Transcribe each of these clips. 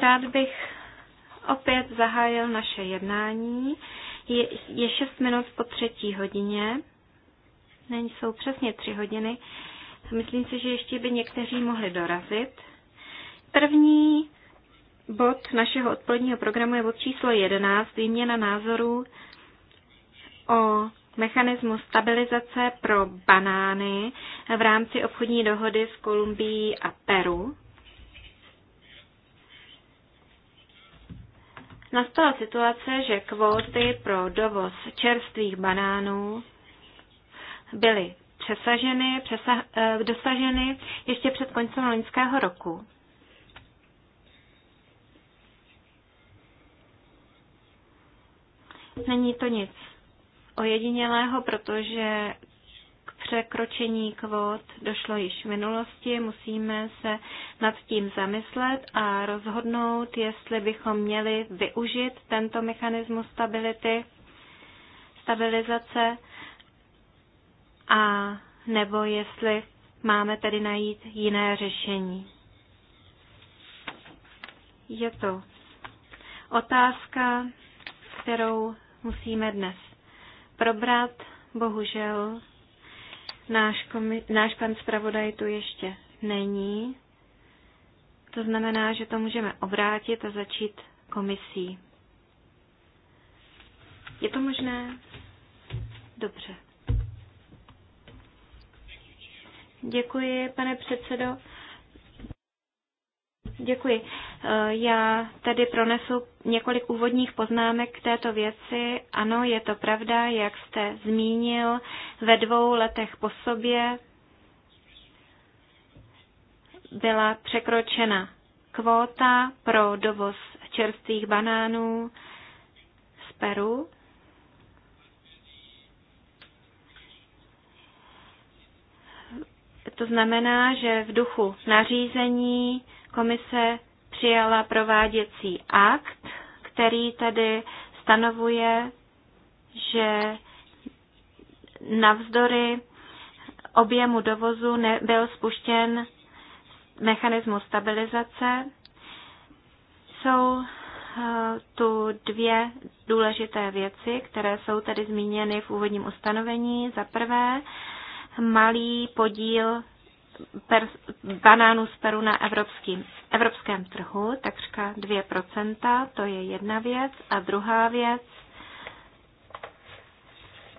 Rád bych opět zahájil naše jednání. Je, 6 minut po třetí hodině. Není jsou přesně tři hodiny. Myslím si, že ještě by někteří mohli dorazit. První bod našeho odpoledního programu je bod číslo 11, výměna názorů o mechanismu stabilizace pro banány v rámci obchodní dohody s Kolumbií a Peru. nastala situace, že kvóty pro dovoz čerstvých banánů byly přesaženy, přesah, eh, dosaženy ještě před koncem loňského roku. Není to nic ojedinělého, protože překročení kvót došlo již v minulosti, musíme se nad tím zamyslet a rozhodnout, jestli bychom měli využít tento mechanismus stability, stabilizace a nebo jestli máme tedy najít jiné řešení. Je to otázka, kterou musíme dnes probrat. Bohužel Náš, komi- náš pan zpravodaj tu ještě není. To znamená, že to můžeme obrátit a začít komisí. Je to možné? Dobře. Děkuji, pane předsedo. Děkuji. Eh, já tady pronesu několik úvodních poznámek k této věci. Ano, je to pravda, jak jste zmínil, ve dvou letech po sobě byla překročena kvóta pro dovoz čerstvých banánů z Peru. To znamená, že v duchu nařízení Komise přijala prováděcí akt, který tedy stanovuje, že navzdory objemu dovozu nebyl spuštěn mechanismus stabilizace. Jsou eh, tu dvě důležité věci, které jsou tedy zmíněny v úvodním ustanovení. Za prvé, malý podíl banánů z Peru na evropským, evropském trhu, takřka 2%, to je jedna věc. A druhá věc,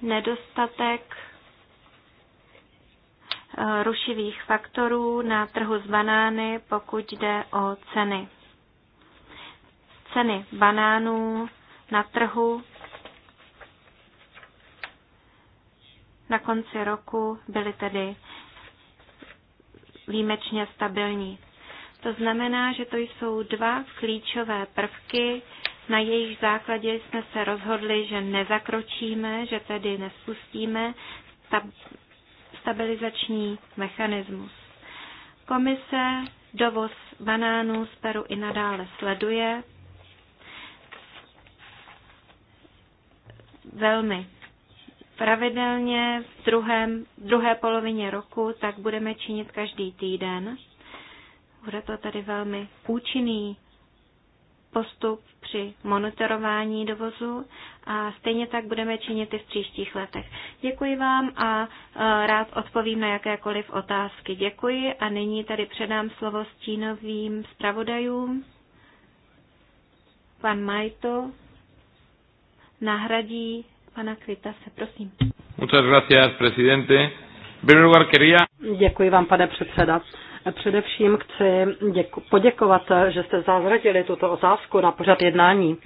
nedostatek eh, rušivých faktorů na trhu s banány, pokud jde o ceny. Ceny banánů na trhu na konci roku byly tedy výjimečně stabilní. To znamená, že to jsou dva klíčové prvky, na jejich základě jsme se rozhodli, že nezakročíme, že tedy nespustíme stabilizační mechanismus. Komise dovoz banánů z Peru i nadále sleduje velmi pravidelně v druhém, druhé polovině roku, tak budeme činit každý týden. Bude to tady velmi účinný postup při monitorování dovozu a stejně tak budeme činit i v příštích letech. Děkuji vám a e, rád odpovím na jakékoliv otázky. Děkuji a nyní tady předám slovo stínovým zpravodajům. Pan Majto nahradí pana se prosím. Muchas gracias, presidente. Děkuji vám, pane předseda. Především chci poděkovat, že jste zařadili tuto otázku na pořad jednání.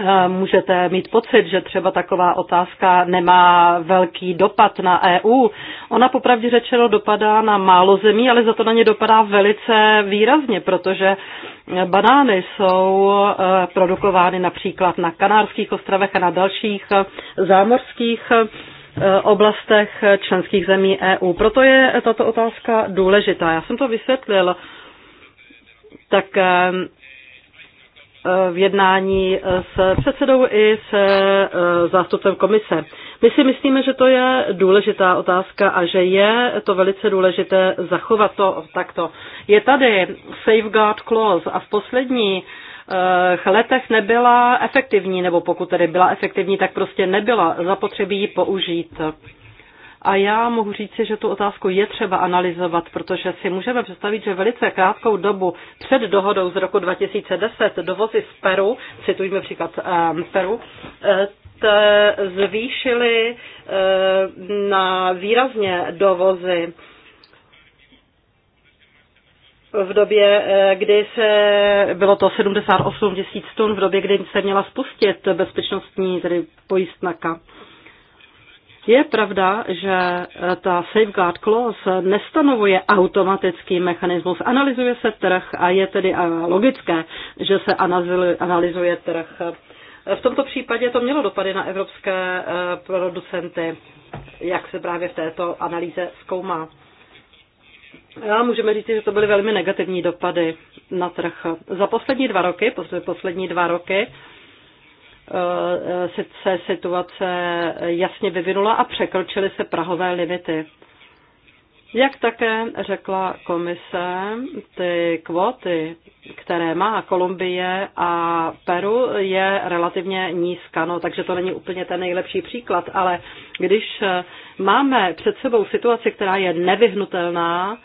Eh, můžete mít pocit, že třeba taková otázka nemá velký dopad na EU. Ona popravdě řečeno dopadá na málo zemí, ale za to na ně dopadá velice výrazně, protože banány jsou eh, produkovány například na Kanárských ostravech a na dalších eh, zámořských oblastech členských zemí EU. Proto je tato otázka důležitá. Já jsem to vysvětlil tak Eh, v jednání eh, s předsedou i s eh, zástupcem komise. My si myslíme, že to je důležitá otázka a že je to velice důležité zachovat to takto. Je tady safeguard clause a v poslední letech nebyla efektivní, nebo pokud tedy byla efektivní, tak prostě nebyla zapotřebí ji použít. A já mohu říci, že tu otázku je třeba analyzovat, protože si můžeme představit, že velice krátkou dobu před dohodou z roku 2010 dovozy z Peru, citujme příklad um, Peru, eh, zvýšily eh, na výrazně dovozy v době, eh, kdy se, bylo to 78 tisíc tun, v době, kdy se měla spustit bezpečnostní tedy pojistnaka. Je pravda, že eh, ta safeguard clause nestanovuje automatický mechanismus. Analyzuje se trh a je tedy logické, že se analyzuje trh. V tomto případě to mělo dopady na evropské eh, producenty, jak se právě v této analýze zkoumá. A můžeme říct, že to byly velmi negativní dopady na trh. Za poslední dva roky, poslední dva roky, Eh, se situace jasně vyvinula a překročily se prahové limity. Jak také řekla komise, ty kvóty, které má Kolumbie a Peru, je relativně nízká, no, takže to není úplně ten nejlepší příklad, ale když máme před sebou situaci, která je nevyhnutelná,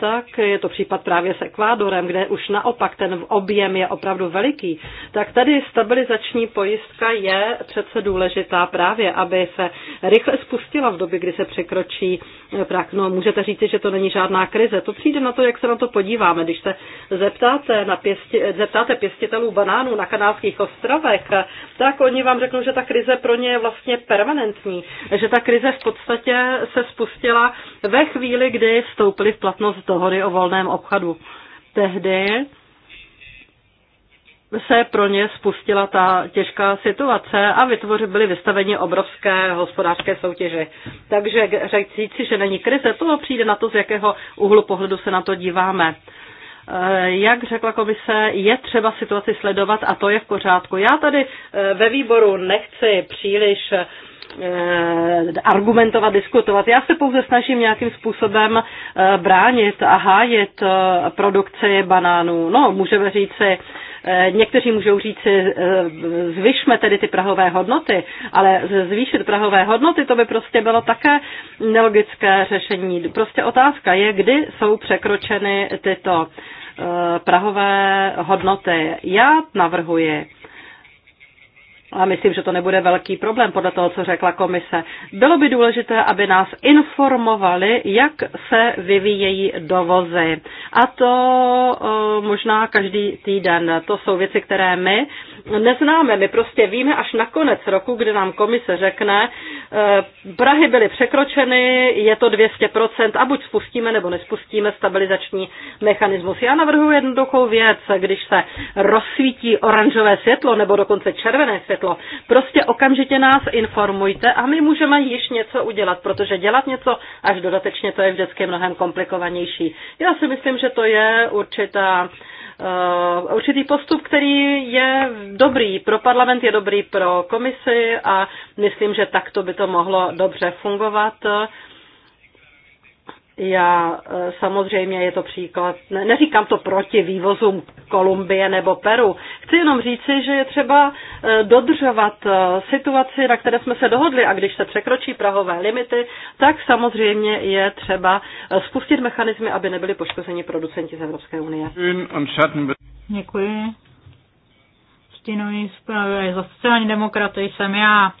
tak je to případ právě s Ekvádorem, kde už naopak ten objem je opravdu veliký, tak tady stabilizační pojistka je přece důležitá právě, aby se rychle spustila v době, kdy se překročí eh, prak. No, můžete říct, že to není žádná krize. To přijde na to, jak se na to podíváme. Když se zeptáte, na pěsti, eh, zeptáte pěstitelů banánů na kanálských ostrovech, eh, tak oni vám řeknou, že ta krize pro ně je vlastně permanentní, že ta krize v podstatě se spustila ve chvíli, kdy vstoupily v platnost dohody o volném obchodu. Tehdy se pro ně spustila ta těžká situace a vytvoři, byli vystaveni obrovské hospodářské soutěže. Takže říct že není krize, to přijde na to, z jakého úhlu pohledu se na to díváme. Eh, jak řekla komise, je třeba situaci sledovat a to je v pořádku. Já tady eh, ve výboru nechci příliš eh, argumentovat, diskutovat. Já se pouze snažím nějakým způsobem bránit a hájit produkci banánů. No, můžeme říci, někteří můžou říci, zvyšme tedy ty prahové hodnoty, ale zvýšit prahové hodnoty, to by prostě bylo také nelogické řešení. Prostě otázka je, kdy jsou překročeny tyto Eh, prahové hodnoty. Já navrhuji, a myslím, že to nebude velký problém podle toho, co řekla komise. Bylo by důležité, aby nás informovali, jak se vyvíjejí dovozy. A to eh, možná každý týden. To jsou věci, které my neznáme. My prostě víme až na konec roku, kdy nám komise řekne, eh, Prahy byly překročeny, je to 200% a buď spustíme nebo nespustíme stabilizační mechanismus. Já navrhuji jednoduchou věc, když se rozsvítí oranžové světlo nebo dokonce červené světlo, prostě okamžitě nás informujte a my můžeme již něco udělat, protože dělat něco až dodatečně to je vždycky mnohem komplikovanější. Já si myslím, že to je určitá Eh, určitý postup, který je dobrý pro parlament, je dobrý pro komisi a myslím, že takto by to mohlo dobře fungovat já e, samozřejmě je to příklad, ne, neříkám to proti vývozům Kolumbie nebo Peru. Chci jenom říci, že je třeba e, dodržovat e, situaci, na které jsme se dohodli a když se překročí prahové limity, tak samozřejmě je třeba spustit mechanizmy, aby nebyli poškozeni producenti z Evropské unie. Děkuji. Stínuji zpravodaj za sociální demokraty jsem já.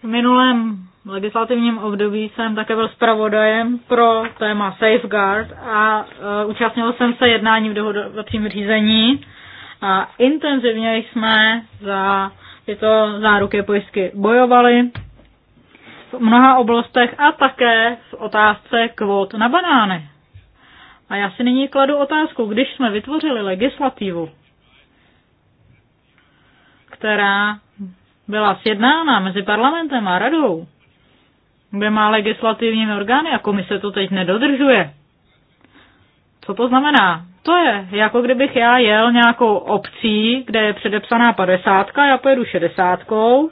V minulém legislativním období jsem také byl zpravodajem pro téma Safeguard a uh, účastnil jsem se jednání v dohodovacím řízení a intenzivně jsme za tyto záruky pojistky bojovali v mnoha oblastech a také v otázce kvót na banány. A já si nyní kladu otázku, když jsme vytvořili legislativu, která byla sjednána mezi parlamentem a radou, kde má legislativní orgány a komise to teď nedodržuje. Co to znamená? To je, jako kdybych já jel nějakou obcí, kde je předepsaná padesátka, já pojedu šedesátkou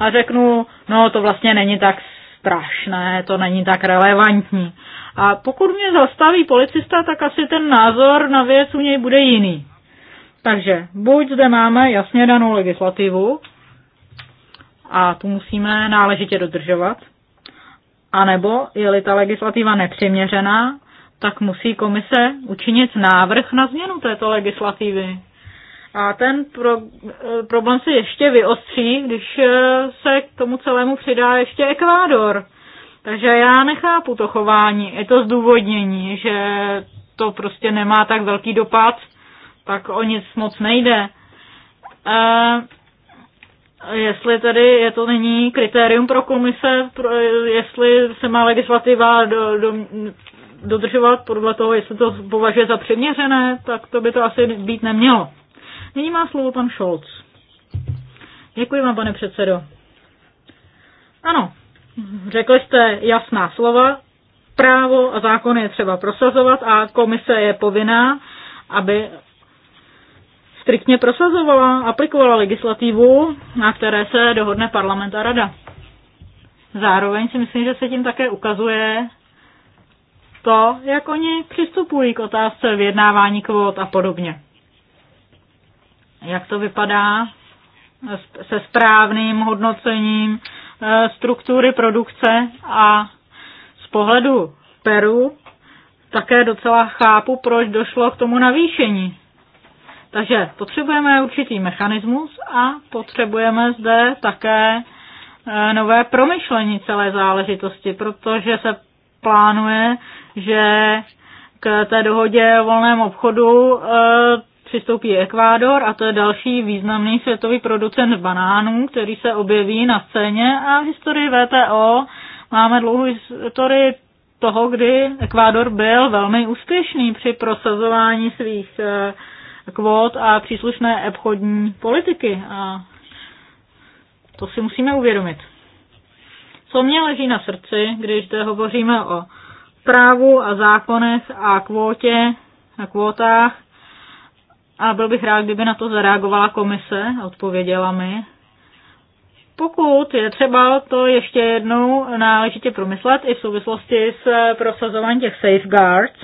a řeknu, no to vlastně není tak strašné, to není tak relevantní. A pokud mě zastaví policista, tak asi ten názor na věc u něj bude jiný. Takže buď zde máme jasně danou legislativu a tu musíme náležitě dodržovat, anebo je-li ta legislativa nepřiměřená, tak musí komise učinit návrh na změnu této legislativy. A ten pro, eh, problém se ještě vyostří, když eh, se k tomu celému přidá ještě Ekvádor. Takže já nechápu to chování, je to zdůvodnění, že to prostě nemá tak velký dopad, tak o nic moc nejde. E, jestli tedy je to není kritérium pro komise, pro, jestli se má legislativa do, do, dodržovat podle toho, jestli to považuje za přiměřené, tak to by to asi být nemělo. Nyní má slovo pan Scholz. Děkuji vám, pane předsedo. Ano, řekli jste jasná slova, právo a zákon je třeba prosazovat a komise je povinná, aby striktně prosazovala, aplikovala legislativu, na které se dohodne parlament a rada. Zároveň si myslím, že se tím také ukazuje to, jak oni přistupují k otázce vyjednávání kvót a podobně. Jak to vypadá se správným hodnocením eh, struktury produkce a z pohledu Peru také docela chápu, proč došlo k tomu navýšení. Takže potřebujeme určitý mechanismus a potřebujeme zde také eh, nové promyšlení celé záležitosti, protože se plánuje, že k té dohodě o volném obchodu eh, přistoupí Ekvádor a to je další významný světový producent banánů, který se objeví na scéně a v historii VTO máme dlouhou historii toho, kdy Ekvádor byl velmi úspěšný při prosazování svých eh, kvót a příslušné obchodní politiky. A to si musíme uvědomit. Co mě leží na srdci, když zde hovoříme o právu a zákonech a kvótě a kvótách, a byl bych rád, kdyby na to zareagovala komise a odpověděla mi. Pokud je třeba to ještě jednou náležitě promyslet i v souvislosti s prosazováním těch safeguards,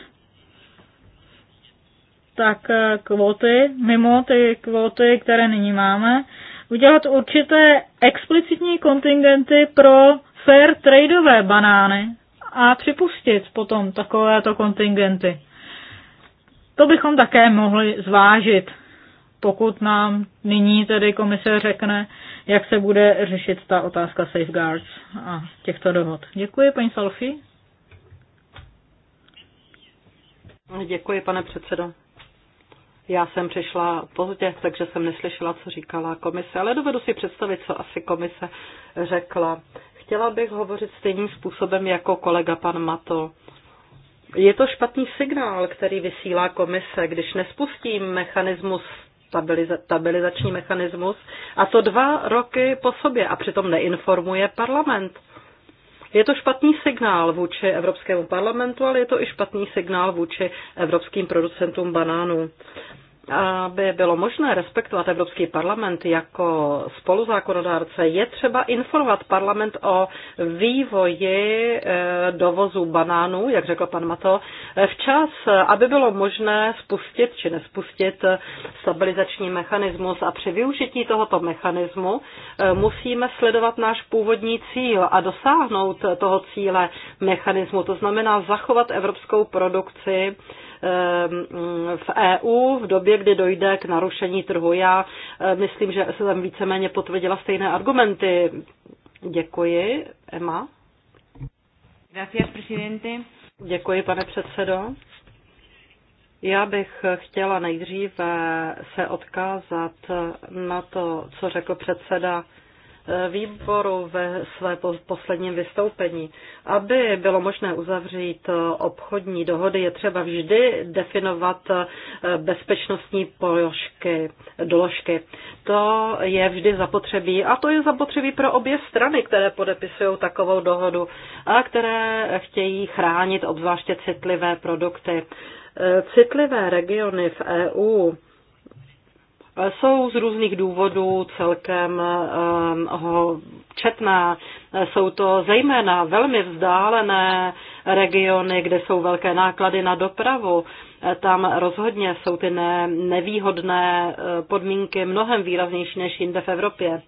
tak eh, kvóty, mimo ty kvóty, které nyní máme, udělat určité explicitní kontingenty pro fair tradeové banány a připustit potom takovéto kontingenty. To bychom také mohli zvážit, pokud nám nyní tedy komise řekne, jak se bude řešit ta otázka safeguards a těchto dohod. Děkuji, paní Salfi. Děkuji, pane předsedo. Já jsem přišla pozdě, takže jsem neslyšela, co říkala komise, ale dovedu si představit, co asi komise řekla. Chtěla bych hovořit stejným způsobem jako kolega pan Mato. Je to špatný signál, který vysílá komise, když nespustí mechanismus stabiliza- stabilizační mechanismus a to dva roky po sobě a přitom neinformuje parlament. Je to špatný signál vůči Evropskému parlamentu, ale je to i špatný signál vůči evropským producentům banánů aby bylo možné respektovat Evropský parlament jako spoluzákonodárce, je třeba informovat parlament o vývoji eh, dovozu banánů, jak řekl pan Mato, eh, včas, aby bylo možné spustit či nespustit stabilizační mechanismus a při využití tohoto mechanismu eh, musíme sledovat náš původní cíl a dosáhnout toho cíle mechanismu, to znamená zachovat evropskou produkci Ehm, v EU v době, kdy dojde k narušení trhu. Já eh, myslím, že se tam víceméně potvrdila stejné argumenty. Děkuji. Emma? Gracias, presidente. Děkuji, pane předsedo. Já bych chtěla nejdříve se odkázat na to, co řekl předseda výboru ve své posledním vystoupení. Aby bylo možné uzavřít eh, obchodní dohody, je třeba vždy definovat eh, bezpečnostní položky, doložky. To je vždy zapotřebí a to je zapotřebí pro obě strany, které podepisují takovou dohodu a které chtějí chránit obzvláště citlivé produkty. Eh, citlivé regiony v EU jsou z různých důvodů celkem ehm, četná. Jsou to zejména velmi vzdálené regiony, kde jsou velké náklady na dopravu. Tam rozhodně jsou ty ne, nevýhodné eh, podmínky mnohem výraznější než jinde v Evropě.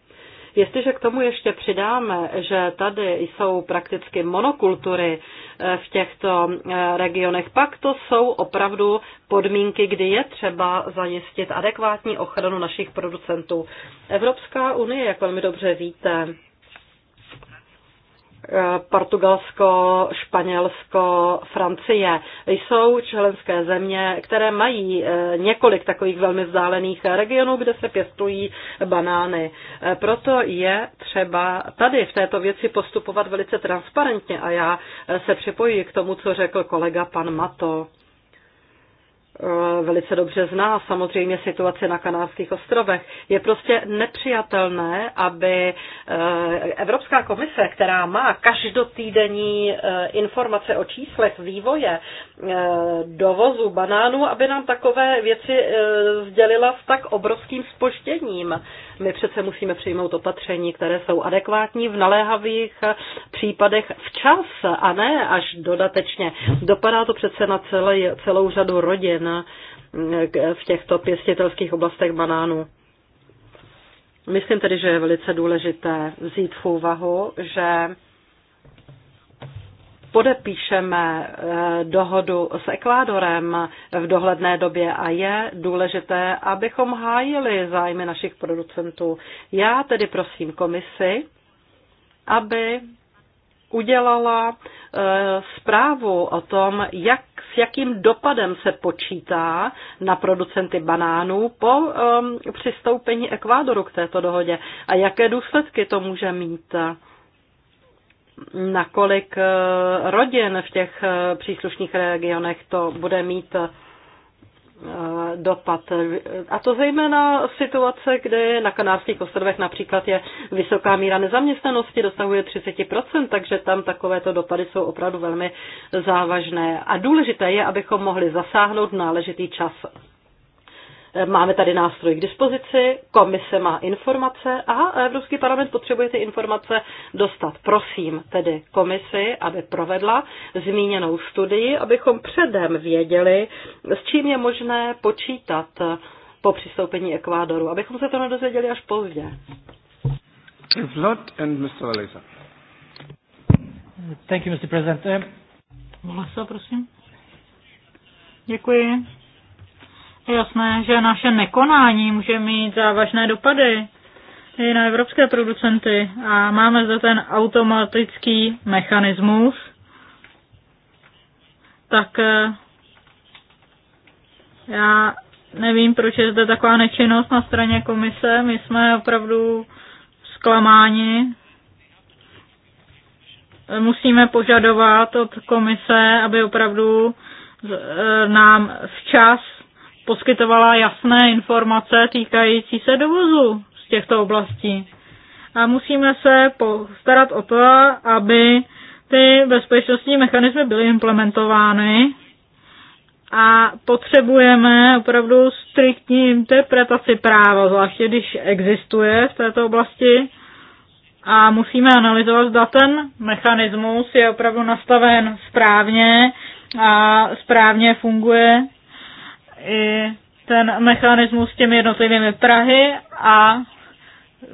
Jestliže k tomu ještě přidáme, že tady jsou prakticky monokultury, v těchto eh, regionech. Pak to jsou opravdu podmínky, kdy je třeba zajistit adekvátní ochranu našich producentů. Evropská unie, jak velmi dobře víte, Eh, Portugalsko, Španělsko, Francie jsou členské země, které mají eh, několik takových velmi vzdálených regionů, kde se pěstují banány. Eh, Proto je třeba tady v této věci postupovat velice transparentně a já se připojuji k tomu, co řekl kolega pan Mato. Eh, velice dobře zná samozřejmě situaci na Kanárských ostrovech. Je prostě nepřijatelné, aby eh, Evropská komise, která má každotýdenní eh, informace o číslech vývoje dovozu banánů, aby nám takové věci sdělila s tak obrovským spožděním. My přece musíme přijmout opatření, které jsou adekvátní v naléhavých případech včas a ne až dodatečně. Dopadá to přece na celou řadu rodin jedna v těchto pěstitelských oblastech banánů. Myslím tedy, že je velice důležité vzít v úvahu, že podepíšeme eh, dohodu s Ekvádorem v dohledné době a je důležité, abychom hájili zájmy našich producentů. Já tedy prosím komisi, aby udělala eh, zprávu o tom, jak s jakým dopadem se počítá na producenty banánů po um, přistoupení Ekvádoru k této dohodě a jaké důsledky to může mít nakolik uh, rodin v těch uh, příslušných regionech to bude mít Eh, dopad. A to zejména situace, kde na Kanárských ostrovech například je vysoká míra nezaměstnanosti, dosahuje 30%, takže tam takovéto dopady jsou opravdu velmi závažné. A důležité je, abychom mohli zasáhnout náležitý čas. Máme tady nástroj k dispozici, komise má informace a Evropský parlament potřebuje ty informace dostat. Prosím tedy komisi, aby provedla zmíněnou studii, abychom předem věděli, s čím je možné počítat po přistoupení Ekvádoru, abychom se to nedozvěděli až pozdě. Vlod Thank you, Mr. President. prosím. Děkuji. Je jasné, že naše nekonání může mít závažné dopady i na evropské producenty a máme zde ten automatický mechanismus, tak eh, já nevím, proč je zde taková nečinnost na straně komise. My jsme opravdu zklamáni. Musíme požadovat od komise, aby opravdu eh, nám včas poskytovala jasné informace týkající se dovozu z těchto oblastí. A musíme se postarat o to, aby ty bezpečnostní mechanismy byly implementovány a potřebujeme opravdu striktní interpretaci práva, zvláště když existuje v této oblasti a musíme analyzovat, zda ten mechanismus je opravdu nastaven správně a správně funguje i ten mechanismus s těmi jednotlivými Prahy a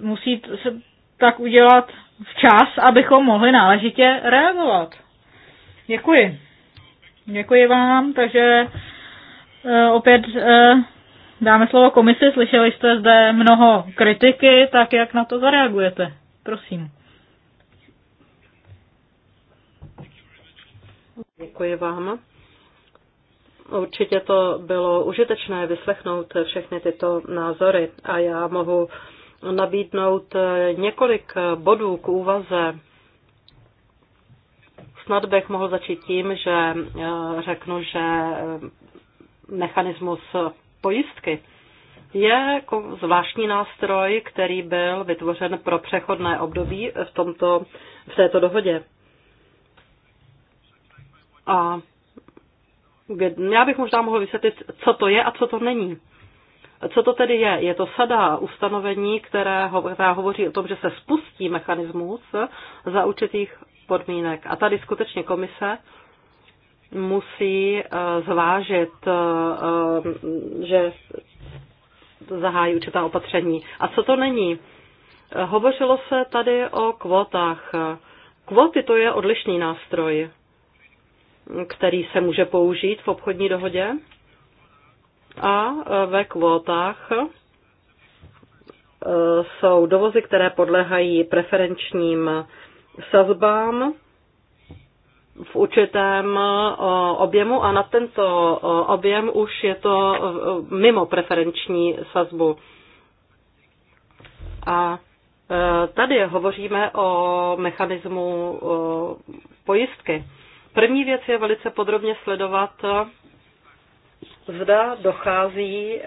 musí se tak udělat včas, abychom mohli náležitě reagovat. Děkuji. Děkuji vám, takže eh, opět eh, dáme slovo komisi. Slyšeli jste zde mnoho kritiky, tak jak na to zareagujete? Prosím. Děkuji vám. Určitě to bylo užitečné vyslechnout všechny tyto názory a já mohu nabídnout několik bodů k úvaze. Snad bych mohl začít tím, že eh, řeknu, že eh, mechanismus pojistky je jako zvláštní nástroj, který byl vytvořen pro přechodné období v, tomto, v této dohodě. A já bych možná mohl vysvětlit, co to je a co to není. Co to tedy je? Je to sada ustanovení, které, která hovoří o tom, že se spustí mechanismus za určitých podmínek. A tady skutečně komise musí eh, zvážit, eh, eh, že zahájí určitá opatření. A co to není? Hovořilo se tady o kvotách. Kvoty to je odlišný nástroj který se může použít v obchodní dohodě a e, ve kvótách e, jsou dovozy, které podléhají preferenčním sazbám v určitém e, objemu a na tento objem už je to mimo preferenční sazbu. A tady hovoříme o mechanismu pojistky. První věc je velice podrobně sledovat, zda dochází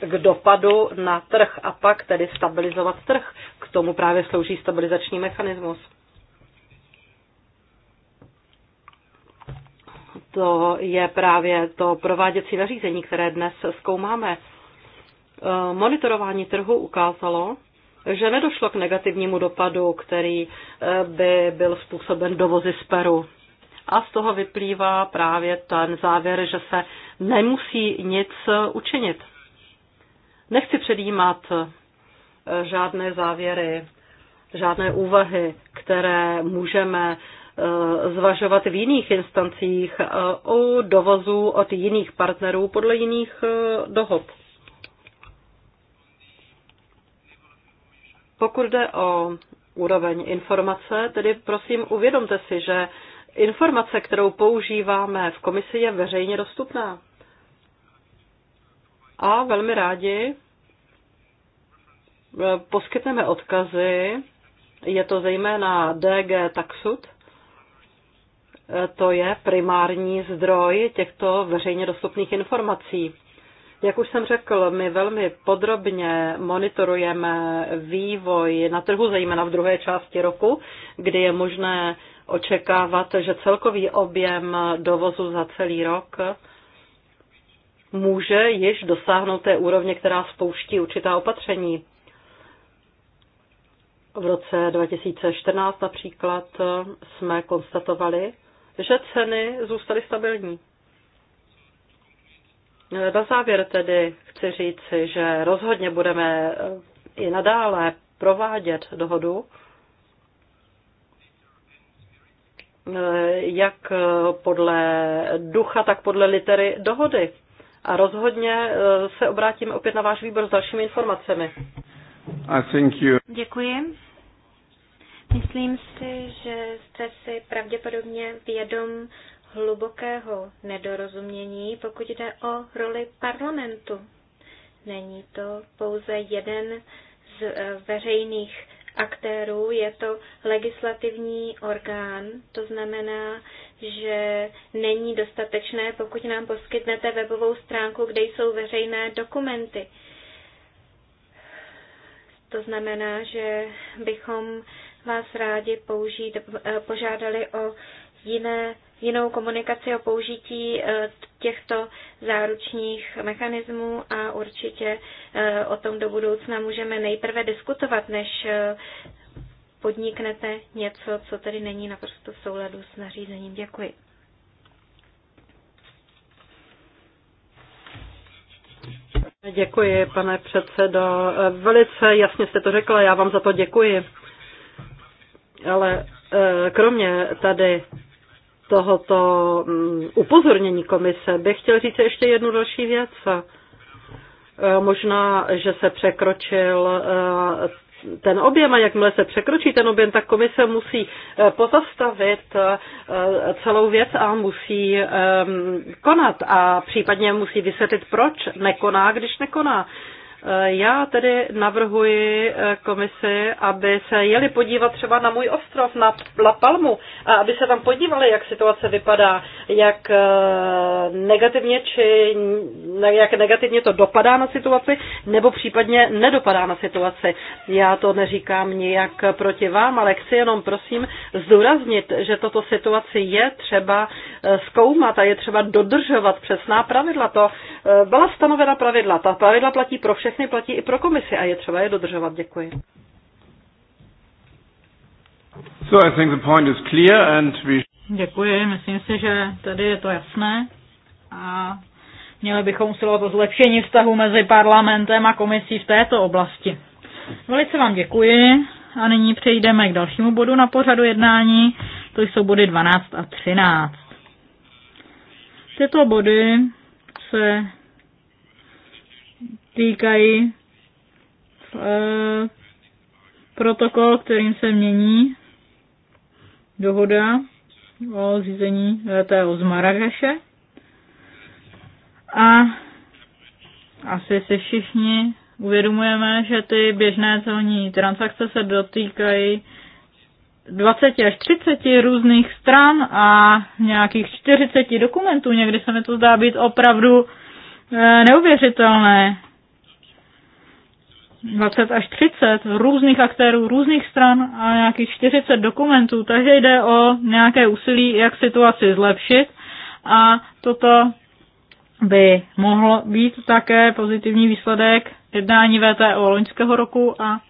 k dopadu na trh a pak tedy stabilizovat trh. K tomu právě slouží stabilizační mechanismus. To je právě to prováděcí nařízení, které dnes zkoumáme. E, monitorování trhu ukázalo, že nedošlo k negativnímu dopadu, který eh, by byl způsoben dovozy z Peru. A z toho vyplývá právě ten závěr, že se nemusí nic eh, učinit. Nechci předjímat eh, žádné závěry, žádné úvahy, které můžeme zvažovat v jiných instancích o dovozu od jiných partnerů podle jiných dohod. Pokud jde o úroveň informace, tedy prosím uvědomte si, že informace, kterou používáme v komisi, je veřejně dostupná. A velmi rádi eh, poskytneme odkazy, je to zejména DG Taxud, eh, to je primární zdroj těchto veřejně dostupných informací. Jak už jsem řekl, my velmi podrobně monitorujeme vývoj na trhu, zejména v druhé části roku, kdy je možné očekávat, že celkový objem dovozu za celý rok může již dosáhnout té úrovně, která spouští určitá opatření. V roce 2014 například jsme konstatovali, že ceny zůstaly stabilní. Eh, na závěr tedy chci říci, že rozhodně budeme eh, i nadále provádět dohodu, eh, jak podle ducha, tak podle litery dohody. A rozhodně se obrátíme opět na váš výbor s dalšími informacemi. Děkuji. Myslím si, že jste si pravděpodobně vědom hlubokého nedorozumění, pokud jde o roli parlamentu. Není to pouze jeden z eh, veřejných aktérů, je to legislativní orgán, to znamená, že není dostatečné, pokud nám poskytnete webovou stránku, kde jsou veřejné dokumenty. To znamená, že bychom vás rádi použít, eh, požádali o jiné jinou komunikaci o použití e, těchto záručních mechanismů a určitě e, o tom do budoucna můžeme nejprve diskutovat, než e, podniknete něco, co tedy není naprosto v souladu s nařízením. Děkuji. Děkuji, pane předsedo. Velice jasně jste to řekla, já vám za to děkuji. Ale kromě tady tohoto mm, upozornění komise bych chtěl říct ještě jednu další věc. E, možná, že se překročil e, ten objem a jakmile se překročí ten objem, tak komise musí e, pozastavit celou věc a musí konat a případně musí vysvětlit, proč nekoná, když nekoná. Já tedy navrhuji eh, komisi, aby se jeli podívat třeba na můj ostrov, na La Palmu, a aby se tam podívali, jak situace vypadá, jak eh, negativně, či, jak negativně to dopadá na situaci, nebo případně nedopadá na situaci. Já to neříkám nijak proti vám, ale chci jenom prosím zdůraznit, že toto situaci je třeba eh, zkoumat a je třeba dodržovat přesná pravidla. To byla stanovena pravidla. Ta pravidla platí pro všechny všechny platí i pro komisi a je třeba je dodržovat. Děkuji. So I think the point is clear and we... Děkuji, myslím si, že tady je to jasné a měli bychom usilovat o zlepšení vztahu mezi parlamentem a komisí v této oblasti. Velice vám děkuji a nyní přejdeme k dalšímu bodu na pořadu jednání, to jsou body 12 a 13. Tyto body se týkají eh, protokol, kterým se mění dohoda o zřízení VTO z Marrakeše. A asi si všichni uvědomujeme, že ty běžné celní transakce se dotýkají 20 až 30 různých stran a nějakých 40 dokumentů. Někdy se mi to zdá být opravdu eh, neuvěřitelné, 20 až 30 různých aktérů, různých stran a nějakých 40 dokumentů, takže jde o nějaké úsilí, jak situaci zlepšit a toto by mohlo být také pozitivní výsledek jednání VTO loňského roku a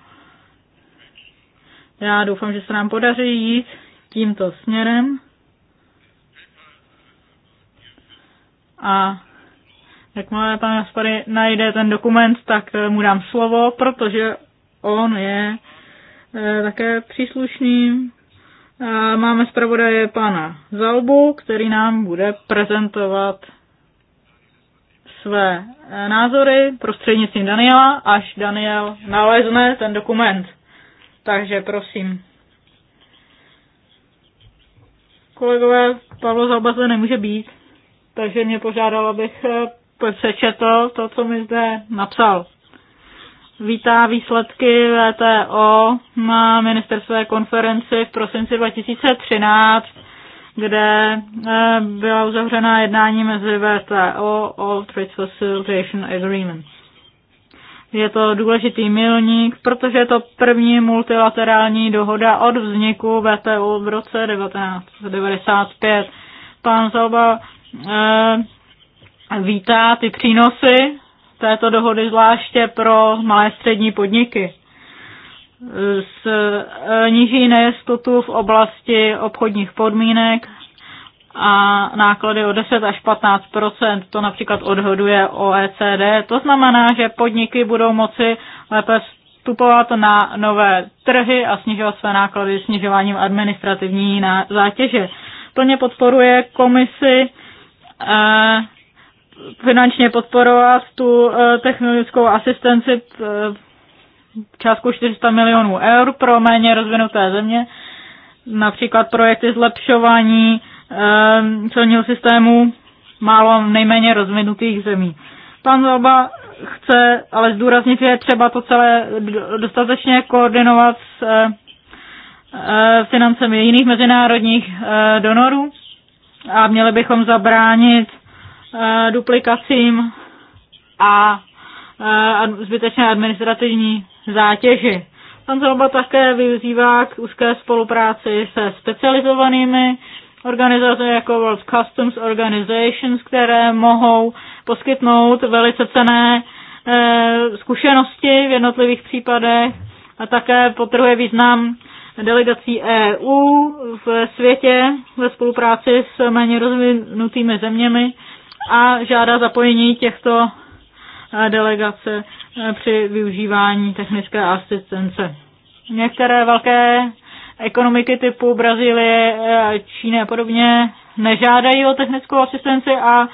já doufám, že se nám podaří jít tímto směrem a Jakmile pan Gaspary najde ten dokument, tak eh, mu dám slovo, protože on je eh, také příslušným. Máme zpravodaje pana Zalbu, který nám bude prezentovat své eh, názory prostřednictvím Daniela, až Daniel nalezne ten dokument. Takže prosím. Kolegové, Pavlo Zalba zde nemůže být, takže mě požádal, abych přečetl to, co mi zde napsal. Vítá výsledky VTO na ministerské konferenci v prosinci 2013, kde eh, byla uzavřena jednání mezi VTO o Trade Facilitation Agreement. Je to důležitý milník, protože je to první multilaterální dohoda od vzniku VTO v roce 1995. Pán Zalba eh, vítá ty přínosy této dohody, zvláště pro malé střední podniky. s e, nižší nejistotu v oblasti obchodních podmínek a náklady o 10 až 15 to například odhoduje OECD. To znamená, že podniky budou moci lépe vstupovat na nové trhy a snižovat své náklady snižováním administrativní zátěže. Plně podporuje komisi eh, finančně podporovat tu eh, technologickou asistenci eh, částkou 400 milionů eur pro méně rozvinuté země, například projekty zlepšování eh, celního systému málo nejméně rozvinutých zemí. Pan Zalba chce ale zdůraznit, že je třeba to celé dostatečně koordinovat s financemi jiných mezinárodních donorů a měli bychom zabránit Eh, duplikacím a eh, zbytečné administrativní zátěži. Pan Zalba také využívá k úzké spolupráci se specializovanými organizacemi jako World Customs Organizations, které mohou poskytnout velice cené eh, zkušenosti v jednotlivých případech a také potrhuje význam delegací EU v světě ve spolupráci s méně rozvinutými zeměmi a žádá zapojení těchto eh, delegace eh, při využívání technické asistence. Některé velké ekonomiky typu Brazílie, eh, Číny a podobně nežádají o technickou asistenci a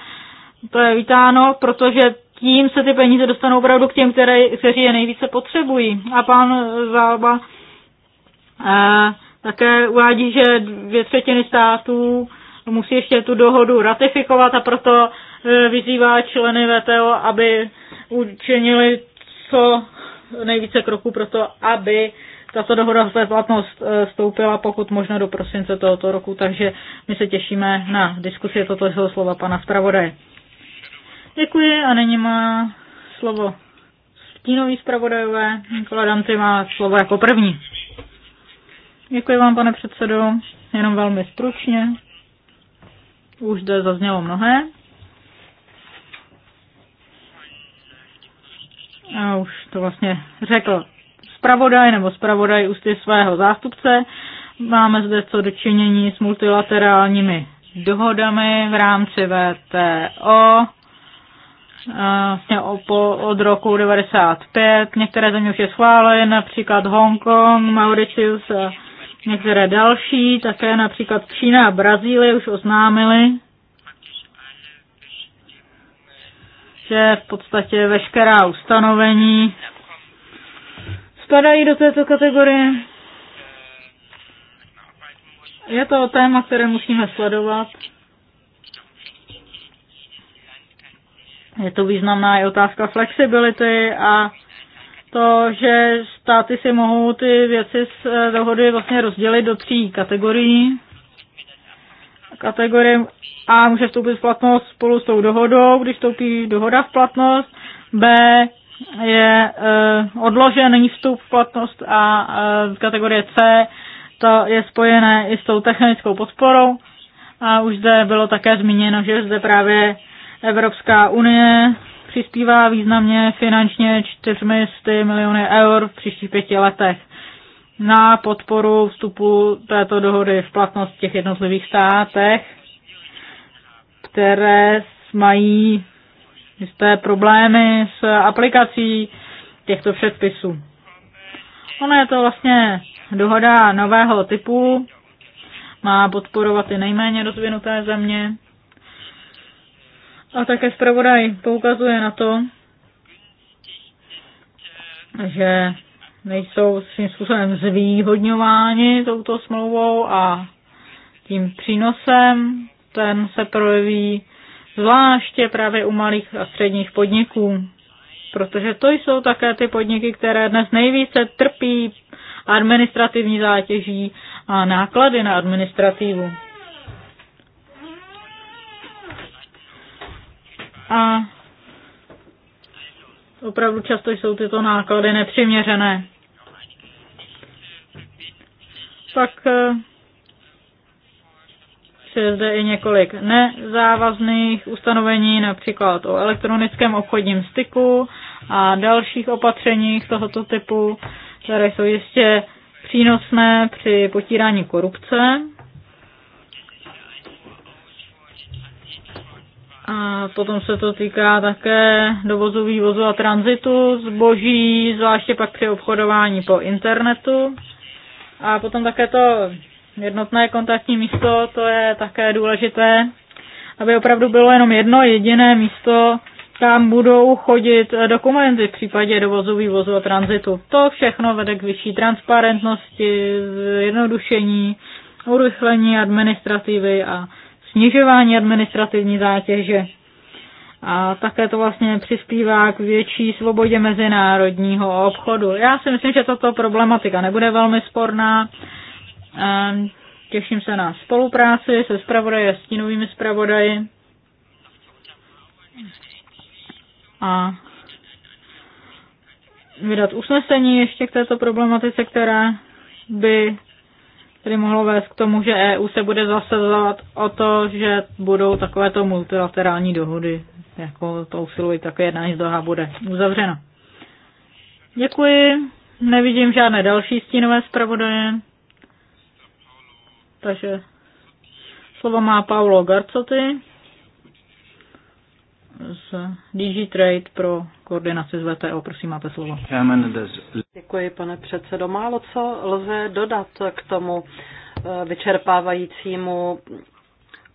to je vítáno, protože tím se ty peníze dostanou opravdu k těm, které, kteří je nejvíce potřebují. A pan Zalba eh, také uvádí, že dvě třetiny států musí ještě tu dohodu ratifikovat a proto Eh, vyzývá členy VTO, aby učinili co nejvíce kroků pro to, aby tato dohoda v platnost eh, stoupila pokud možno do prosince tohoto roku, takže my se těšíme na diskusi toto jeho slova pana zpravodaje. Děkuji a nyní má slovo stínový zpravodajové. Nikola Danty má slovo jako první. Děkuji vám, pane předsedo, jenom velmi stručně. Už zde zaznělo mnohé. já už to vlastně řekl zpravodaj nebo zpravodaj ústy svého zástupce. Máme zde co dočinění s multilaterálními dohodami v rámci VTO vlastně od roku 95. Některé země už je schválily, například Hongkong, Mauritius a některé další, také například Čína a Brazílie už oznámili že v podstatě veškerá ustanovení spadají do této kategorie. Je to téma, které musíme sledovat. Je to významná i otázka flexibility a to, že státy si mohou ty věci z dohody vlastně rozdělit do tří kategorií. Kategorie A může vstoupit v platnost spolu s tou dohodou, když vstoupí dohoda v platnost, B je e, odložen, není vstup v platnost a e, kategorie C to je spojené i s tou technickou podporou. A už zde bylo také zmíněno, že zde právě Evropská unie přispívá významně finančně 400 miliony eur v příštích pěti letech na podporu vstupu této dohody v platnost v těch jednotlivých státech, které mají jisté problémy s aplikací těchto předpisů. Ono je to vlastně dohoda nového typu, má podporovat i nejméně rozvinuté země. A také zpravodaj poukazuje na to, že nejsou svým způsobem zvýhodňováni touto smlouvou a tím přínosem. Ten se projeví zvláště právě u malých a středních podniků, protože to jsou také ty podniky, které dnes nejvíce trpí administrativní zátěží a náklady na administrativu. A opravdu často jsou tyto náklady nepřiměřené. Pak se eh, zde i několik nezávazných ustanovení, například o elektronickém obchodním styku a dalších opatřeních tohoto typu, které jsou jistě přínosné při potírání korupce. A potom se to týká také dovozu, vývozu a tranzitu zboží, zvláště pak při obchodování po internetu. A potom také to jednotné kontaktní místo, to je také důležité, aby opravdu bylo jenom jedno jediné místo, kam budou chodit dokumenty v případě dovozu, vývozu a tranzitu. To všechno vede k vyšší transparentnosti, jednodušení, urychlení administrativy a snižování administrativní zátěže. A také to vlastně přispívá k větší svobodě mezinárodního obchodu. Já si myslím, že tato problematika nebude velmi sporná. Ehm, těším se na spolupráci se zpravodaji a stínovými zpravodaji. A vydat usnesení ještě k této problematice, která by tedy mohlo vést k tomu, že EU se bude zasazovat o to, že budou takovéto multilaterální dohody jako to usilují, tak jedna z Doha bude uzavřena. Děkuji. Nevidím žádné další stínové zpravodaje. Takže slovo má Paulo Garcoty z DG Trade pro koordinaci z VTO. Prosím, máte slovo. Děkuji, pane předsedo. Málo co lze dodat k tomu eh, vyčerpávajícímu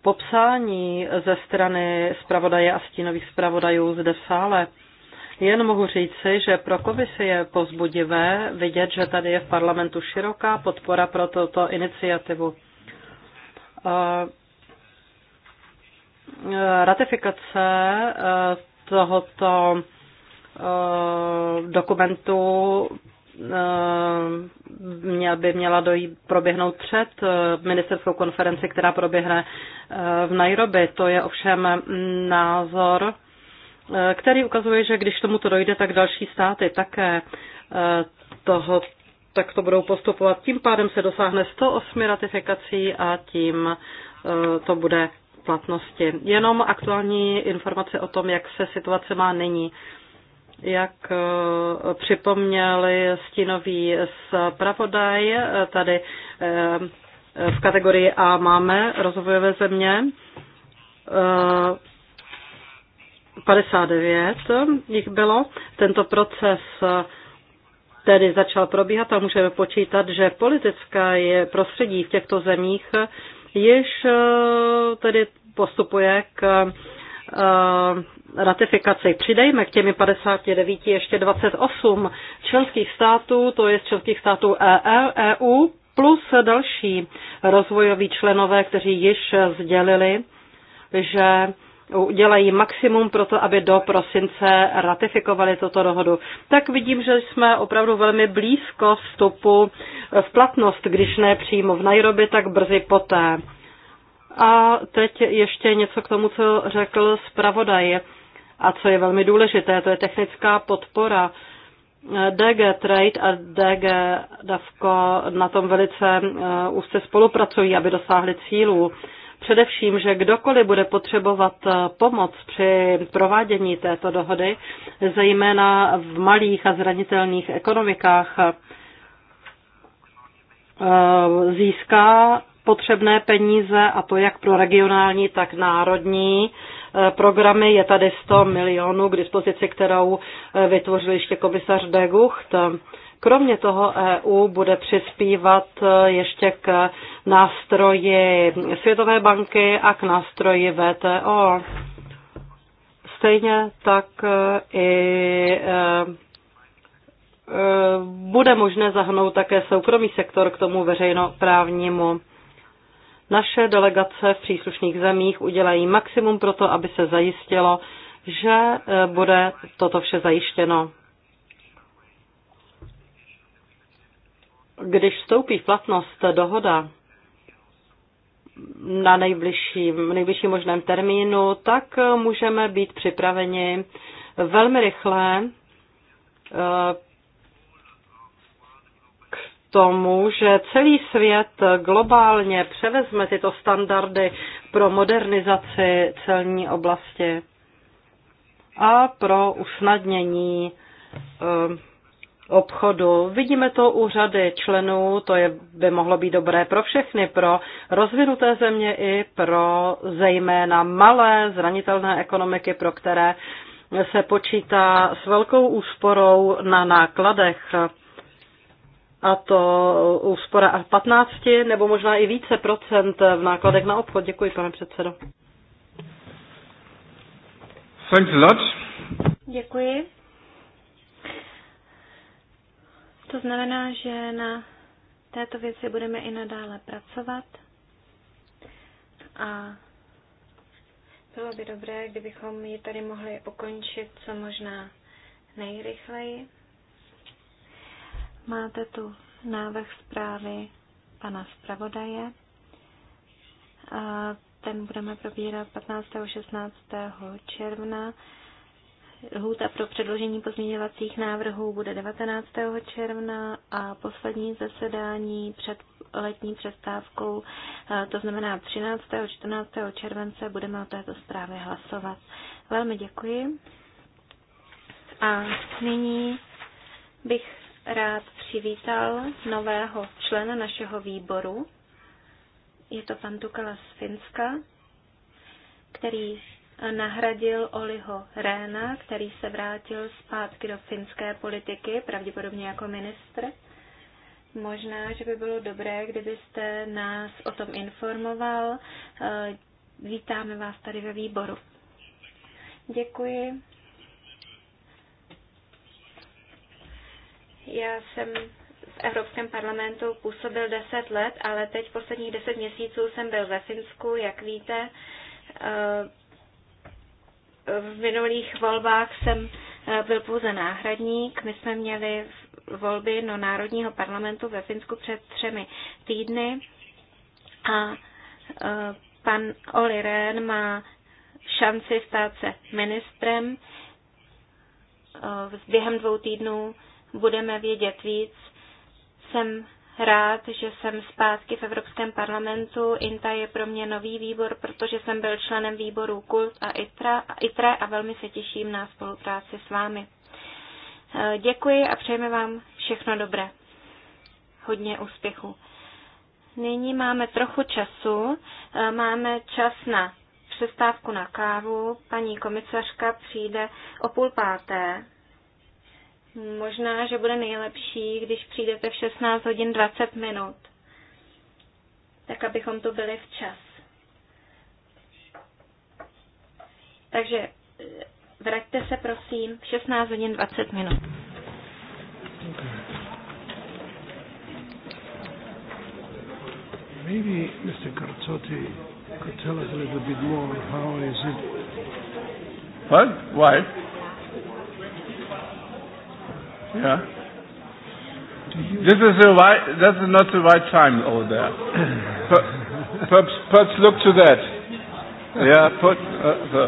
popsání ze strany zpravodaje a stínových zpravodajů zde v sále. Jen mohu říci, že pro komisi je pozbudivé vidět, že tady je v parlamentu široká podpora pro tuto iniciativu. E, ratifikace e, tohoto e, dokumentu Eh, měl by měla dojít, proběhnout před eh, ministerskou konferenci, která proběhne eh, v Nairobi. To je ovšem mm, názor, který ukazuje, že když tomuto dojde, tak další státy také toho, tak to budou postupovat. Tím pádem se dosáhne 108 ratifikací a tím to bude platnosti. Jenom aktuální informace o tom, jak se situace má nyní jak eh, připomněli stinový zpravodaj, eh, tady eh, v kategorii A máme rozvojové země 59 jich bylo. Tento proces tedy začal probíhat a můžeme počítat, že politická je prostředí v těchto zemích již tedy postupuje k ratifikaci. Přidejme k těmi 59 ještě 28 členských států, to je z členských států EU, e plus další rozvojoví členové, kteří již sdělili, že udělají maximum pro to, aby do prosince ratifikovali toto dohodu. Tak vidím, že jsme opravdu velmi blízko vstupu v platnost, když ne přímo v Nairobi, tak brzy poté. A teď ještě něco k tomu, co řekl zpravodaj. A co je velmi důležité, to je technická podpora. DG Trade a DG Davko na tom velice eh, úzce spolupracují, aby dosáhli cílů. Především, že kdokoliv bude potřebovat eh, pomoc při provádění této dohody, zejména v malých a zranitelných ekonomikách, eh, získá potřebné peníze, a to jak pro regionální, tak národní Eh, programy. Je tady 100 milionů k dispozici, kterou eh, vytvořil ještě komisař de Gucht. Kromě toho EU bude přispívat eh, ještě k nástroji Světové banky a k nástroji VTO. Stejně tak i bude možné zahnout také soukromý sektor k tomu veřejnoprávnímu naše delegace v příslušných zemích udělají maximum pro to, aby se zajistilo, že e, bude toto vše zajištěno. Když vstoupí v platnost dohoda na nejbližším, nejbližším možném termínu, tak e, můžeme být připraveni velmi rychle e, tomu, že celý svět globálně převezme tyto standardy pro modernizaci celní oblasti a pro usnadnění eh, obchodu. Vidíme to u řady členů, to je, by mohlo být dobré pro všechny, pro rozvinuté země i pro zejména malé zranitelné ekonomiky, pro které se počítá s velkou úsporou na nákladech a to úspora 15 nebo možná i více procent v nákladech na obchod. Děkuji, pane předsedo. Thanks a lot. Děkuji. To znamená, že na této věci budeme i nadále pracovat a bylo by dobré, kdybychom ji tady mohli ukončit co možná nejrychleji. Máte tu návrh zprávy pana zpravodaje. Ten budeme probírat 15. 16. června. Lhůta pro předložení pozměňovacích návrhů bude 19. června a poslední zasedání před letní přestávkou, to znamená 13. 14. července, budeme o této zprávě hlasovat. Velmi děkuji. A nyní bych rád přivítal nového člena našeho výboru. Je to pan Tukala z Finska, který nahradil Oliho Réna, který se vrátil zpátky do finské politiky, pravděpodobně jako ministr. Možná, že by bylo dobré, kdybyste nás o tom informoval. Eh, vítáme vás tady ve výboru. Děkuji. Já jsem v Evropském parlamentu působil 10 let, ale teď posledních 10 měsíců jsem byl ve Finsku, jak víte. Eh, v minulých volbách jsem eh, byl pouze náhradník. My jsme měli volby do Národního parlamentu ve Finsku před třemi týdny a eh, pan Oli Rehn má šanci stát se ministrem. Během dvou týdnů budeme vědět víc. Jsem rád, že jsem zpátky v Evropském parlamentu. INTA je pro mě nový výbor, protože jsem byl členem výboru KULT a ITRA, a ITRE a velmi se těším na spolupráci s vámi. Eh, děkuji a přejeme vám všechno dobré. Hodně úspěchů. Nyní máme trochu času. Eh, máme čas na přestávku na kávu. Paní komisařka přijde o půl páté. Možná, že bude nejlepší, když přijdete v 16 hodin 20 minut, tak abychom tu byli včas. Takže eh, vraťte se prosím v 16 hodin 20 minut. Maybe Mr. Garzotti could tell us a little bit more how is it. What? Why? Yeah. This is a right, that is not the right time over there. perhaps, perhaps look to that. Yeah, put. Uh, the.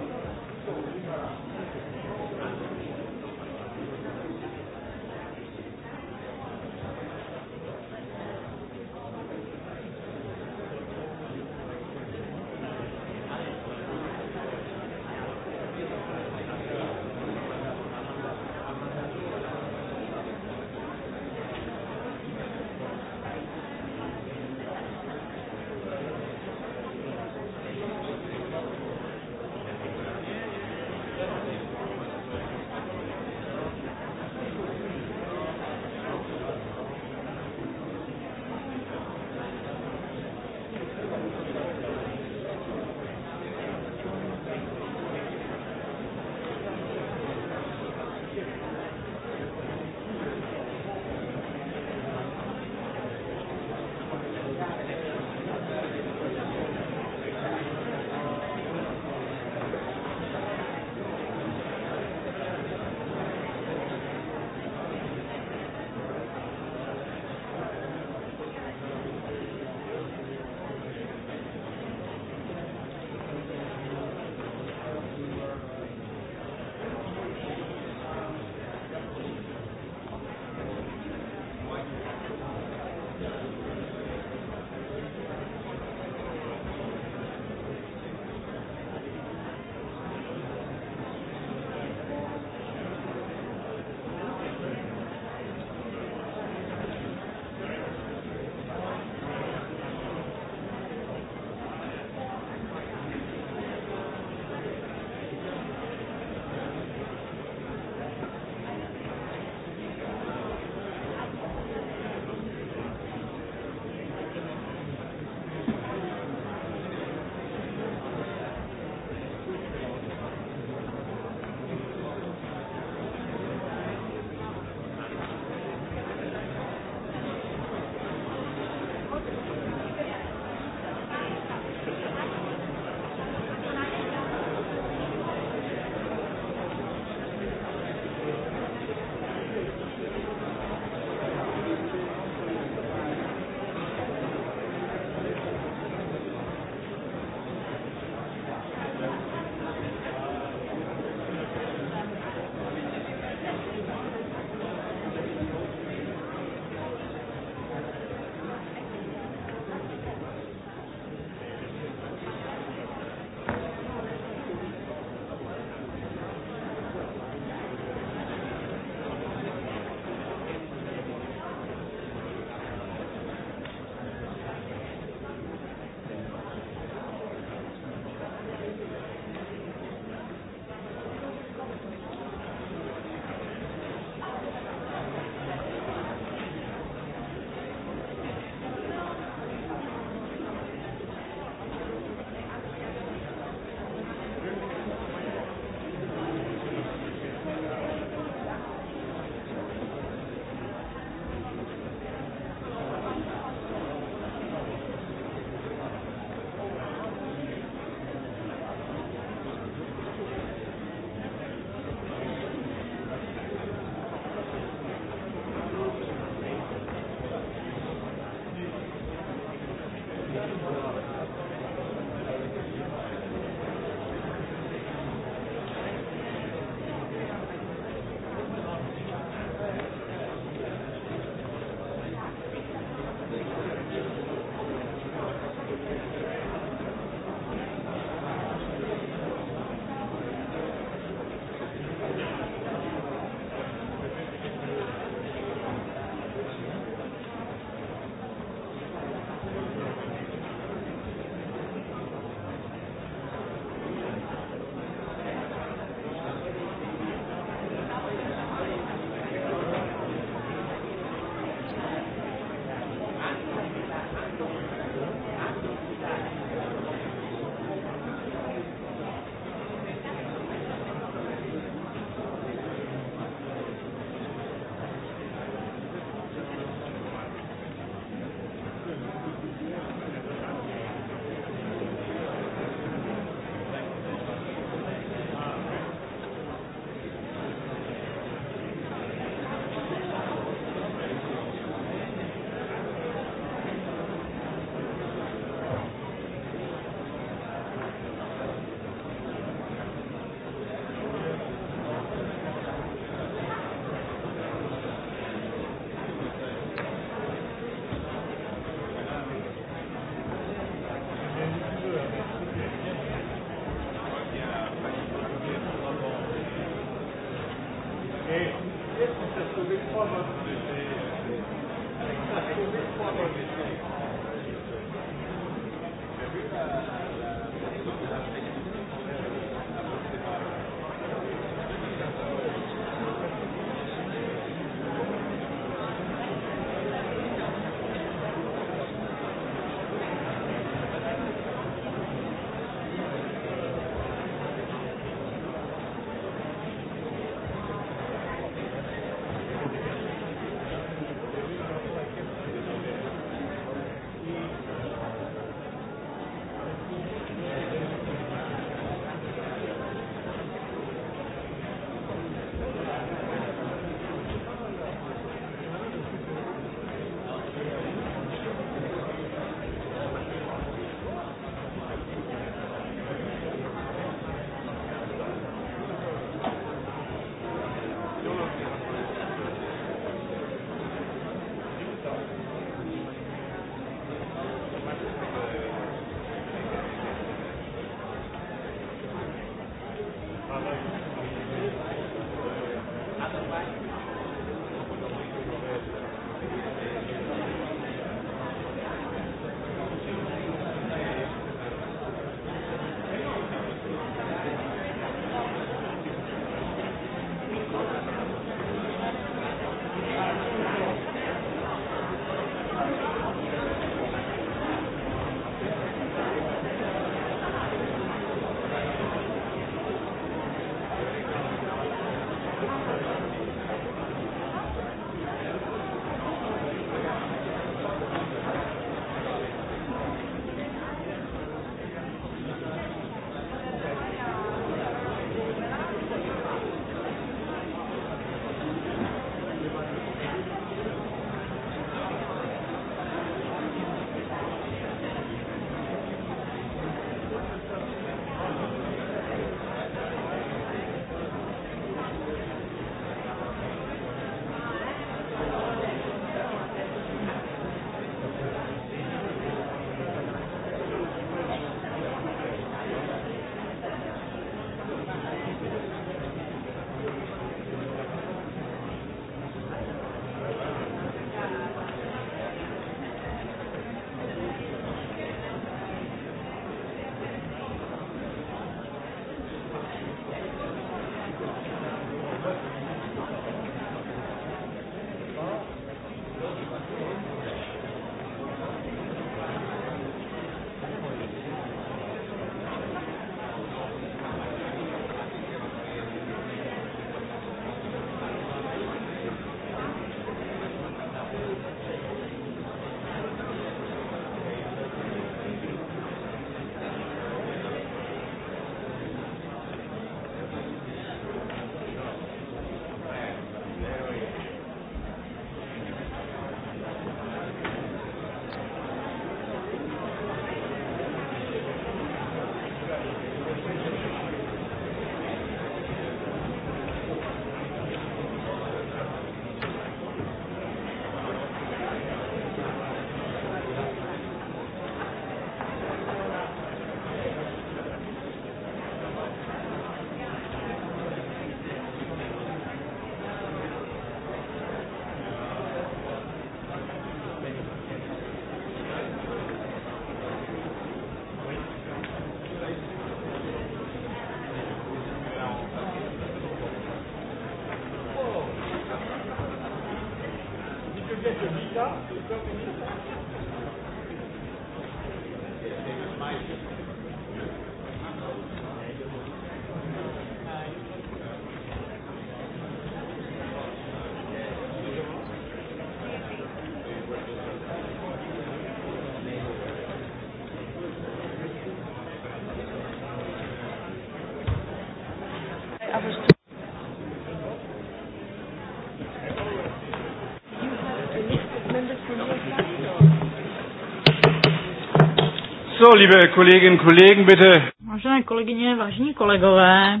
So, liebe Kolleginnen Kollegen, bitte. Vážené kolegyně, vážení kolegové,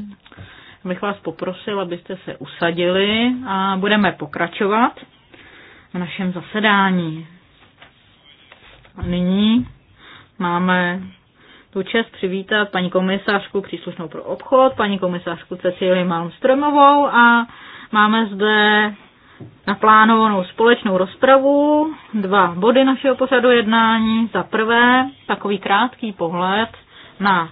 bych vás poprosil, abyste se usadili a budeme pokračovat v našem zasedání. A nyní máme tu čest přivítat paní komisářku příslušnou pro obchod, paní komisářku Cecílii Malmströmovou a máme zde naplánovanou společnou rozpravu, dva body našeho pořadu jednání. Za prvé, takový krátký pohled na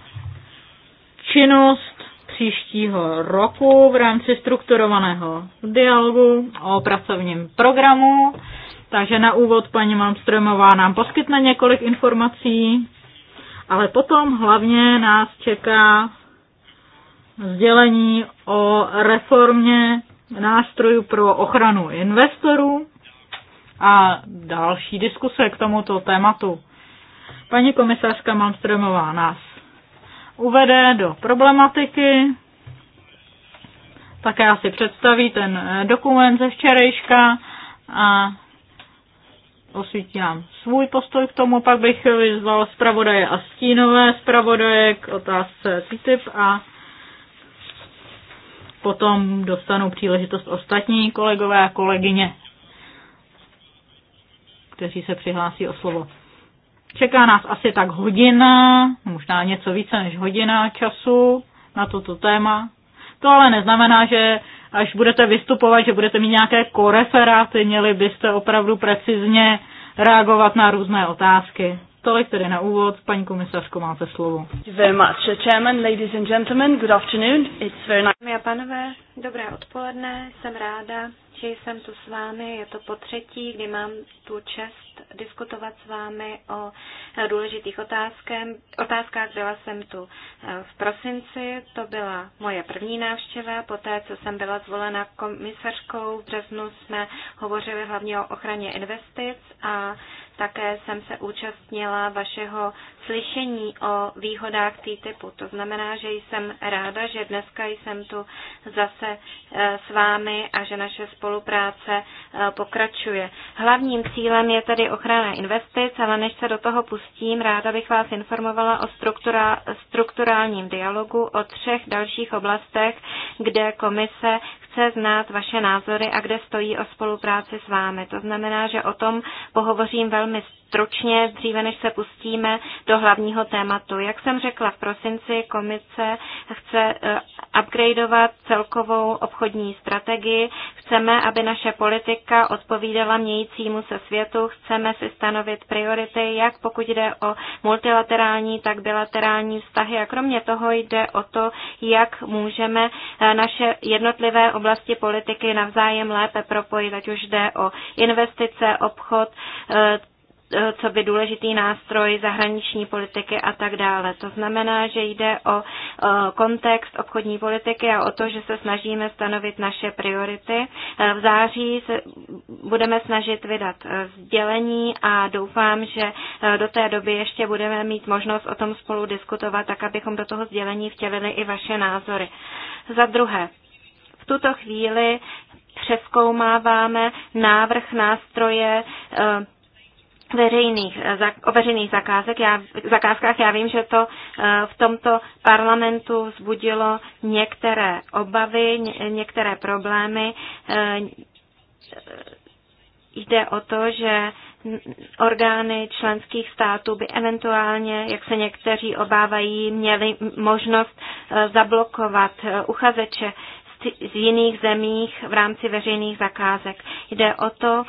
činnost příštího roku v rámci strukturovaného dialogu o pracovním programu. Takže na úvod paní Malmströmová nám poskytne několik informací, ale potom hlavně nás čeká sdělení o reformě nástrojů pro ochranu investorů a další diskuse k tomuto tématu. Paní komisařka Malmströmová nás uvede do problematiky, také asi představí ten eh, dokument ze včerejška a osvítí nám svůj postoj k tomu, pak bych vyzval zpravodaje a stínové zpravodaje k otázce TTIP a potom dostanou příležitost ostatní kolegové a kolegyně, kteří se přihlásí o slovo. Čeká nás asi tak hodina, možná něco více než hodina času na toto téma. To ale neznamená, že až budete vystupovat, že budete mít nějaké koreferáty, měli byste opravdu precizně reagovat na různé otázky. Tolik tedy na úvod. Paní komisařko, máte slovo. Uh, Dámy a pánové, dobré odpoledne. Jsem ráda, že jsem tu s vámi. Je to po třetí, kdy mám tu čest diskutovat s vámi o eh, důležitých otázkem, otázkách. Byla jsem tu eh, v prosinci, to byla moje první návštěva. Poté, co jsem byla zvolena komisařkou v březnu, jsme hovořili hlavně o ochraně investic a také jsem se účastnila vašeho slyšení o výhodách TTIPu. To znamená, že jsem ráda, že dneska jsem tu zase e, s vámi a že naše spolupráce e, pokračuje. Hlavním cílem je tedy ochrana investic, ale než se do toho pustím, ráda bych vás informovala o struktura, strukturálním dialogu, o třech dalších oblastech, kde komise chce znát vaše názory a kde stojí o spolupráci s vámi. To znamená, že o tom pohovořím velmi stručně, dříve než se pustíme do hlavního tématu. Jak jsem řekla, v prosinci komise chce eh, upgradeovat celkovou obchodní strategii. Chceme, aby naše politika odpovídala mějícímu se světu. Chceme si stanovit priority, jak pokud jde o multilaterální, tak bilaterální vztahy. A kromě toho jde o to, jak můžeme eh, naše jednotlivé oblasti politiky navzájem lépe propojit, ať už jde o investice, obchod, eh, co by důležitý nástroj zahraniční politiky a tak dále. To znamená, že jde o kontext obchodní politiky a o to, že se snažíme stanovit naše priority. E, v září se budeme snažit vydat e, sdělení a doufám, že e, do té doby ještě budeme mít možnost o tom spolu diskutovat, tak abychom do toho sdělení vtělili i vaše názory. Za druhé, v tuto chvíli přeskoumáváme návrh nástroje veřejných, eh, o veřejných zakázek. Já, zakázkách. Já vím, že to eh, v tomto parlamentu zbudilo některé obavy, některé problémy. Eh, jde o to, že orgány členských států by eventuálně, jak se někteří obávají, měly možnost zablokovat uchazeče z jiných zemích v rámci veřejných zakázek. Jde o to,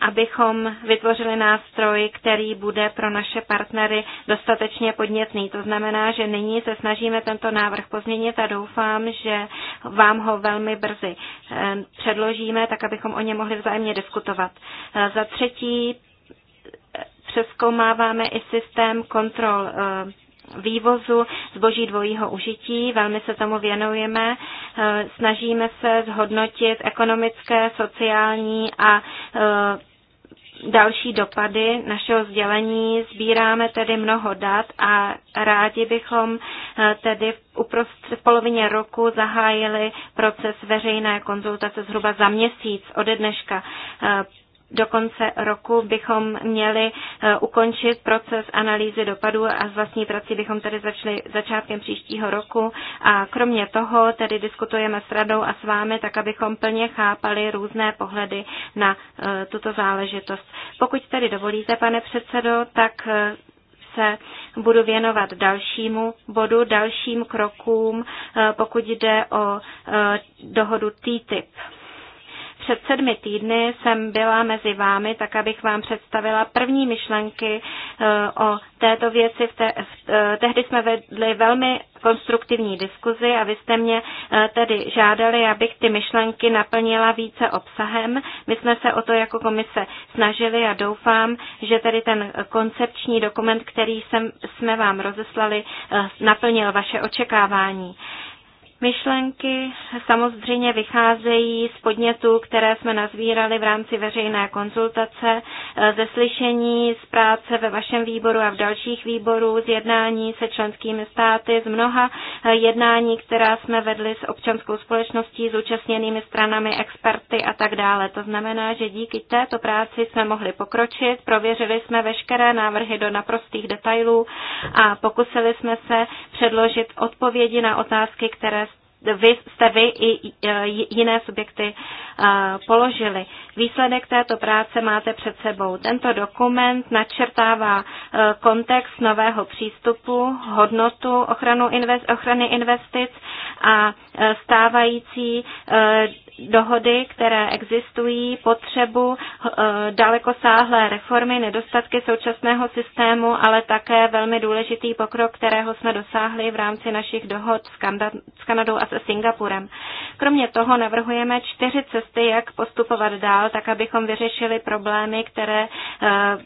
abychom vytvořili nástroj, který bude pro naše partnery dostatečně podnětný. To znamená, že nyní se snažíme tento návrh pozměnit a doufám, že vám ho velmi brzy eh, předložíme, tak abychom o něm mohli vzájemně diskutovat. Eh, za třetí eh, přeskoumáváme i systém kontrol vývozu zboží dvojího užití. Velmi se tomu věnujeme. Snažíme se zhodnotit ekonomické, sociální a další dopady našeho sdělení. Sbíráme tedy mnoho dat a rádi bychom eh, tedy v polovině roku zahájili proces veřejné konzultace zhruba za měsíc ode dneška. Eh, do konce roku bychom měli eh, ukončit proces analýzy dopadů a z vlastní prací bychom tedy začali začátkem příštího roku. A kromě toho tedy diskutujeme s radou a s vámi, tak abychom plně chápali různé pohledy na eh, tuto záležitost. Pokud tedy dovolíte, pane předsedo, tak eh, se budu věnovat dalšímu bodu, dalším krokům, pokud jde o dohodu TTIP před sedmi týdny jsem byla mezi vámi, tak abych vám představila první myšlenky eh, o této věci. V te, v, eh, tehdy jsme vedli velmi konstruktivní diskuzi a vy jste mě eh, tedy žádali, abych ty myšlenky naplnila více obsahem. My jsme se o to jako komise snažili a doufám, že tedy ten koncepční dokument, který jsem, jsme vám rozeslali, naplnil vaše očekávání. Myšlenky samozřejmě vycházejí z podnětů, které jsme nazvírali v rámci veřejné konzultace Eh, ze slyšení, z práce ve vašem výboru a v dalších výborů, z jednání se členskými státy, z mnoha eh, jednání, která jsme vedli s občanskou společností, zúčastněnými stranami, experty a tak dále. To znamená, že díky této práci jsme mohli pokročit, prověřili jsme veškeré návrhy do naprostých detailů a pokusili jsme se předložit odpovědi na otázky, které vy, jste vy i jiné subjekty eh, položili. Výsledek této práce máte před sebou. Tento dokument načrtává eh, kontext nového přístupu, hodnotu ochranu invest, ochrany investic a eh, stávající dohody, které existují, potřebu eh, dalekosáhlé reformy, nedostatky současného systému, ale také velmi důležitý pokrok, kterého jsme dosáhli v rámci našich dohod s Kanadou a se Singapurem. Kromě toho navrhujeme čtyři cesty, jak postupovat dál, tak abychom vyřešili problémy, které eh,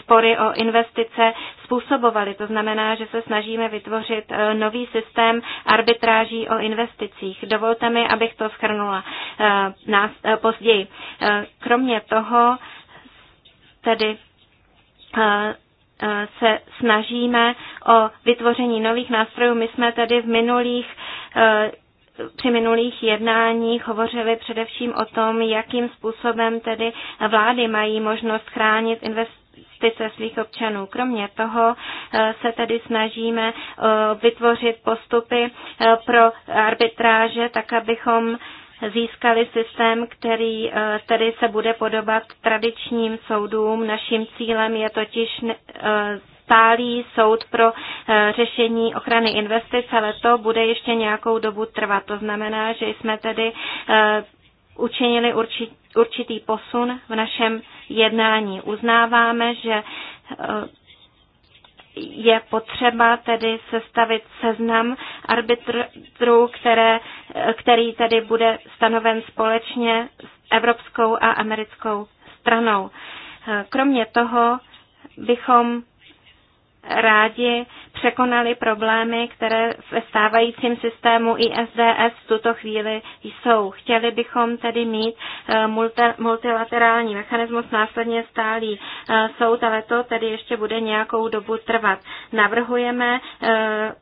spory o investice způsobovaly. To znamená, že se snažíme vytvořit eh, nový systém arbitráží o investicích. Dovolte mi, abych to schrnula eh, eh, později. Kromě toho tedy se snažíme o vytvoření nových nástrojů. My jsme tedy v minulých při minulých jednáních hovořili především o tom, jakým způsobem tedy vlády mají možnost chránit invest, justice svých občanů. Kromě toho eh, se tedy snažíme eh, vytvořit postupy eh, pro arbitráže, tak abychom získali systém, který tedy se bude podobat tradičním soudům. Naším cílem je totiž stálý soud pro řešení ochrany investic, ale to bude ještě nějakou dobu trvat. To znamená, že jsme tedy učinili určitý, posun v našem jednání. Uznáváme, že eh, je potřeba tedy sestavit seznam arbitrů, které, eh, který tedy bude stanoven společně s evropskou a americkou stranou. Eh, kromě toho bychom rádi překonali problémy, které ve stávajícím systému ISDS v tuto chvíli jsou. Chtěli bychom tedy mít eh, multilaterální mechanismus, následně stálý eh, soud, ale to tedy ještě bude nějakou dobu trvat. Navrhujeme eh,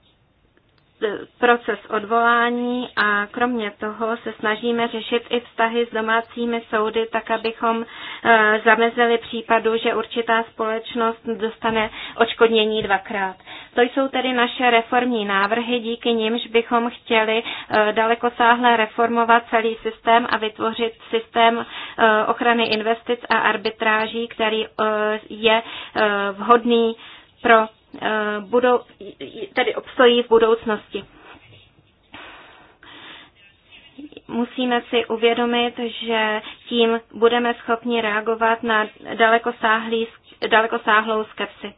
proces odvolání a kromě toho se snažíme řešit i vztahy s domácími soudy, tak abychom eh, zamezili případu, že určitá společnost dostane očkodnění dvakrát. To jsou tedy naše reformní návrhy, díky nimž bychom chtěli eh, sáhle reformovat celý systém a vytvořit systém eh, ochrany investic a arbitráží, který je vhodný pro Eh, budou, tedy obstojí v budoucnosti. Musíme si uvědomit, že tím budeme schopni reagovat na dalekosáhlou skepsi.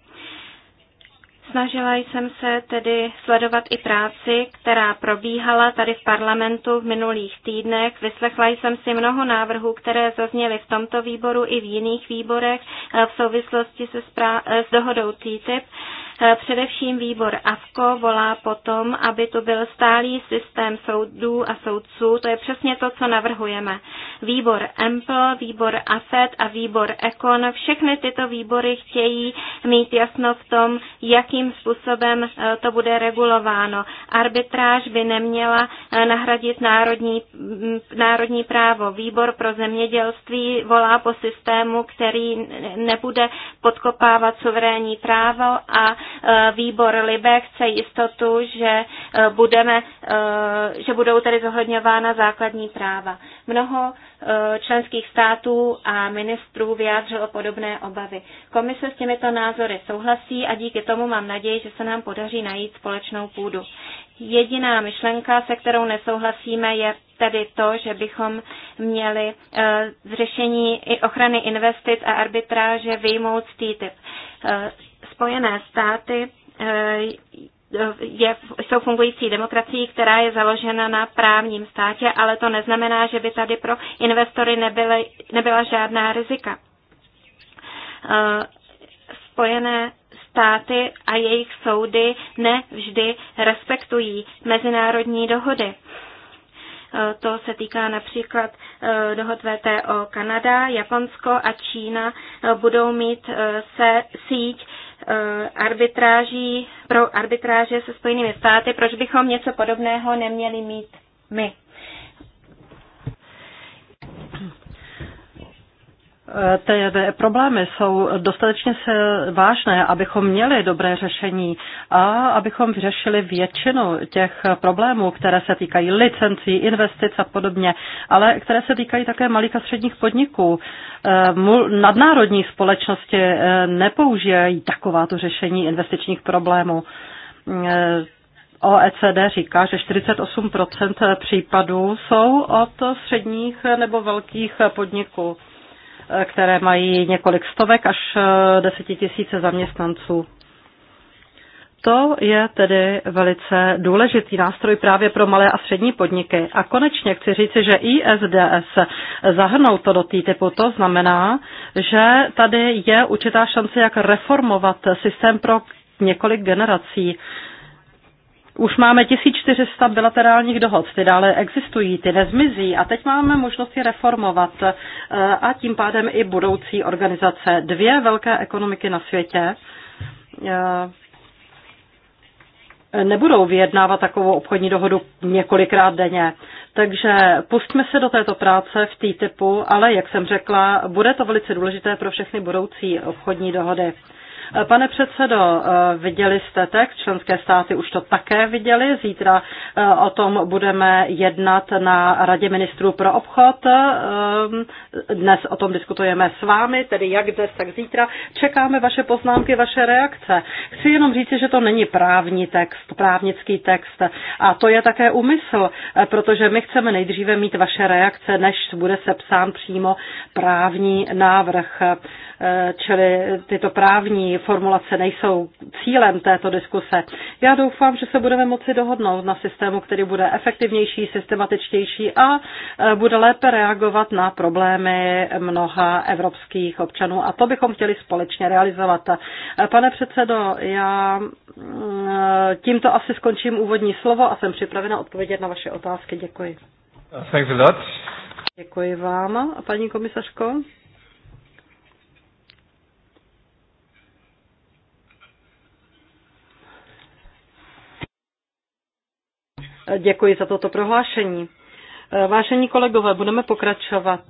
Snažila jsem se tedy sledovat i práci, která probíhala tady v parlamentu v minulých týdnech. Vyslechla jsem si mnoho návrhů, které zazněly v tomto výboru i v jiných výborech eh, v souvislosti se eh, s dohodou TTIP. E, především výbor AFKO volá potom, aby tu byl stálý systém soudů a soudců. To je přesně to, co navrhujeme. Výbor EMPL, výbor AFET a výbor EKON, všechny tyto výbory chtějí mít jasno v tom, jakým způsobem e, to bude regulováno. Arbitráž by neměla e, nahradit národní, národní právo. Výbor pro zemědělství volá po systému, který nebude podkopávat suverénní právo a Eh, výbor Libe chce jistotu, že, eh, budeme, eh, že budou tedy zohledňována základní práva. Mnoho členských států a ministrů vyjádřilo podobné obavy. Komise s těmito názory souhlasí a díky tomu mám naději, že se nám podaří najít společnou půdu. Jediná myšlenka, se kterou nesouhlasíme, je tedy to, že bychom měli zřešení i ochrany investic a arbitráže vyjmout TTIP. Spojené státy eh, je, jsou fungující demokracií, která je založena na právním státě, ale to neznamená, že by tady pro investory nebyly, nebyla žádná rizika. Eh, Spojené státy a jejich soudy nevždy respektují mezinárodní dohody. Eh, to se týká například dohod VTO Kanada, Japonsko a Čína budou mít se síť Eh, arbitráží, pro arbitráže se Spojenými státy, proč bychom něco podobného neměli mít my. ty problémy jsou dostatečně se vážné, abychom měli dobré řešení a abychom vyřešili většinu těch problémů, které se týkají licencí, investic a podobně, ale které se týkají také malých a středních podniků. Eh, nadnárodní společnosti eh, nepoužijí takováto řešení investičních problémů. Eh, OECD říká, že 48 případů jsou od středních nebo velkých podniků které mají několik stovek až eh, desetitisíce zaměstnanců. To je tedy velice důležitý nástroj právě pro malé a střední podniky. A konečně chci říci, že ISDS zahrnout to do TTIPu, to znamená, že tady je určitá šance, jak reformovat systém pro několik generací. Už máme 1400 bilaterálních dohod, ty dále existují, ty nezmizí a teď máme možnost je reformovat eh, a tím pádem i budoucí organizace. Dvě velké ekonomiky na světě eh, nebudou vyjednávat takovou obchodní dohodu několikrát denně. Takže pustme se do této práce v TTIPu, ale jak jsem řekla, bude to velice důležité pro všechny budoucí obchodní dohody. Pane předsedo, viděli jste text, členské státy už to také viděli. Zítra eh, o tom budeme jednat na Radě ministrů pro obchod. Eh, dnes o tom diskutujeme s vámi, tedy jak dnes, tak zítra. Čekáme vaše poznámky, vaše reakce. Chci jenom říci, že to není právní text, právnický text. A to je také úmysl, eh, protože my chceme nejdříve mít vaše reakce, než bude sepsán přímo právní návrh. Čili tyto právní formulace nejsou cílem této diskuse. Já doufám, že se budeme moci dohodnout na systému, který bude efektivnější, systematičtější a e, bude lépe reagovat na problémy mnoha evropských občanů. A to bychom chtěli společně realizovat. E, pane předsedo, já e, tímto asi skončím úvodní slovo a jsem připravena odpovědět na vaše otázky. Děkuji. Thanks a lot. Děkuji vám, paní komisařko. Děkuji za toto prohlášení. Eh, vážení kolegové, budeme pokračovat.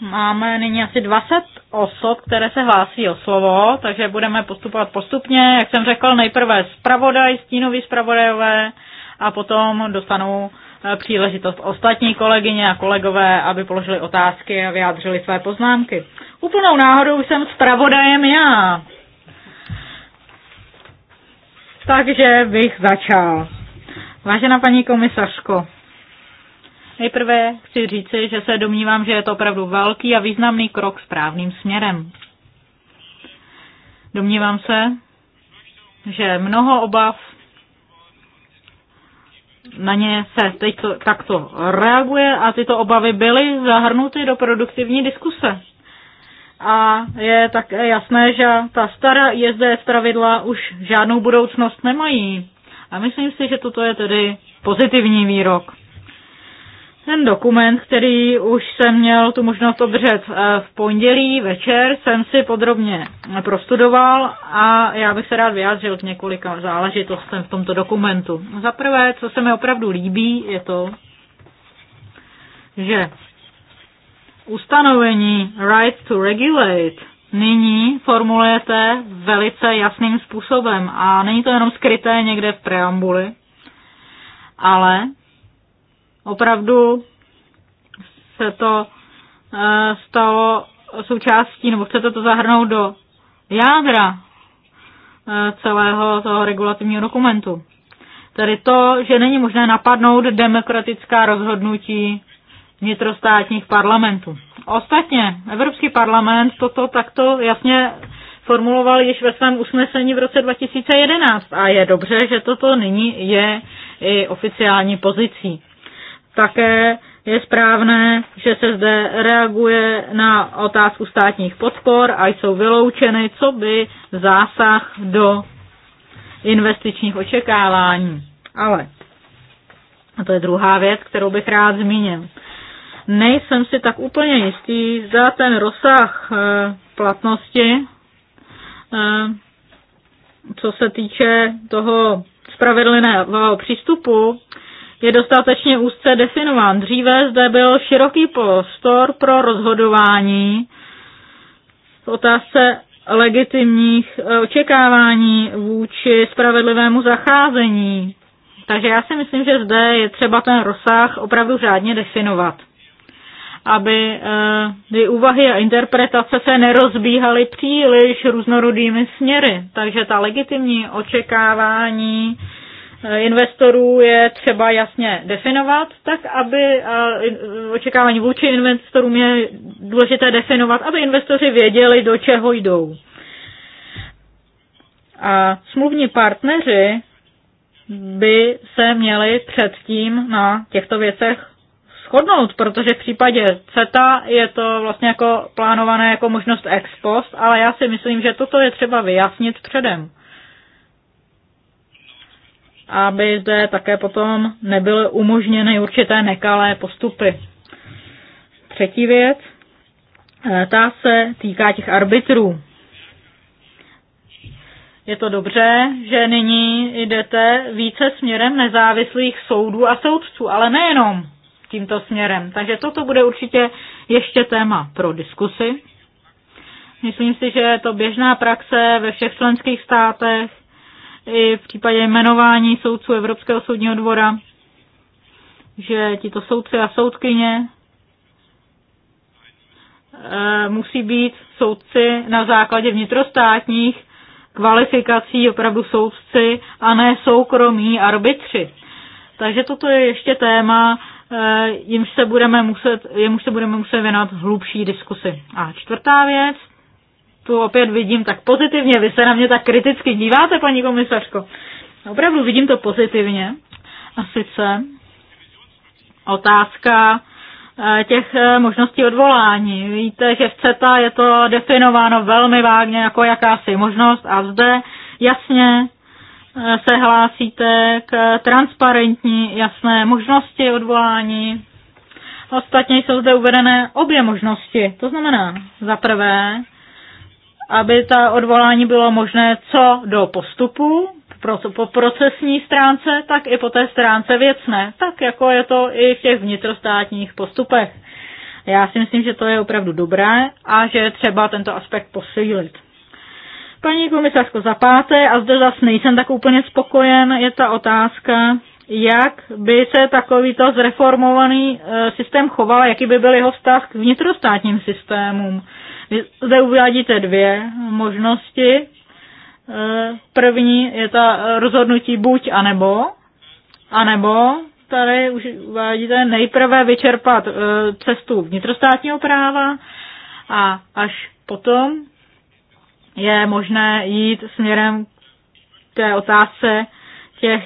Máme nyní asi 20 osob, které se hlásí o slovo, takže budeme postupovat postupně. Jak jsem řekl, nejprve zpravodaj, stínový zpravodajové a potom dostanou eh, příležitost ostatní kolegyně a kolegové, aby položili otázky a vyjádřili své poznámky. Úplnou náhodou jsem zpravodajem já. Takže bych začal. Vážená paní komisařko, nejprve chci říci, že se domnívám, že je to opravdu velký a významný krok správným směrem. Domnívám se, že mnoho obav na ně se teď to, takto reaguje a tyto obavy byly zahrnuty do produktivní diskuse. A je také jasné, že ta stará z pravidla už žádnou budoucnost nemají. A myslím si, že toto je tedy pozitivní výrok. Ten dokument, který už jsem měl tu možnost obdržet eh, v pondělí večer, jsem si podrobně prostudoval a já bych se rád vyjádřil k několika záležitostem v tomto dokumentu. Za prvé, co se mi opravdu líbí, je to, že ustanovení right to regulate nyní formulujete velice jasným způsobem. A není to jenom skryté někde v preambuli, ale opravdu se to eh, stalo součástí, nebo chcete to zahrnout do jádra eh, celého toho regulativního dokumentu. Tedy to, že není možné napadnout demokratická rozhodnutí vnitrostátních parlamentů. Ostatně, Evropský parlament toto takto jasně formuloval již ve svém usnesení v roce 2011 a je dobře, že toto nyní je i oficiální pozicí. Také je správné, že se zde reaguje na otázku státních podpor a jsou vyloučeny co by zásah do investičních očekávání. Ale, a to je druhá věc, kterou bych rád zmínil, nejsem si tak úplně jistý, za ten rozsah eh, platnosti, eh, co se týče toho spravedlivého přístupu, je dostatečně úzce definován. Dříve zde byl široký prostor pro rozhodování v otázce legitimních eh, očekávání vůči spravedlivému zacházení. Takže já si myslím, že zde je třeba ten rozsah opravdu řádně definovat aby eh, ty úvahy a interpretace se nerozbíhaly příliš různorodými směry. Takže ta legitimní očekávání eh, investorů je třeba jasně definovat, tak aby eh, očekávání vůči investorům je důležité definovat, aby investoři věděli, do čeho jdou. A smluvní partneři by se měli předtím na těchto věcech shodnout, protože v případě CETA je to vlastně jako plánované jako možnost ex post, ale já si myslím, že toto je třeba vyjasnit předem. Aby zde také potom nebyly umožněny určité nekalé postupy. Třetí věc, eh, ta se týká těch arbitrů. Je to dobře, že nyní jdete více směrem nezávislých soudů a soudců, ale nejenom tímto směrem. Takže toto bude určitě ještě téma pro diskusy. Myslím si, že je to běžná praxe ve všech členských státech, i v případě jmenování soudců Evropského soudního dvora, že tito soudci a soudkyně eh, musí být soudci na základě vnitrostátních kvalifikací opravdu soudci a ne soukromí arbitři. Takže toto je ještě téma, Eh, jimž se budeme muset, jimž se budeme muset věnovat hlubší diskusy. A čtvrtá věc, tu opět vidím tak pozitivně, vy se na mě tak kriticky díváte, paní komisařko. Opravdu vidím to pozitivně. A sice otázka eh, těch eh, možností odvolání. Víte, že v CETA je to definováno velmi vágně jako jakási možnost a zde jasně se hlásíte k transparentní, jasné možnosti odvolání. Ostatně jsou zde uvedené obě možnosti. To znamená, za prvé, aby ta odvolání bylo možné co do postupu, po procesní stránce, tak i po té stránce věcné, tak jako je to i v těch vnitrostátních postupech. Já si myslím, že to je opravdu dobré a že je třeba tento aspekt posílit. Paní komisařko, za páté, a zde zase nejsem tak úplně spokojen, je ta otázka, jak by se takovýto zreformovaný e, systém choval, jaký by byl jeho vztah k vnitrostátním systémům. Vy zde uvádíte dvě možnosti. E, první je ta rozhodnutí buď a nebo, a nebo tady už uvádíte nejprve vyčerpat e, cestu vnitrostátního práva a až potom je možné jít směrem k té otázce těch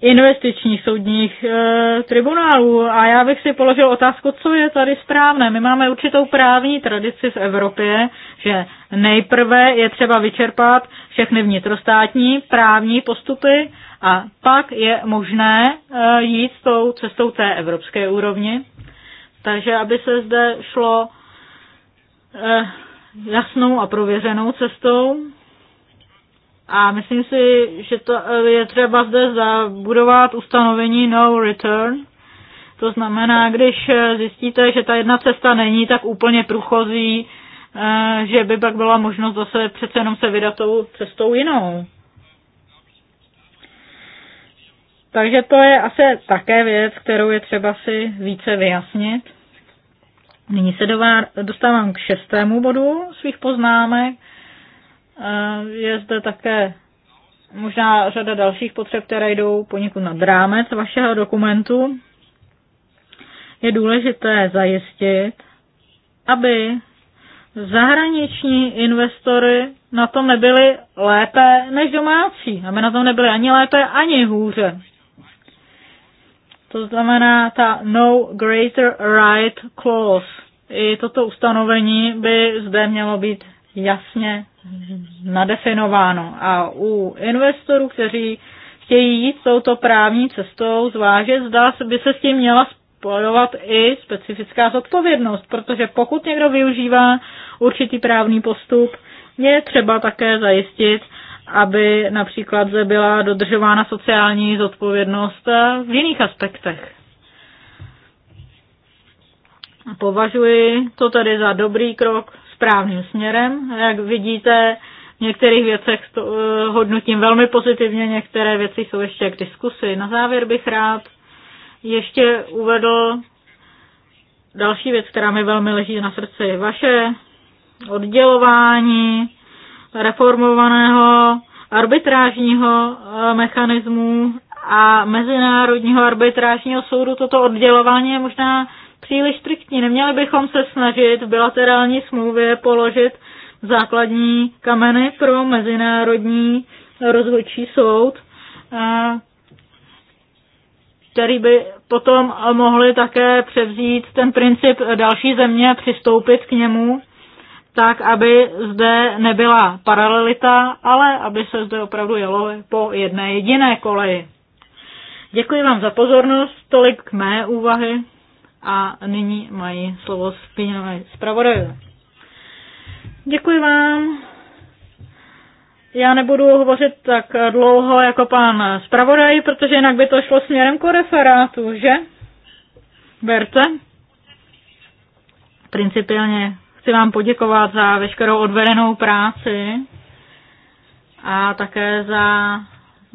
investičních soudních e, tribunálů. A já bych si položil otázku, co je tady správné. My máme určitou právní tradici v Evropě, že nejprve je třeba vyčerpat všechny vnitrostátní právní postupy a pak je možné e, jít s tou cestou té evropské úrovni. Takže aby se zde šlo e, jasnou a prověřenou cestou. A myslím si, že to je třeba zde zabudovat ustanovení no return. To znamená, když zjistíte, že ta jedna cesta není tak úplně průchozí, eh, že by pak byla možnost zase přece jenom se vydat tou cestou jinou. Takže to je asi také věc, kterou je třeba si více vyjasnit. Nyní se dostávám k šestému bodu svých poznámek. Je zde také možná řada dalších potřeb, které jdou poněkud nad rámec vašeho dokumentu. Je důležité zajistit, aby zahraniční investory na tom nebyli lépe než domácí, aby na tom nebyli ani lépe, ani hůře. To znamená ta no greater right clause i toto ustanovení by zde mělo být jasně nadefinováno. A u investorů, kteří chtějí jít touto právní cestou, zvážit, zda by se s tím měla spojovat i specifická zodpovědnost, protože pokud někdo využívá určitý právní postup, je třeba také zajistit, aby například zde byla dodržována sociální zodpovědnost v jiných aspektech. Považuji to tedy za dobrý krok správným směrem. Jak vidíte, v některých věcech to, uh, hodnotím velmi pozitivně, některé věci jsou ještě k diskusi. Na závěr bych rád ještě uvedl další věc, která mi velmi leží na srdci. Vaše oddělování reformovaného arbitrážního eh, mechanismu a Mezinárodního arbitrážního soudu toto oddělování je možná příliš striktní. Neměli bychom se snažit v bilaterální smlouvě položit základní kameny pro mezinárodní rozhodčí soud, který by potom mohli také převzít ten princip další země a přistoupit k němu, tak aby zde nebyla paralelita, ale aby se zde opravdu jelo po jedné jediné koleji. Děkuji vám za pozornost, tolik k mé úvahy a nyní mají slovo Spíňové zpravodajové. Děkuji vám. Já nebudu hovořit tak dlouho jako pan zpravodaj, protože jinak by to šlo směrem k referátu, že? Berte. Principiálně chci vám poděkovat za veškerou odvedenou práci a také za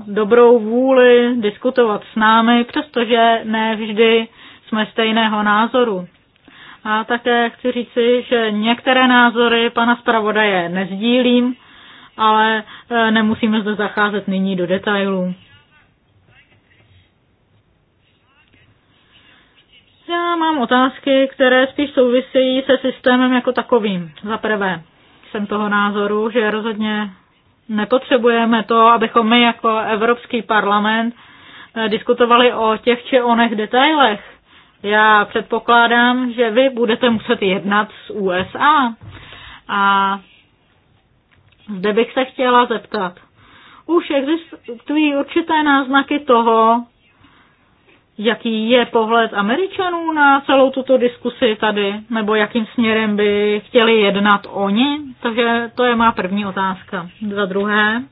dobrou vůli diskutovat s námi, přestože ne vždy jsme stejného názoru. A také chci říci, že některé názory pana zpravodaje nezdílím, ale e, nemusíme zde zacházet nyní do detailů. Já mám otázky, které spíš souvisejí se systémem jako takovým. Za prvé, jsem toho názoru, že rozhodně nepotřebujeme to, abychom my jako Evropský parlament e, diskutovali o těch či onech detailech já předpokládám, že vy budete muset jednat s USA. A zde bych se chtěla zeptat. Už existují určité náznaky toho, jaký je pohled Američanů na celou tuto diskusi tady, nebo jakým směrem by chtěli jednat oni. Takže to je má první otázka. Za druhé,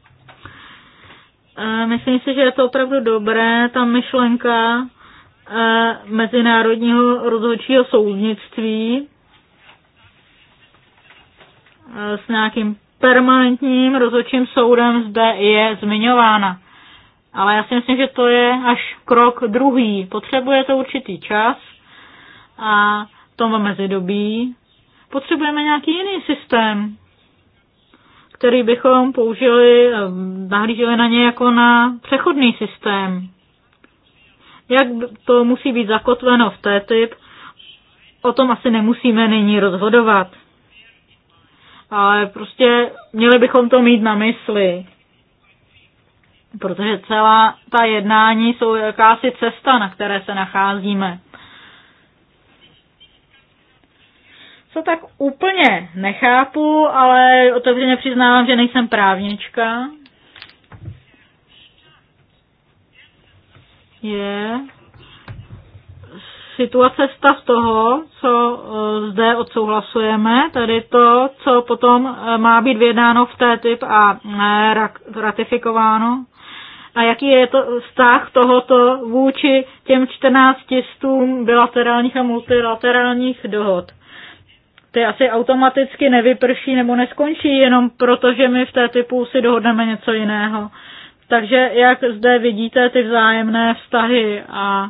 eh, myslím si, že je to opravdu dobré, ta myšlenka Mezinárodního rozhodčího soudnictví e, s nějakým permanentním rozhodčím soudem zde je zmiňována. Ale já si myslím, že to je až krok druhý. Potřebuje to určitý čas a v tom mezidobí potřebujeme nějaký jiný systém, který bychom použili, e, nahlíželi na ně jako na přechodný systém. Jak to musí být zakotveno v TTIP, typ, o tom asi nemusíme nyní rozhodovat. Ale prostě měli bychom to mít na mysli. Protože celá ta jednání jsou jakási cesta, na které se nacházíme. Co tak úplně nechápu, ale otevřeně přiznávám, že nejsem právnička, je situace stav toho, co eh, zde odsouhlasujeme, tedy to, co potom eh, má být vyjednáno v té typ a ratifikováno. A jaký je to vztah tohoto vůči těm 14 stům bilaterálních a multilaterálních dohod? Ty asi automaticky nevyprší nebo neskončí jenom proto, že my v té typu si dohodneme něco jiného. Takže jak zde vidíte ty vzájemné vztahy a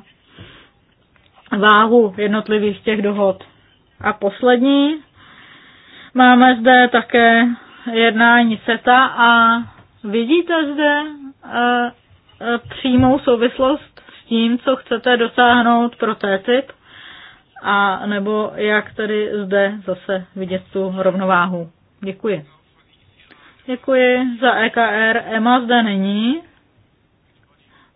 váhu jednotlivých těch dohod. A poslední, máme zde také jednání SETA a vidíte zde e, e, přímou souvislost s tím, co chcete dosáhnout pro TTIP a nebo jak tedy zde zase vidět tu rovnováhu. Děkuji. Děkuji za EKR. Ema zde není.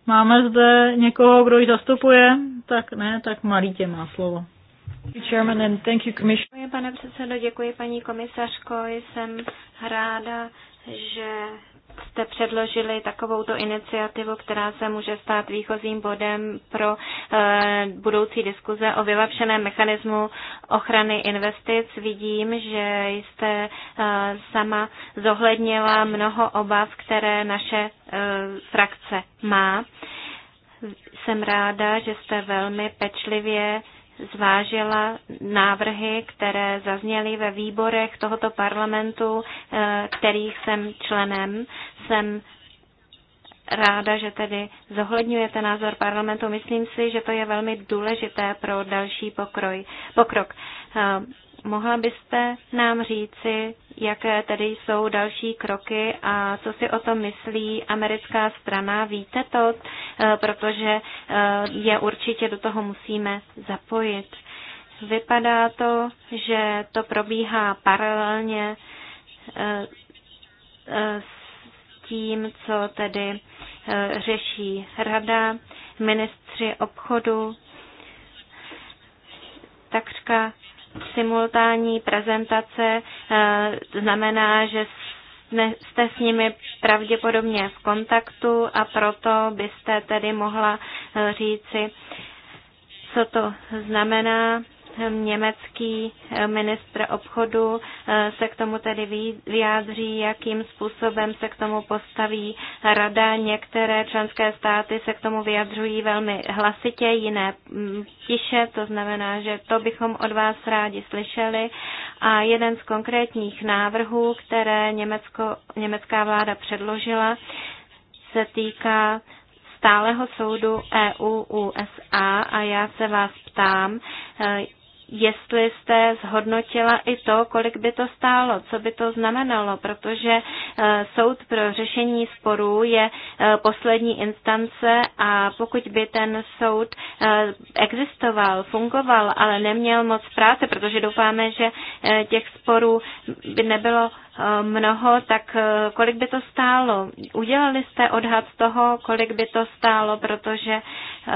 Máme zde někoho, kdo ji zastupuje? Tak ne, tak Marítě má slovo. Děkuji, pane předsedo, děkuji, paní komisařko. Jsem ráda, že jste předložili takovouto iniciativu, která se může stát výchozím bodem pro eh, budoucí diskuze o vylepšeném mechanismu ochrany investic. Vidím, že jste eh, sama zohlednila mnoho obav, které naše eh, frakce má. Jsem ráda, že jste velmi pečlivě zvážila návrhy, které zazněly ve výborech tohoto parlamentu, eh, kterých jsem členem. Jsem ráda, že tedy zohledňujete názor parlamentu. Myslím si, že to je velmi důležité pro další pokroj, pokrok. Eh, Mohla byste nám říci, jaké tedy jsou další kroky a co si o tom myslí americká strana? Víte to, eh, protože eh, je určitě do toho musíme zapojit. Vypadá to, že to probíhá paralelně eh, s tím, co tedy řeší rada, ministři obchodu, takřka simultánní prezentace eh, znamená, že jste s nimi pravděpodobně v kontaktu a proto byste tedy mohla eh, říci, co to znamená Německý eh, ministr obchodu eh, se k tomu tedy vyjádří, jakým způsobem se k tomu postaví rada. Některé členské státy se k tomu vyjadřují velmi hlasitě, jiné mm, tiše, to znamená, že to bychom od vás rádi slyšeli. A jeden z konkrétních návrhů, které Německo, německá vláda předložila, se týká stáleho soudu EU USA a já se vás ptám, eh, jestli jste zhodnotila i to, kolik by to stálo, co by to znamenalo, protože eh, soud pro řešení sporů je eh, poslední instance a pokud by ten soud eh, existoval, fungoval, ale neměl moc práce, protože doufáme, že těch sporů by nebylo mnoho, tak eh, kolik by to stálo? Udělali jste odhad toho, kolik by to stálo, protože eh,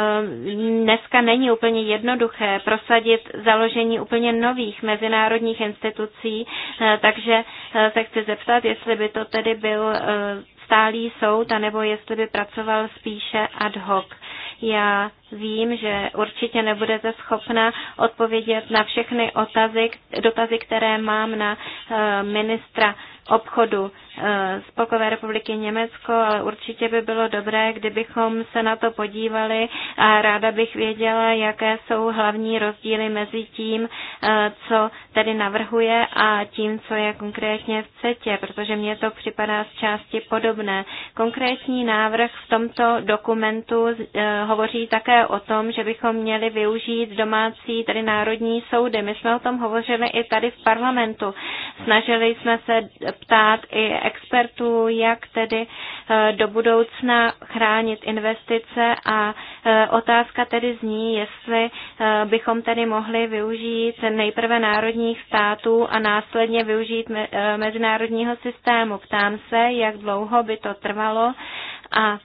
dneska není úplně jednoduché prosadit založení úplně nových mezinárodních institucí, eh, takže se chci zeptat, jestli by to tedy byl stálý soud, anebo jestli by pracoval spíše ad hoc. Já vím, že určitě nebudete schopna odpovědět na všechny otazy, dotazy, které mám na eh, ministra obchodu eh, Spolkové republiky Německo, ale určitě by bylo dobré, kdybychom se na to podívali a ráda bych věděla, jaké jsou hlavní rozdíly mezi tím, eh, co tedy navrhuje a tím, co je konkrétně v CETě, protože mně to připadá z části podobné. Konkrétní návrh v tomto dokumentu hovoří také o tom, že bychom měli využít domácí, tedy národní soudy. My jsme o tom hovořili i tady v parlamentu. Snažili jsme se ptát i expertů, jak tedy eh, do budoucna chránit investice a eh, otázka tedy zní, jestli eh, bychom tedy mohli využít nejprve národních států a následně využít mezinárodního systému. Ptám se, jak dlouho by to trvalo a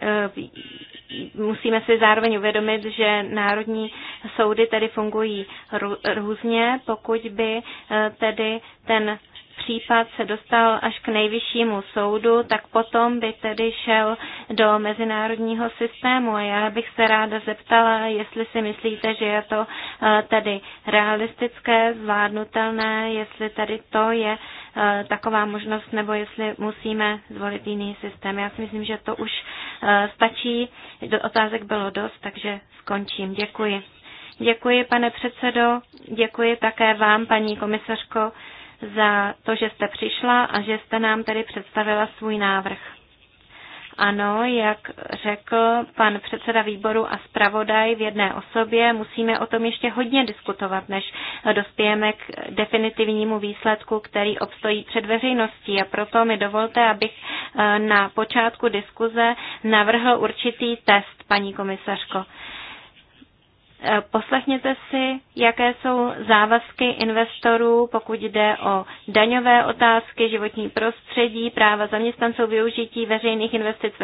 Eh, musíme si zároveň uvědomit, že národní soudy tedy fungují různě, pokud by eh, tedy ten případ se dostal až k nejvyššímu soudu, tak potom by tedy šel do mezinárodního systému. A já bych se ráda zeptala, jestli si myslíte, že je to eh, tedy realistické, zvládnutelné, jestli tady to je eh, taková možnost, nebo jestli musíme zvolit jiný systém. Já si myslím, že to už eh, stačí. Otázek bylo dost, takže skončím. Děkuji. Děkuji, pane předsedo. Děkuji také vám, paní komisařko za to, že jste přišla a že jste nám tedy představila svůj návrh. Ano, jak řekl pan předseda výboru a zpravodaj v jedné osobě, musíme o tom ještě hodně diskutovat, než dospějeme k definitivnímu výsledku, který obstojí před veřejností. A proto mi dovolte, abych eh, na počátku diskuze navrhl určitý test, paní komisařko. Poslechněte si, jaké jsou závazky investorů, pokud jde o daňové otázky, životní prostředí, práva zaměstnanců, využití veřejných investic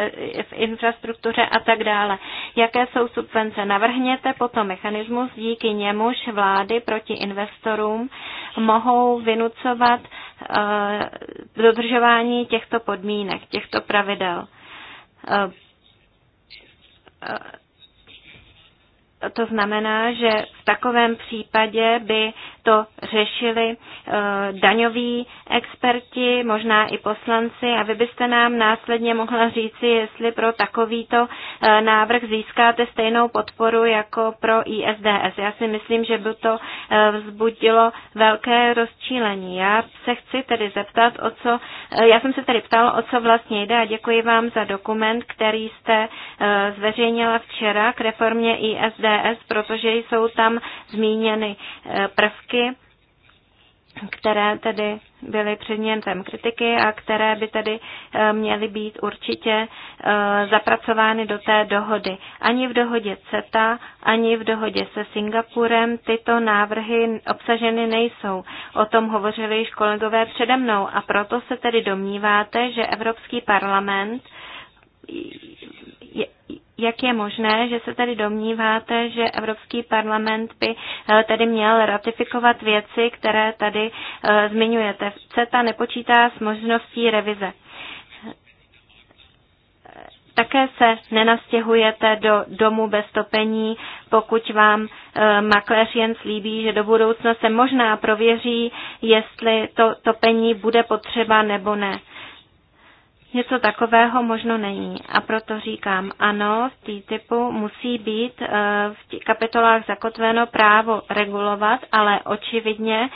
v infrastruktuře a tak dále. Jaké jsou subvence? Navrhněte potom mechanismus, díky němuž vlády proti investorům mohou vynucovat eh, dodržování těchto podmínek, těchto pravidel eh, to znamená, že v takovém případě by to řešili eh, daňoví experti, možná i poslanci a vy byste nám následně mohla říci, jestli pro takovýto eh, návrh získáte stejnou podporu jako pro ISDS. Já si myslím, že by to eh, vzbudilo velké rozčílení. Já se chci tedy zeptat, o co, já jsem se tedy ptal, o co vlastně jde a děkuji vám za dokument, který jste zveřejnila včera k reformě ISDS, protože jsou tam zmíněny prvky, prvky, které tedy byly předmětem kritiky a které by tedy eh, měly být určitě eh, zapracovány do té dohody. Ani v dohodě CETA, ani v dohodě se Singapurem tyto návrhy obsaženy nejsou. O tom hovořili již kolegové přede mnou a proto se tedy domníváte, že Evropský parlament jak je možné, že se tady domníváte, že Evropský parlament by eh, tady měl ratifikovat věci, které tady eh, zmiňujete. CETA nepočítá s možností revize. Také se nenastěhujete do domu bez topení, pokud vám e, makléř jen slíbí, že do budoucna se možná prověří, jestli to topení bude potřeba nebo ne. Něco takového možno není. A proto říkám, ano, v TTIPu musí být eh, v kapitolách zakotveno právo regulovat, ale očividně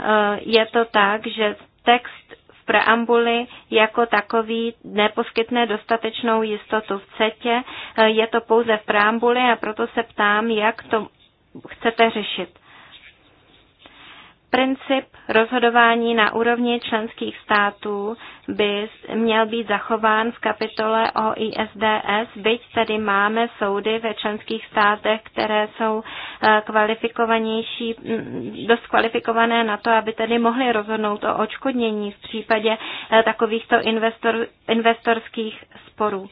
eh, je to tak, že text v preambuli jako takový neposkytne dostatečnou jistotu v CETě. Eh, je to pouze v preambuli a proto se ptám, jak to chcete řešit. Princip rozhodování na úrovni členských států by měl být zachován v kapitole o ISDS, byť tady máme soudy ve členských státech, které jsou eh, kvalifikovanější, mm, dost kvalifikované na to, aby tedy mohly rozhodnout o očkodnění v případě eh, takovýchto investor, investorských sporů.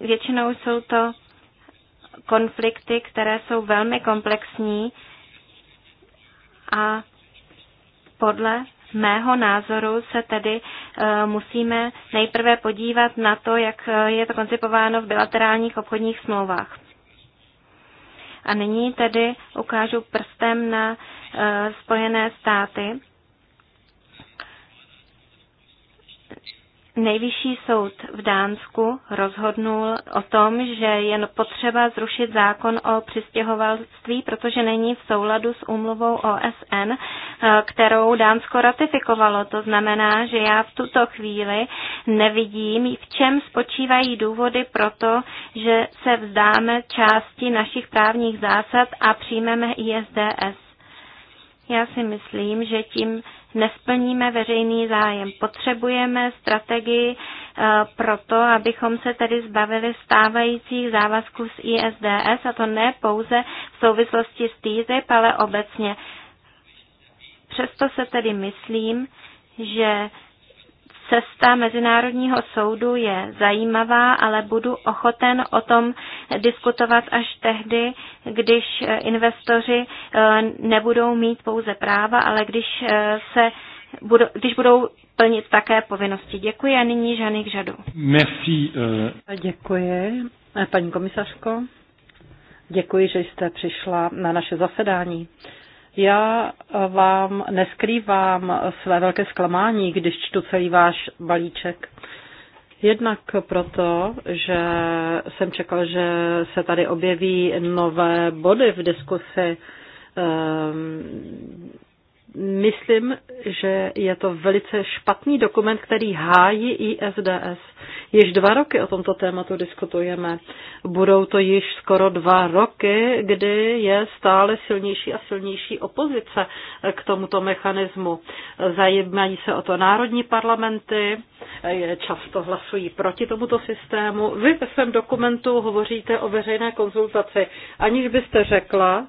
Většinou jsou to konflikty, které jsou velmi komplexní a podle mého názoru se tedy eh, musíme nejprve podívat na to, jak eh, je to koncipováno v bilaterálních obchodních smlouvách. A nyní tedy ukážu prstem na eh, Spojené státy. Nejvyšší soud v Dánsku rozhodnul o tom, že je potřeba zrušit zákon o přistěhovalství, protože není v souladu s úmluvou OSN, eh, kterou Dánsko ratifikovalo. To znamená, že já v tuto chvíli nevidím, v čem spočívají důvody pro to, že se vzdáme části našich právních zásad a přijmeme ISDS. Já si myslím, že tím nesplníme veřejný zájem. Potřebujeme strategii eh, pro to, abychom se tedy zbavili stávajících závazků z ISDS, a to ne pouze v souvislosti s TTIP, ale obecně. Přesto se tedy myslím, že Cesta Mezinárodního soudu je zajímavá, ale budu ochoten o tom diskutovat až tehdy, když eh, investoři eh, nebudou mít pouze práva, ale když, eh, se, budou, když budou plnit také povinnosti. Děkuji a nyní k Žadu. Merci. Děkuji, paní komisařko. Děkuji, že jste přišla na naše zasedání. Já vám neskrývám své velké zklamání, když čtu celý váš balíček. Jednak proto, že jsem čekal, že se tady objeví nové body v diskusi ehm, myslím, že je to velice špatný dokument, který hájí ISDS. Již dva roky o tomto tématu diskutujeme. Budou to již skoro dva roky, kdy je stále silnější a silnější opozice k tomuto mechanismu. Zajímají se o to národní parlamenty, často hlasují proti tomuto systému. Vy ve svém dokumentu hovoříte o veřejné konzultaci, aniž byste řekla,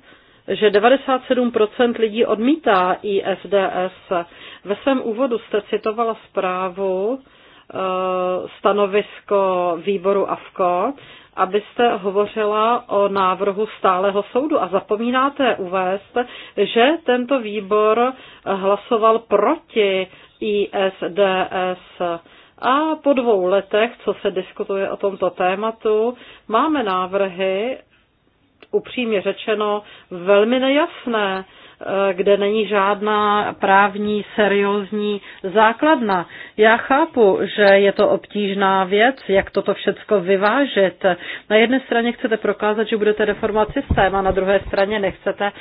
že 97% lidí odmítá ISDS. Ve svém úvodu jste citovala zprávu eh, stanovisko výboru AFKO, abyste hovořila o návrhu stáleho soudu a zapomínáte uvést, že tento výbor hlasoval proti ISDS. A po dvou letech, co se diskutuje o tomto tématu, máme návrhy upřímně řečeno velmi nejasné. Eh, kde není žádná právní seriózní základna. Já chápu, že je to obtížná věc, jak toto všecko vyvážet. Na jedné straně chcete prokázat, že budete reformovat systém a na druhé straně nechcete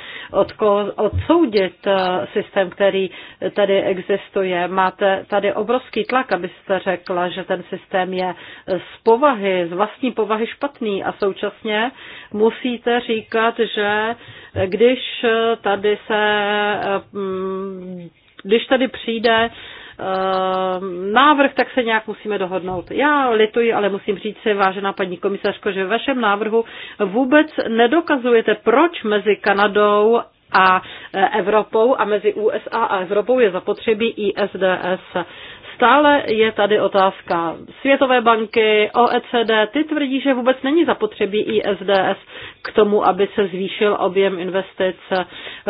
odsoudit eh, systém, který tady existuje. Máte tady obrovský tlak, abyste řekla, že ten systém je z povahy, z vlastní povahy špatný a současně musíte říkat, že když tady se se, eh, když tady přijde eh, návrh, tak se nějak musíme dohodnout. Já lituji, ale musím říct si, vážená paní komisařko, že ve vašem návrhu vůbec nedokazujete, proč mezi Kanadou a Evropou a mezi USA a Evropou je zapotřebí ISDS stále je tady otázka Světové banky, OECD, ty tvrdí, že vůbec není zapotřebí ISDS k tomu, aby se zvýšil objem investic.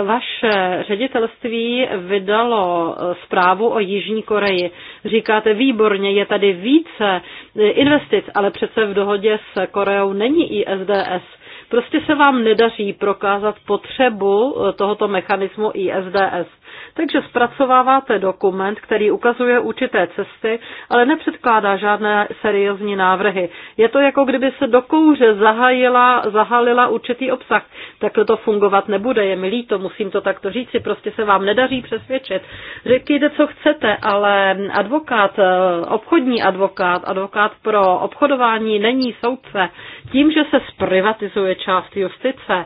Vaše ředitelství vydalo zprávu o Jižní Koreji. Říkáte výborně, je tady více investic, ale přece v dohodě s Koreou není ISDS. Prostě se vám nedaří prokázat potřebu tohoto mechanismu ISDS. Takže zpracováváte dokument, který ukazuje určité cesty, ale nepředkládá žádné seriózní návrhy. Je to jako kdyby se do kouře zahajila, zahalila určitý obsah. Takhle to fungovat nebude, je mi líto, musím to takto říci, prostě se vám nedaří přesvědčit. Řekněte, co chcete, ale advokát, eh, obchodní advokát, advokát pro obchodování není soudce. Tím, že se zprivatizuje část justice,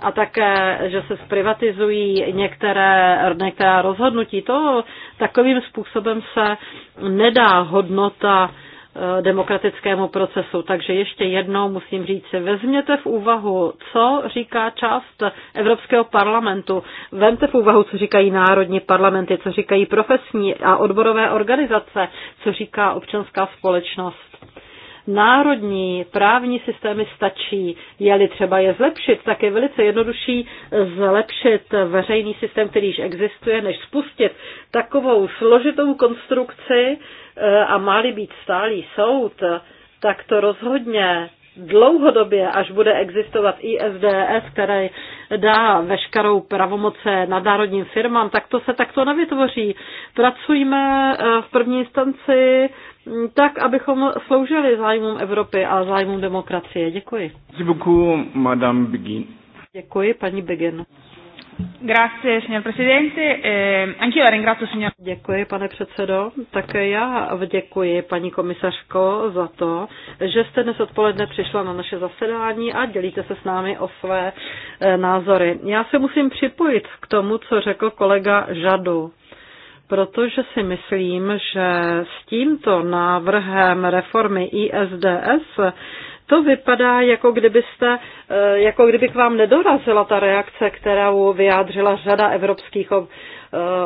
a také, že se zprivatizují některé, některá rozhodnutí. To takovým způsobem se nedá hodnota eh, demokratickému procesu. Takže ještě jednou musím říct, si vezměte v úvahu, co říká část Evropského parlamentu. Vemte v úvahu, co říkají národní parlamenty, co říkají profesní a odborové organizace, co říká občanská společnost národní právní systémy stačí. Je-li třeba je zlepšit, tak je velice jednodušší zlepšit veřejný systém, který již existuje, než spustit takovou složitou konstrukci e, a má-li být stálý soud, tak to rozhodně dlouhodobě, až bude existovat ISDS, který dá veškerou pravomoce nadnárodním firmám, tak to se takto nevytvoří. Pracujeme e, v první instanci tak, abychom sloužili zájmům Evropy a zájmům demokracie. Děkuji. Děkuji, madame Begin. Děkuji, paní Begin. Grazie, signor Presidente. Eh, anch'io la ringrazio, signor... Děkuji, pane předsedo. Tak já děkuji, paní komisařko, za to, že jste dnes odpoledne přišla na naše zasedání a dělíte se s námi o své eh, názory. Já se musím připojit k tomu, co řekl kolega Žadu protože si myslím, že s tímto návrhem reformy ISDS to vypadá, jako, kdybyste, eh, jako kdyby k vám nedorazila ta reakce, kterou vyjádřila řada evropských eh,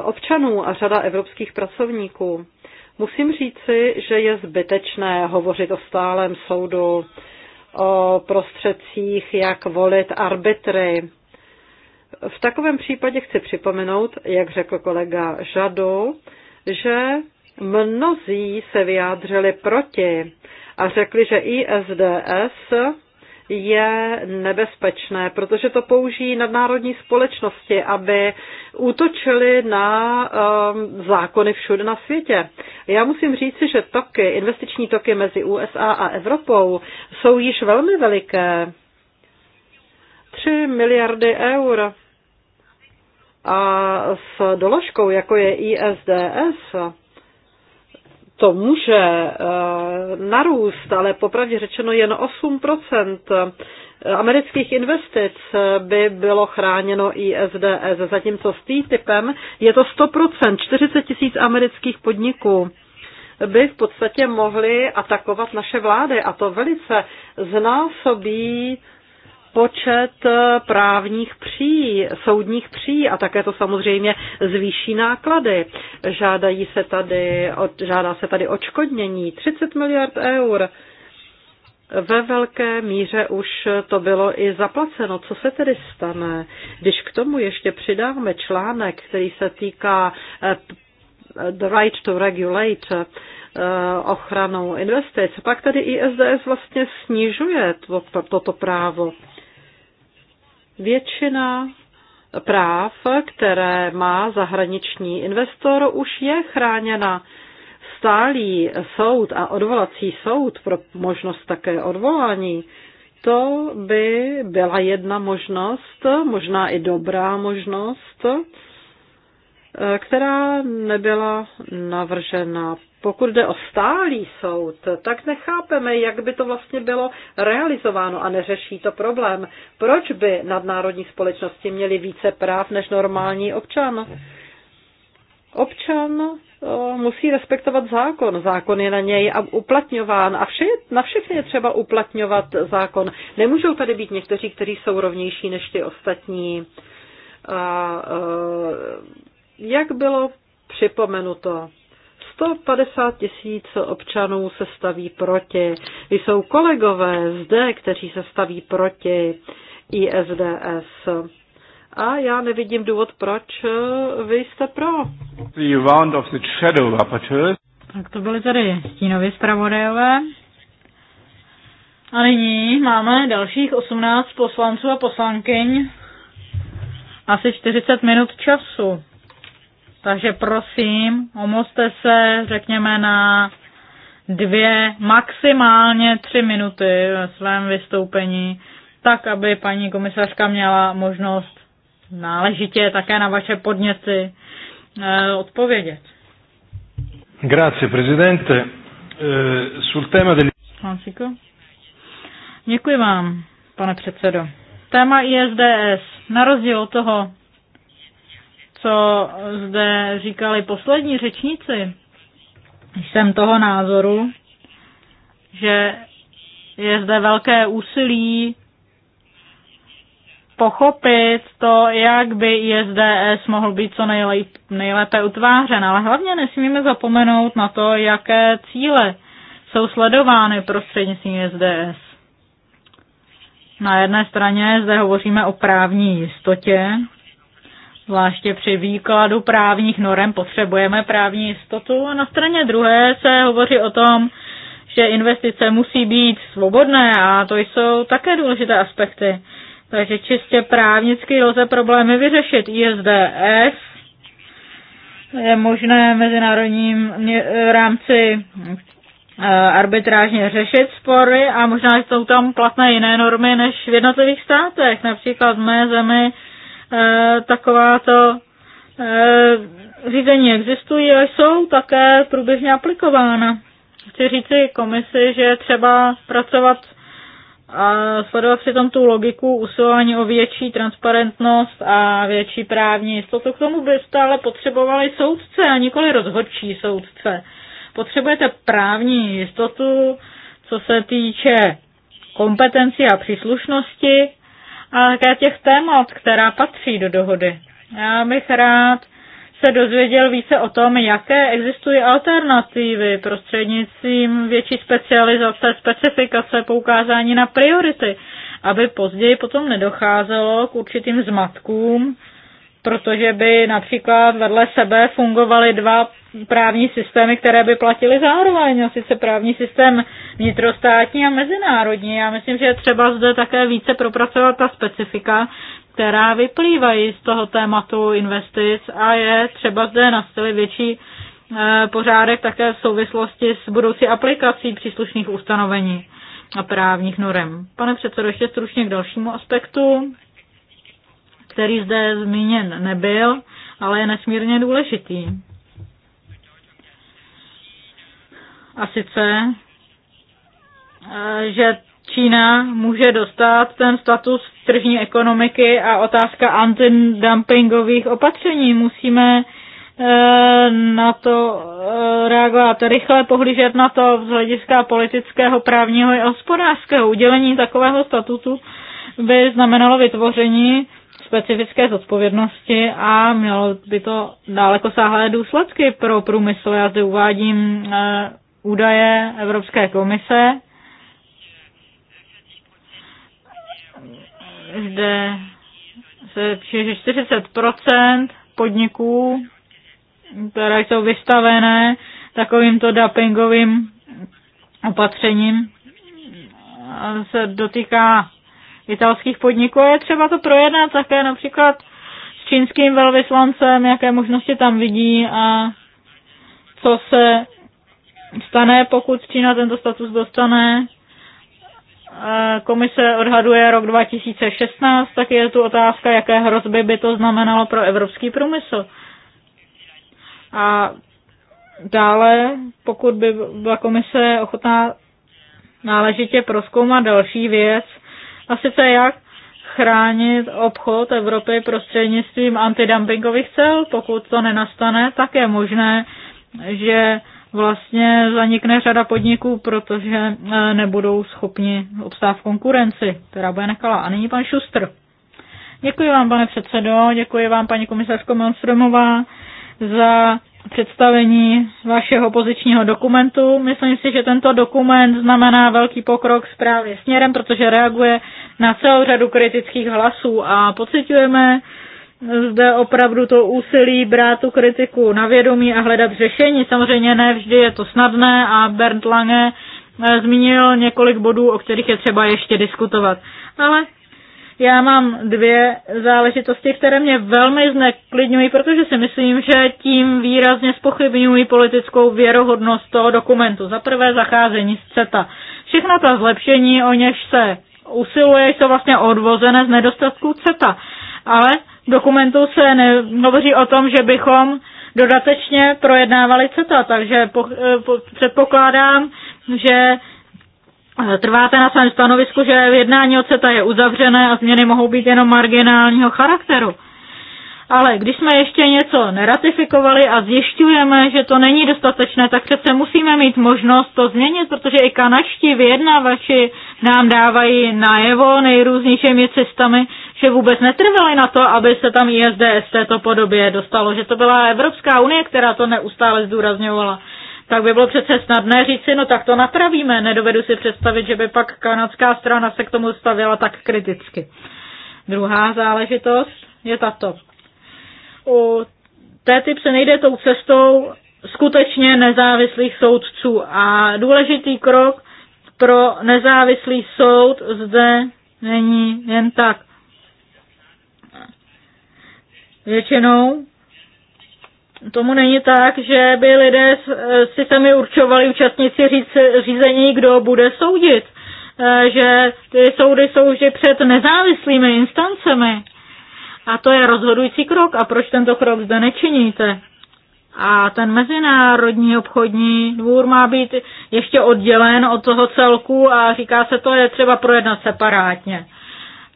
občanů a řada evropských pracovníků. Musím říci, že je zbytečné hovořit o stálem soudu, o prostředcích, jak volit arbitry v takovém případě chci připomenout, jak řekl kolega Žado, že mnozí se vyjádřili proti a řekli, že ISDS je nebezpečné, protože to použijí nadnárodní společnosti, aby útočili na um, zákony všude na světě. Já musím říci, že toky, investiční toky mezi USA a Evropou jsou již velmi veliké. 3 miliardy eur a s doložkou, jako je ISDS, to může eh, narůst, ale popravdě řečeno jen 8% amerických investic by bylo chráněno ISDS, zatímco s TTIPem je to 100%, 40 tisíc amerických podniků by v podstatě mohly atakovat naše vlády a to velice znásobí počet eh, právních pří, soudních pří a také to samozřejmě zvýší náklady. Žádají se tady, žádá se tady očkodnění 30 miliard eur. Ve velké míře už to bylo i zaplaceno. Co se tedy stane, když k tomu ještě přidáme článek, který se týká eh, the right to regulate, eh, ochranou investic. Pak tady ISDS vlastně snižuje to, to, toto právo. Většina práv, které má zahraniční investor, už je chráněna. Stálý soud a odvolací soud pro možnost také odvolání, to by byla jedna možnost, možná i dobrá možnost, která nebyla navržena pokud jde o stálý soud, tak nechápeme, jak by to vlastně bylo realizováno a neřeší to problém. Proč by nadnárodní společnosti měly více práv než normální občan? Občan eh, musí respektovat zákon. Zákon je na něj a uplatňován a vše, na všechny je třeba uplatňovat zákon. Nemůžou tady být někteří, kteří jsou rovnější než ty ostatní. A, a, eh, jak bylo připomenuto, 150 tisíc občanů se staví proti. Jsou kolegové zde, kteří se staví proti ISDS. A já nevidím důvod, proč vy jste pro. The round of the shadow rapporteurs. Tak to byly tady stínově zpravodajové. A nyní máme dalších 18 poslanců a poslankyň. Asi 40 minut času. Takže prosím, omoste se, řekněme, na dvě, maximálně tři minuty ve svém vystoupení, tak aby paní komisařka měla možnost náležitě také na vaše podněty eh, odpovědět. Grazie, prezidente. Eh, sul tema del... Děkuji vám, pane předsedo. Téma ISDS, na rozdíl od toho, co zde říkali poslední řečníci, jsem toho názoru, že je zde velké úsilí pochopit to, jak by ISDS mohl být co nejlep, nejlépe utvářen, ale hlavně nesmíme zapomenout na to, jaké cíle jsou sledovány prostřednictvím ISDS. Na jedné straně zde hovoříme o právní jistotě, Zvláště při výkladu právních norem potřebujeme právní jistotu a na straně druhé se hovoří o tom, že investice musí být svobodné a to jsou také důležité aspekty. Takže čistě právnicky lze problémy vyřešit. ISDS je možné v mezinárodním rámci eh, arbitrážně řešit spory a možná jsou tam platné jiné normy než v jednotlivých státech. Například v mé zemi Eh, Taková to eh, řízení existují a jsou také průběžně aplikována. Chci říci komisi, že je třeba pracovat a sledovat tam tu logiku usilování o větší transparentnost a větší právní jistotu. K tomu by stále potřebovali soudce a nikoli rozhodčí soudce. Potřebujete právní jistotu, co se týče kompetenci a příslušnosti a také těch témat, která patří do dohody. Já bych rád se dozvěděl více o tom, jaké existují alternativy prostřednictvím větší specializace, specifikace, poukázání na priority, aby později potom nedocházelo k určitým zmatkům protože by například vedle sebe fungovaly dva právní systémy, které by platily zároveň, a sice právní systém vnitrostátní a mezinárodní. Já myslím, že je třeba zde také více propracovat ta specifika, která vyplývají z toho tématu investic a je třeba zde nastavit větší eh, pořádek také v souvislosti s budoucí aplikací příslušných ustanovení a právních norem. Pane předsedo, ještě stručně k dalšímu aspektu který zde zmíněn nebyl, ale je nesmírně důležitý. A sice, eh, že Čína může dostat ten status tržní ekonomiky a otázka antidumpingových opatření. Musíme eh, na to eh, reagovat rychle, pohlížet na to z hlediska politického, právního i hospodářského. Udělení takového statutu by znamenalo vytvoření specifické zodpovědnosti a mělo by to daleko sáhlé důsledky pro průmysl. Já zde uvádím eh, údaje Evropské komise, zde se že 40% podniků, které jsou vystavené takovýmto dumpingovým opatřením, se dotýká italských podniků. Je třeba to projednat také například s čínským velvyslancem, jaké možnosti tam vidí a co se stane, pokud Čína tento status dostane. Komise odhaduje rok 2016, tak je tu otázka, jaké hrozby by to znamenalo pro evropský průmysl. A dále, pokud by byla komise ochotná náležitě proskoumat další věc, a sice jak chránit obchod Evropy prostřednictvím antidumpingových cel. Pokud to nenastane, tak je možné, že vlastně zanikne řada podniků, protože e, nebudou schopni obstát v konkurenci, která bude nekala. A nyní pan Šustr. Děkuji vám, pane předsedo, děkuji vám, paní komisařko Monstromová, za představení vašeho opozičního dokumentu. Myslím si, že tento dokument znamená velký pokrok správně směrem, protože reaguje na celou řadu kritických hlasů a pocitujeme zde opravdu to úsilí brát tu kritiku na vědomí a hledat řešení. Samozřejmě ne vždy je to snadné a Bernd Lange eh, zmínil několik bodů, o kterých je třeba ještě diskutovat. Ale já mám dvě záležitosti, které mě velmi zneklidňují, protože si myslím, že tím výrazně spochybňují politickou věrohodnost toho dokumentu. Za prvé zacházení z CETA. Všechna ta zlepšení, o něž se usiluje, jsou vlastně odvozené z nedostatků CETA. Ale v dokumentu se hovoří o tom, že bychom dodatečně projednávali CETA, takže po, eh, po, předpokládám, že Eh, trváte na svém stanovisku, že jednání o CETA je uzavřené a změny mohou být jenom marginálního charakteru. Ale když jsme ještě něco neratifikovali a zjišťujeme, že to není dostatečné, tak přece musíme mít možnost to změnit, protože i kanačtí vyjednávači nám dávají najevo nejrůznějšími cestami, že vůbec netrvali na to, aby se tam ISDS v této podobě dostalo, že to byla Evropská unie, která to neustále zdůrazňovala tak by bylo přece snadné říci, no tak to napravíme. Nedovedu si představit, že by pak kanadská strana se k tomu stavila tak kriticky. Druhá záležitost je tato. U té typ se nejde tou cestou skutečně nezávislých soudců a důležitý krok pro nezávislý soud zde není jen tak. Většinou tomu není tak, že by lidé eh, si sami určovali účastníci řízení, kdo bude soudit. Eh, že ty soudy jsou vždy před nezávislými instancemi. A to je rozhodující krok. A proč tento krok zde nečiníte? A ten mezinárodní obchodní dvůr má být ještě oddělen od toho celku a říká se, to je třeba projednat separátně.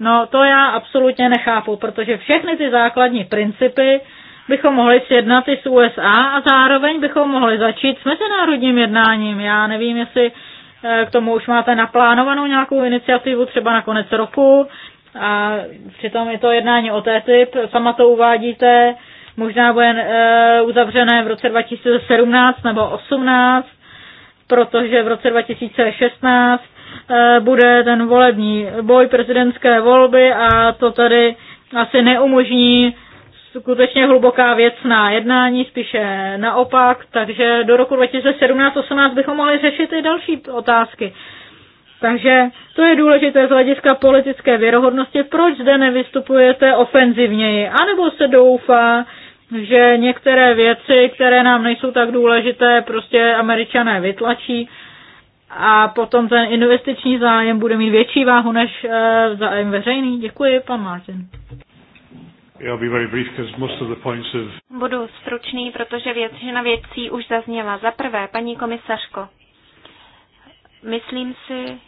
No to já absolutně nechápu, protože všechny ty základní principy bychom mohli sjednat i s USA a zároveň bychom mohli začít s mezinárodním jednáním. Já nevím, jestli eh, k tomu už máte naplánovanou nějakou iniciativu třeba na konec roku a přitom je to jednání o té typ, sama to uvádíte, možná bude eh, uzavřené v roce 2017 nebo 18, protože v roce 2016 eh, bude ten volební boj prezidentské volby a to tady asi neumožní skutečně hluboká věcná jednání, spíše naopak, takže do roku 2017-18 bychom mohli řešit i další otázky. Takže to je důležité z hlediska politické věrohodnosti, proč zde nevystupujete ofenzivněji, anebo se doufá, že některé věci, které nám nejsou tak důležité, prostě američané vytlačí a potom ten investiční zájem bude mít větší váhu než eh, zájem veřejný. Děkuji, pan Martin. Budu stručný, protože většina věcí už zazněla. Za prvé, paní komisařko, myslím si,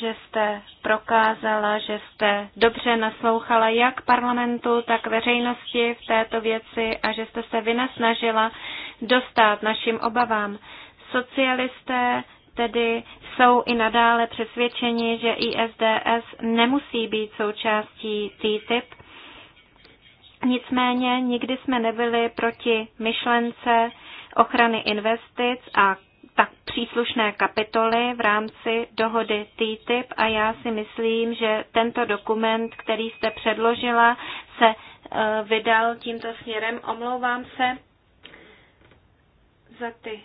že jste prokázala, že jste dobře naslouchala jak parlamentu, tak veřejnosti v této věci a že jste se vynasnažila dostat našim obavám. Socialisté tedy jsou i nadále přesvědčeni, že ISDS nemusí být součástí TTIP Nicméně nikdy jsme nebyli proti myšlence ochrany investic a tak příslušné kapitoly v rámci dohody TTIP a já si myslím, že tento dokument, který jste předložila, se e, vydal tímto směrem. Omlouvám se za ty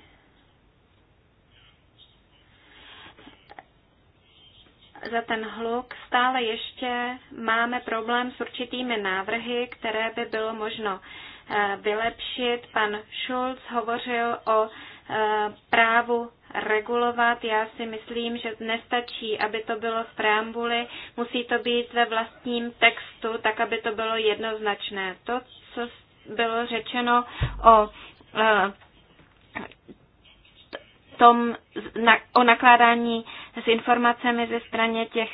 za ten hluk. Stále ještě máme problém s určitými návrhy, které by bylo možno eh, vylepšit. Pan Schulz hovořil o eh, právu regulovat. Já si myslím, že nestačí, aby to bylo v preambuli, musí to být ve vlastním textu, tak aby to bylo jednoznačné. To, co bylo řečeno o eh, tom, o nakládání s informacemi ze straně těch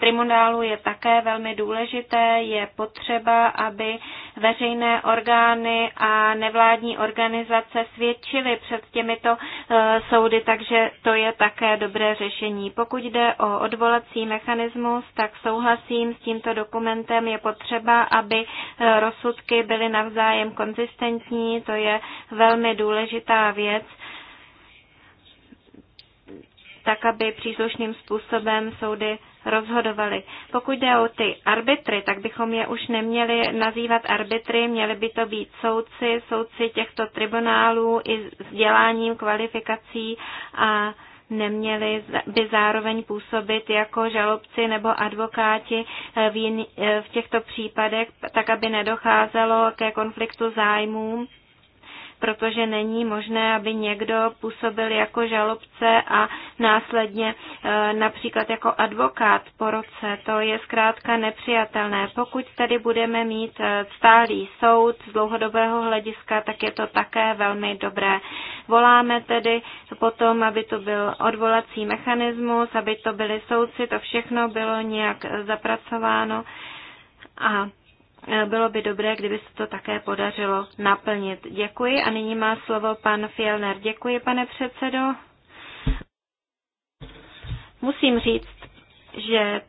tribunálů je také velmi důležité. Je potřeba, aby veřejné orgány a nevládní organizace svědčily před těmito eh, soudy, takže to je také dobré řešení. Pokud jde o odvolací mechanismus, tak souhlasím s tímto dokumentem. Je potřeba, aby eh, rozsudky byly navzájem konzistentní. To je velmi důležitá věc tak aby příslušným způsobem soudy rozhodovaly. Pokud jde o ty arbitry, tak bychom je už neměli nazývat arbitry, měli by to být soudci, soudci těchto tribunálů i s děláním kvalifikací a neměli by zároveň působit jako žalobci nebo advokáti eh, v, eh, v těchto případech, tak aby nedocházelo ke konfliktu zájmů protože není možné, aby někdo působil jako žalobce a následně eh, například jako advokát po roce. To je zkrátka nepřijatelné. Pokud tady budeme mít eh, stálý soud z dlouhodobého hlediska, tak je to také velmi dobré. Voláme tedy potom, aby to byl odvolací mechanismus, aby to byli soudci, to všechno bylo nějak eh, zapracováno. A bylo by dobré, kdyby se to také podařilo naplnit. Děkuji a nyní má slovo pan Fielner. Děkuji, pane předsedo. Musím říct, že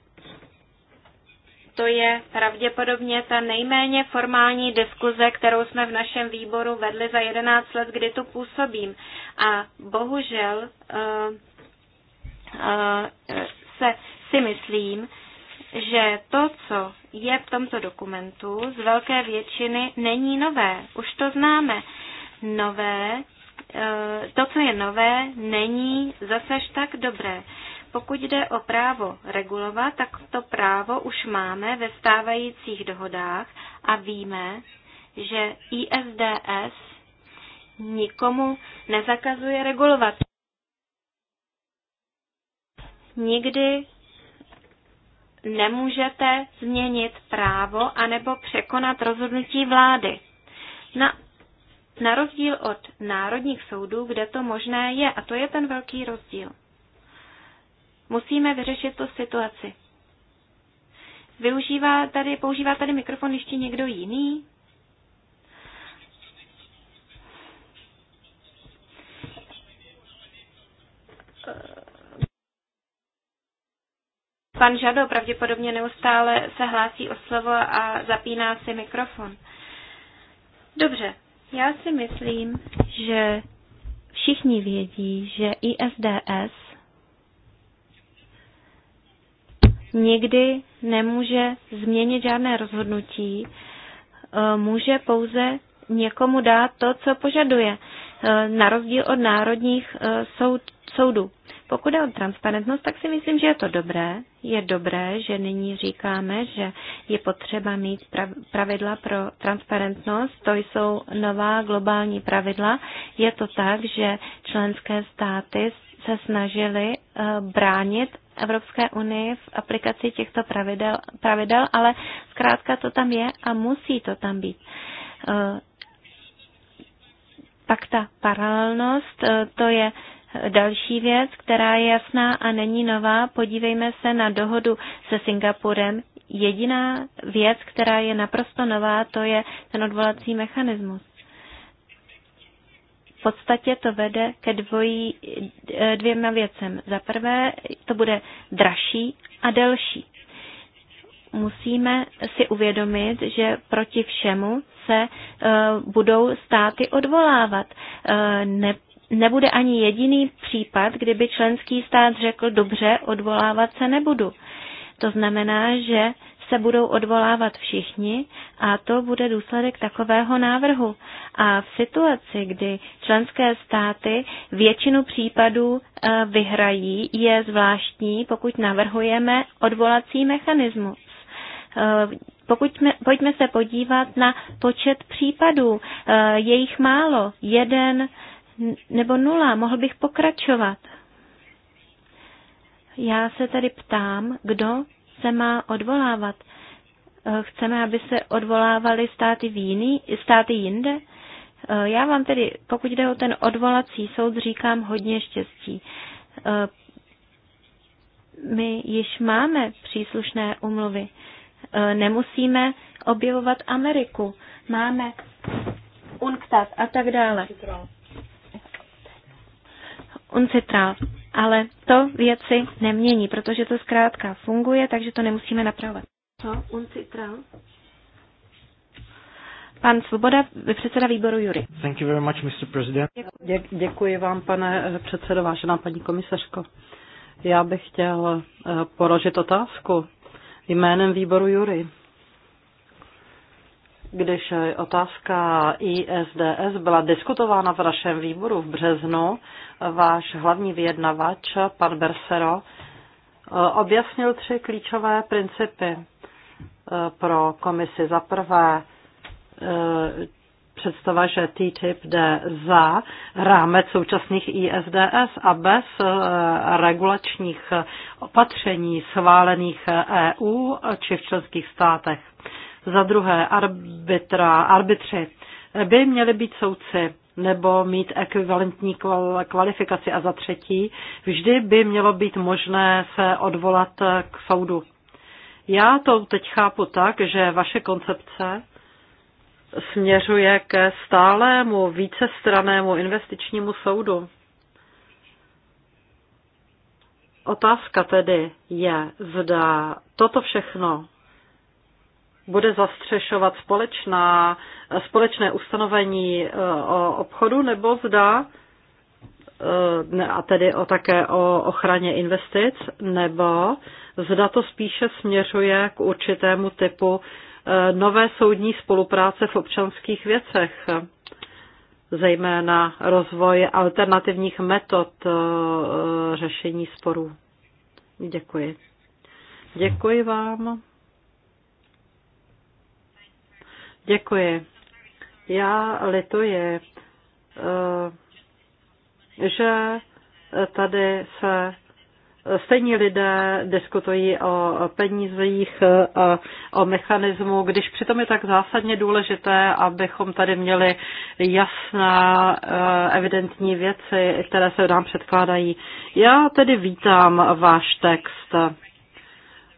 to je pravděpodobně ta nejméně formální diskuze, kterou jsme v našem výboru vedli za 11 let, kdy tu působím. A bohužel uh, uh, se si myslím, že to, co je v tomto dokumentu, z velké většiny není nové. Už to známe. Nové, eh, to, co je nové, není zasež tak dobré. Pokud jde o právo regulovat, tak to právo už máme ve stávajících dohodách a víme, že ISDS nikomu nezakazuje regulovat. Nikdy nemůžete změnit právo anebo překonat rozhodnutí vlády. Na, na rozdíl od národních soudů, kde to možné je, a to je ten velký rozdíl. Musíme vyřešit tu situaci. Využívá tady, používá tady mikrofon ještě někdo jiný? Pan Žado pravděpodobně neustále se hlásí o slovo a zapíná si mikrofon. Dobře, já si myslím, že všichni vědí, že ISDS nikdy nemůže změnit žádné rozhodnutí, eh, může pouze někomu dát to, co požaduje, eh, na rozdíl od národních eh, soud, soudů. Pokud je o transparentnost, tak si myslím, že je to dobré. Je dobré, že nyní říkáme, že je potřeba mít pravidla pro transparentnost. To jsou nová globální pravidla. Je to tak, že členské státy se snažili eh, bránit Evropské unii v aplikaci těchto pravidel, pravidel, ale zkrátka to tam je a musí to tam být. Eh, pak ta paralelnost, eh, to je Další věc, která je jasná a není nová, podívejme se na dohodu se Singapurem. Jediná věc, která je naprosto nová, to je ten odvolací mechanismus. V podstatě to vede ke dvojí, dvěma věcem. Za prvé, to bude dražší a delší. Musíme si uvědomit, že proti všemu se eh, budou státy odvolávat. Eh, ne, nebude ani jediný případ, kdyby členský stát řekl, dobře, odvolávat se nebudu. To znamená, že se budou odvolávat všichni a to bude důsledek takového návrhu. A v situaci, kdy členské státy většinu případů eh, vyhrají, je zvláštní, pokud navrhujeme odvolací mechanismus. Eh, pokud me, pojďme se podívat na počet případů. Eh, je jich málo. Jeden nebo nula. Mohl bych pokračovat. Já se tedy ptám, kdo se má odvolávat. Eh, chceme, aby se odvolávali státy, v jiný, státy jinde? Eh, já vám tedy, pokud jde o ten odvolací soud, říkám hodně štěstí. Eh, my již máme příslušné umluvy. Nemusíme objevovat Ameriku. Máme UNCTAD a tak dále uncitral. Ale to věci nemění, protože to zkrátka funguje, takže to nemusíme napravovat. Co? Uncitral? Pan Svoboda, předseda výboru Jury. Thank you very much, Mr. President. Dě- děkuji vám, pane předsedo, vážená paní komisařko. Já bych chtěl eh, položit otázku jménem výboru Jury. Když otázka ISDS byla diskutována v našem výboru v březnu, váš hlavní vyjednavač, pan Bersero, objasnil tři klíčové principy eh, pro komisi. Za prvé, eh, představa, že TTIP jde za rámec současných ISDS a bez eh, regulačních opatření schválených EU e či v členských státech. Za druhé, arbitra, arbitři by měli být soudci nebo mít ekvivalentní kvalifikaci a za třetí, vždy by mělo být možné se odvolat k soudu. Já to teď chápu tak, že vaše koncepce směřuje ke stálému vícestranému investičnímu soudu. Otázka tedy je, zda toto všechno bude zastřešovat společná, společné ustanovení e, o obchodu, nebo zda e, a tedy o také o ochraně investic, nebo zda to spíše směřuje k určitému typu e, nové soudní spolupráce v občanských věcech, zejména rozvoj alternativních metod řešení sporů. Děkuji. Děkuji vám. Děkuji. Já lituji, eh, že tady se stejní lidé diskutují o penízích a o mechanismu, když přitom je tak zásadně důležité, abychom tady měli jasná, eh, evidentní věci, které se nám předkládají. Já tedy vítám váš text.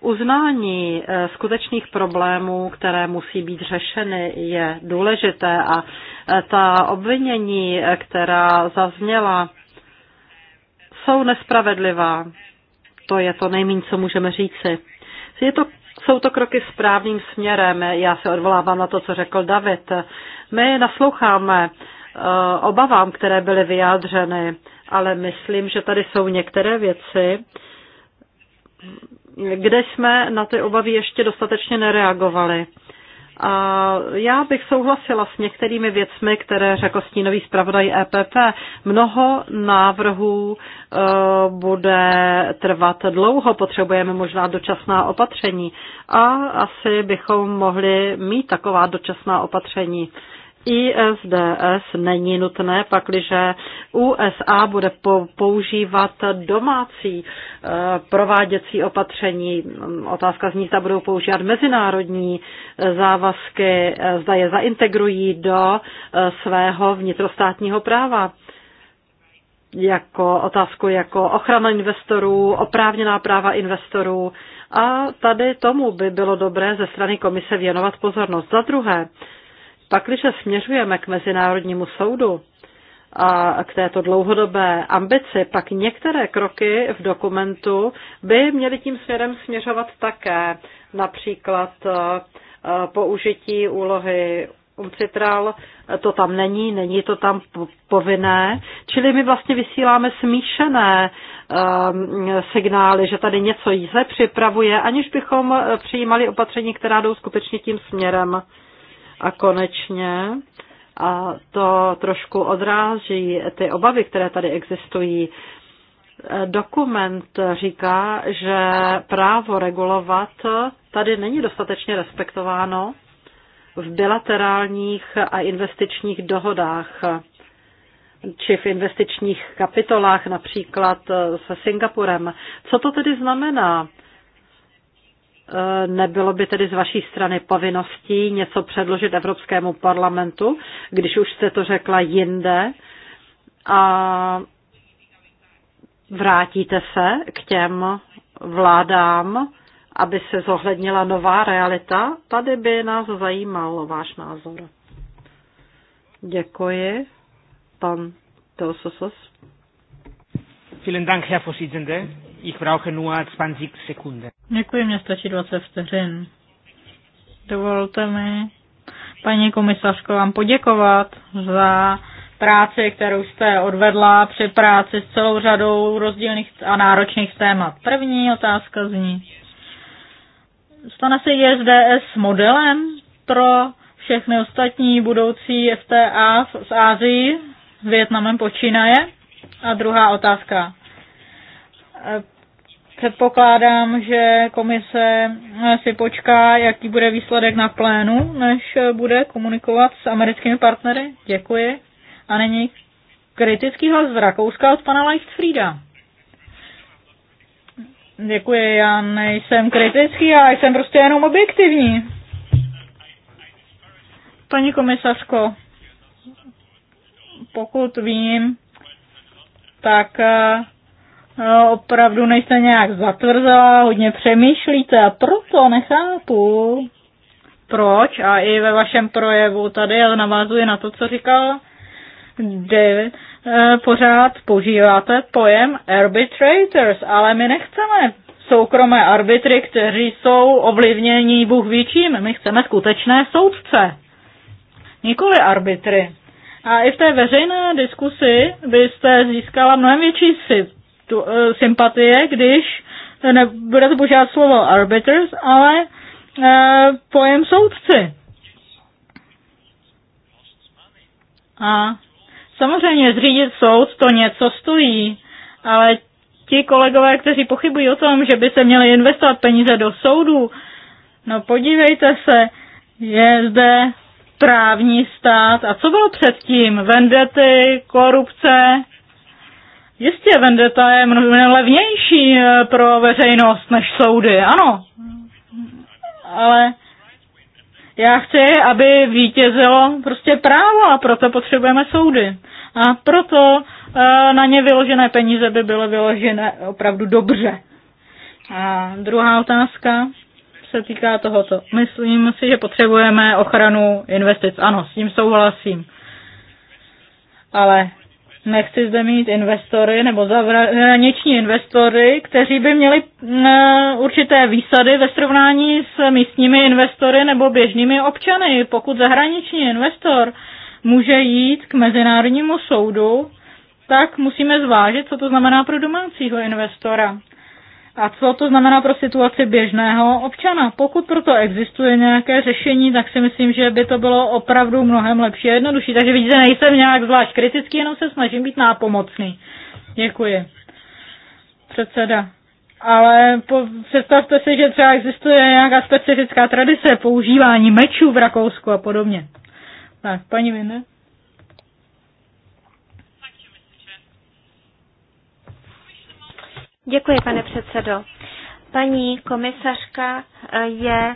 Uznání eh, skutečných problémů, které musí být řešeny, je důležité a eh, ta obvinění, eh, která zazněla, jsou nespravedlivá. To je to nejméně, co můžeme říci. Je to, jsou to kroky správným směrem. Já se odvolávám na to, co řekl David. My nasloucháme obavám, které byly vyjádřeny, ale myslím, že tady jsou některé věci, kde jsme na ty obavy ještě dostatečně nereagovali. A já bych souhlasila s některými věcmi, které řekl stínový zpravodaj EPP. Mnoho návrhů e, bude trvat dlouho, potřebujeme možná dočasná opatření a asi bychom mohli mít taková dočasná opatření. E, ISDS není nutné, pakliže USA bude používat domácí eh, prováděcí opatření. Otázka zní, zda budou používat mezinárodní eh, závazky, eh, zda je zaintegrují do svého vnitrostátního práva jako otázku jako ochrana investorů, oprávněná práva investorů a tady tomu by bylo dobré ze strany komise věnovat pozornost. Za druhé, Pakliže směřujeme k Mezinárodnímu soudu a k této dlouhodobé ambici, pak některé kroky v dokumentu by měly tím směrem směřovat také. Například eh, použití úlohy uncitral, eh, to tam není, není to tam povinné, čili my vlastně vysíláme smíšené um, signály, že tady něco se připravuje, aniž bychom přijímali opatření, která jdou skutečně tím směrem. A konečně, a to trošku odráží ty obavy, které tady existují, Dokument říká, že právo regulovat tady není dostatečně respektováno v bilaterálních a investičních dohodách či v investičních kapitolách, například se Singapurem. Co to tedy znamená? Eh, nebylo by tedy z vaší strany povinností něco předložit Evropskému parlamentu, když už jste to řekla jinde a vrátíte se k těm vládám, aby se zohlednila nová realita? Tady by nás zajímal váš názor. Děkuji. Pan Teososos. Vielen Dank, Herr Ich brauche nur 20 Sekunden. Děkuji, mě stačí 20 vteřin. Dovolte mi, paní komisařko, vám poděkovat za práci, kterou jste odvedla při práci s celou řadou rozdílných a náročných témat. První otázka zní, stane se JSDS modelem pro všechny ostatní budoucí FTA z Ázii, Větnamem počínaje? A druhá otázka. Předpokládám, že komise si počká, jaký bude výsledek na plénu, než bude komunikovat s americkými partnery. Děkuji. A není kritický hlas z Rakouska od pana Leichtfrieda. Děkuji, já nejsem kritický, já jsem prostě jenom objektivní. Paní komisařko, pokud vím, tak eh, opravdu nejste nějak zatvrzela, hodně přemýšlíte a proto nechápu, proč a i ve vašem projevu tady navazuje na to, co říkal David, eh, pořád používáte pojem arbitrators, ale my nechceme soukromé arbitry, kteří jsou ovlivnění Bůh ví My chceme skutečné soudce, nikoli arbitry. A i v té veřejné diskusi byste získala mnohem větší tu, uh, sympatie, když eh, to požádat slovo arbiters, ale uh, pojem soudci. A samozřejmě zřídit soud to něco stojí, ale ti kolegové, kteří pochybují o tom, že by se měli investovat peníze do soudu, no podívejte se, je zde právní stát. A co bylo předtím? Vendety, korupce, Jistě, vendeta je mnohem levnější eh, pro veřejnost než soudy, ano. Ale já chci, aby vítězilo prostě právo a proto potřebujeme soudy. A proto eh, na ně vyložené peníze by byly vyložené opravdu dobře. A druhá otázka se týká tohoto. Myslím si, že potřebujeme ochranu investic. Ano, s tím souhlasím. Ale Nechci zde mít investory nebo zahraniční investory, kteří by měli mm, určité výsady ve srovnání s místními investory nebo běžnými občany. Pokud zahraniční investor může jít k mezinárodnímu soudu, tak musíme zvážit, co to znamená pro domácího investora. A co to znamená pro situaci běžného občana? Pokud proto existuje nějaké řešení, tak si myslím, že by to bylo opravdu mnohem lepší a jednodušší. Takže vidíte, nejsem nějak zvlášť kritický, jenom se snažím být nápomocný. Děkuji. Předseda. Ale po, představte si, že třeba existuje nějaká specifická tradice používání mečů v Rakousku a podobně. Tak, paní Vinde. Děkuji, pane předsedo. Paní komisařka eh, je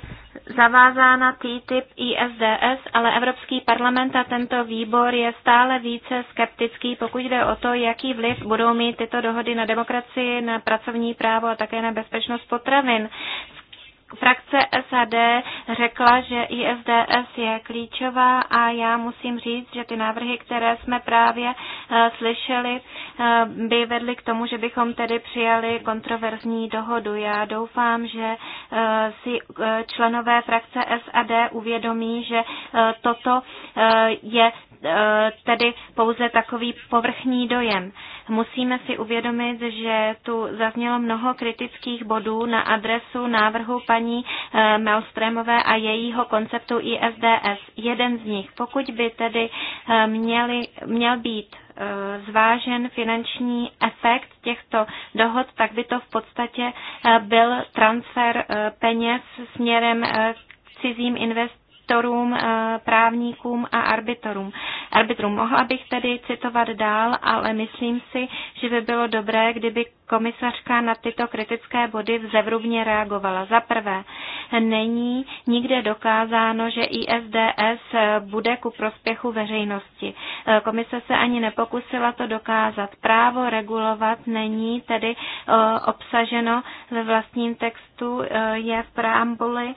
zavázána TTIP ISDS, ale Evropský parlament a tento výbor je stále více skeptický, pokud jde o to, jaký vliv budou mít tyto dohody na demokracii, na pracovní právo a také na bezpečnost potravin frakce SAD řekla, že ISDS je klíčová a já musím říct, že ty návrhy, které jsme právě eh, slyšeli, eh, by vedly k tomu, že bychom tedy přijali kontroverzní dohodu. Já doufám, že eh, si členové frakce SAD uvědomí, že toto je tedy pouze takový povrchní dojem. Musíme si uvědomit, že tu zaznělo mnoho kritických bodů na adresu návrhu paní eh, Melstrémové a jejího konceptu ISDS. Jeden z nich, pokud by tedy eh, měli, měl být eh, zvážen finanční efekt těchto dohod, tak by to v podstatě byl transfer peněz směrem k cizím invest, lektorům, eh, právníkům a arbitrům. arbitrům. Mohla bych tedy citovat dál, ale myslím si, že by bylo dobré, kdyby komisařka na tyto kritické body vzevrubně reagovala. Za prvé, není nikde dokázáno, že ISDS bude ku prospěchu veřejnosti. Eh, komise se ani nepokusila to dokázat. Právo regulovat není tedy eh, obsaženo ve vlastním textu, je v preambuli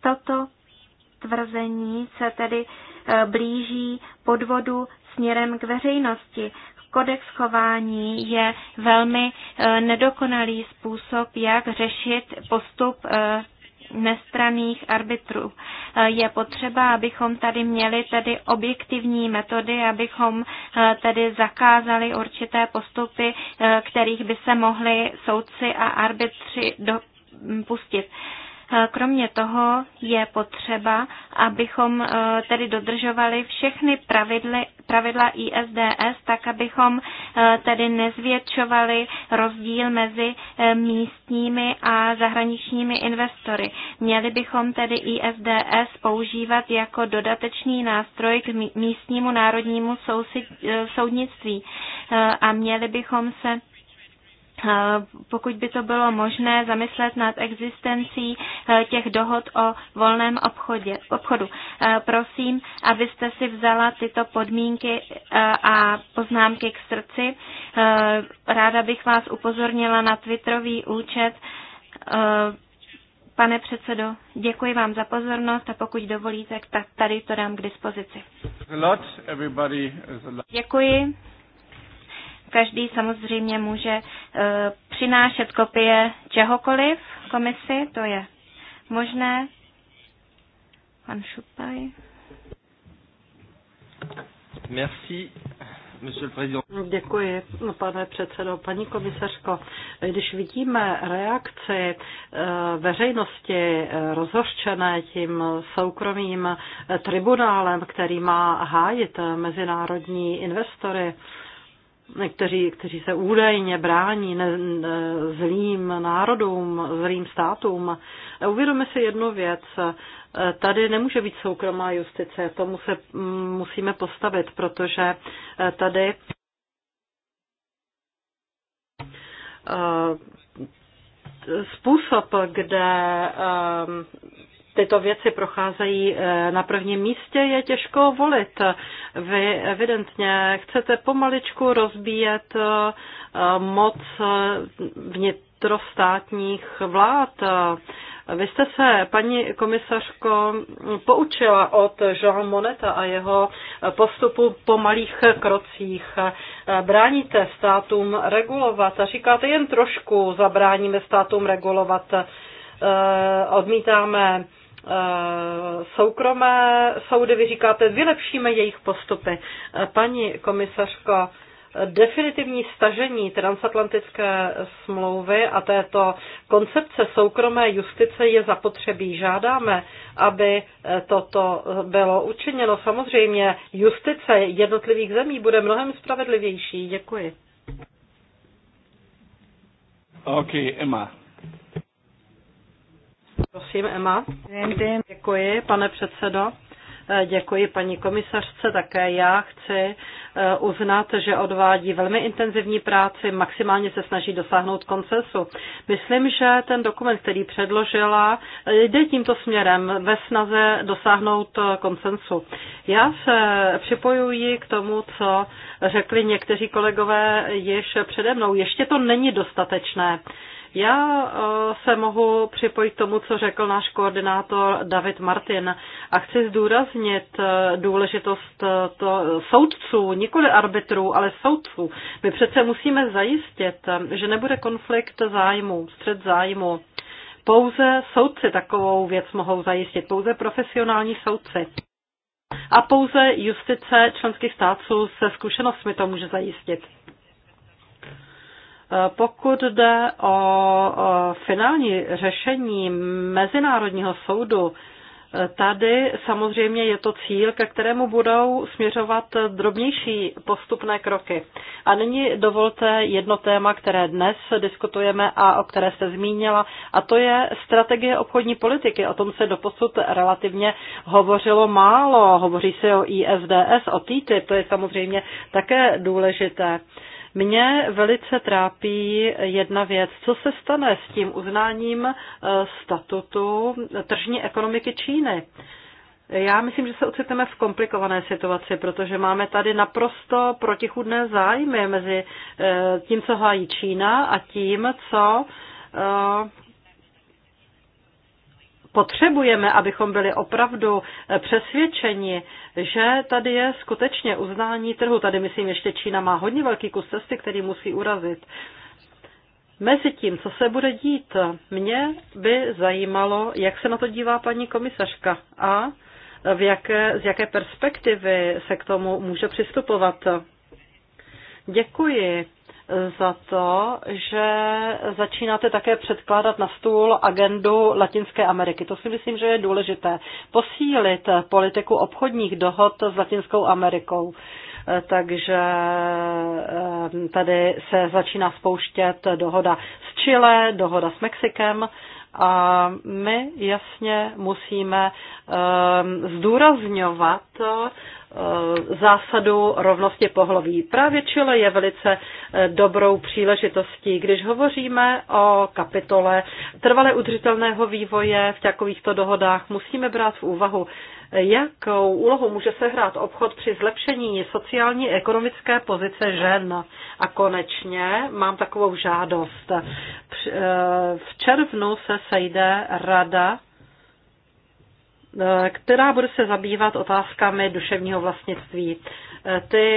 Toto tvrzení se tedy e, blíží podvodu směrem k veřejnosti. Kodex chování je velmi e, nedokonalý způsob, jak řešit postup e, nestraných arbitrů. Je potřeba, abychom tady měli tedy objektivní metody, abychom tedy zakázali určité postupy, kterých by se mohli soudci a arbitři dopustit. Eh, kromě toho je potřeba, abychom eh, tedy dodržovali všechny pravidly, pravidla ISDS, tak abychom eh, tedy nezvětšovali rozdíl mezi místními a zahraničními investory. Měli bychom tedy ISDS používat jako dodatečný nástroj k místnímu národnímu soudnictví a měli bychom se pokud by to bylo možné zamyslet nad existencí e, těch dohod o volném obchodě, obchodu. E, prosím, abyste si vzala tyto podmínky e, a poznámky k srdci. Ráda bych vás upozornila na Twitterový účet. Pane předsedo, děkuji vám za pozornost a pokud dovolíte, tak tady to dám k dispozici. Děkuji. Každý samozřejmě může e, přinášet kopie čehokoliv komisi, to je možné. Pan Šupaj. Merci. Děkuji, pane předsedo. Paní komisařko, když vidíme reakci e, veřejnosti e, rozhořčené tím soukromým tribunálem, který má hájit mezinárodní investory, kteří, kteří se údajně brání ne, ne, zlým národům, zlým státům. Uvědomme si jednu věc. Tady nemůže být soukromá justice, tomu se mm, musíme postavit, protože eh, tady eh, způsob, kde eh, tyto věci procházejí eh, na prvním místě, je těžko volit. Vy evidentně chcete pomaličku rozbíjet eh, moc eh, vnitrostátních vlád. Vy jste se, paní komisařko, poučila od Jean Moneta a jeho postupu po malých krocích. Bráníte státům regulovat a říkáte jen trošku zabráníme státům regulovat. Odmítáme Eh, soukromé soudy, vy říkáte, vylepšíme jejich postupy. Eh, paní komisařko, definitivní stažení transatlantické smlouvy a této koncepce soukromé justice je zapotřebí. Žádáme, aby eh, toto bylo učiněno. Samozřejmě justice jednotlivých zemí bude mnohem spravedlivější. Děkuji. Okay, Emma. Prosím, Emma. Děkuji, pane předsedo. Eh, děkuji paní komisařce, také já chci eh, uznat, že odvádí velmi intenzivní práci, maximálně se snaží dosáhnout koncesu. Myslím, že ten dokument, který předložila, eh, jde tímto směrem ve snaze dosáhnout konsensu. Já se připojuji k tomu, co řekli někteří kolegové již přede mnou. Ještě to není dostatečné. Já eh, se mohu připojit k tomu, co řekl náš koordinátor David Martin a chci zdůraznit eh, důležitost eh, to soudců, nikoli arbitrů, ale soudců. My přece musíme zajistit, že nebude konflikt zájmu, střed zájmu. Pouze soudci takovou věc mohou zajistit, pouze profesionální soudci. A pouze justice členských států se zkušenostmi to může zajistit. Pokud jde o finální řešení Mezinárodního soudu, Tady samozřejmě je to cíl, ke kterému budou směřovat drobnější postupné kroky. A nyní dovolte jedno téma, které dnes diskutujeme a o které se zmínila, a to je strategie obchodní politiky. O tom se doposud relativně hovořilo málo. Hovoří se o ISDS, o TTIP, to je samozřejmě také důležité. Mě velice trápí jedna věc. Co se stane s tím uznáním eh, statutu tržní ekonomiky Číny? Já myslím, že se ocitneme v komplikované situaci, protože máme tady naprosto protichudné zájmy mezi eh, tím, co hájí Čína a tím, co eh, potřebujeme, abychom byli opravdu eh, přesvědčeni, že tady je skutečně uznání trhu. Tady myslím, ještě Čína má hodně velký kus cesty, který musí urazit. Mezi tím, co se bude dít, mě by zajímalo, jak se na to dívá paní komisařka a v jaké, z jaké perspektivy se k tomu může přistupovat. Děkuji za to, že začínáte také předkládat na stůl agendu Latinské Ameriky. To si myslím, že je důležité. Posílit politiku obchodních dohod s Latinskou Amerikou. Eh, takže eh, tady se začíná spouštět dohoda s Chile, dohoda s Mexikem. A my jasně musíme um, zdůrazňovat Eh, zásadu rovnosti pohlaví. Právě Chile je velice eh, dobrou příležitostí, když hovoříme o kapitole trvale udržitelného vývoje v takovýchto dohodách, musíme brát v úvahu, jakou úlohu může sehrát obchod při zlepšení sociální a ekonomické pozice žen. A konečně mám takovou žádost. Eh, v červnu se sejde Rada která bude se zabývat otázkami duševního vlastnictví ty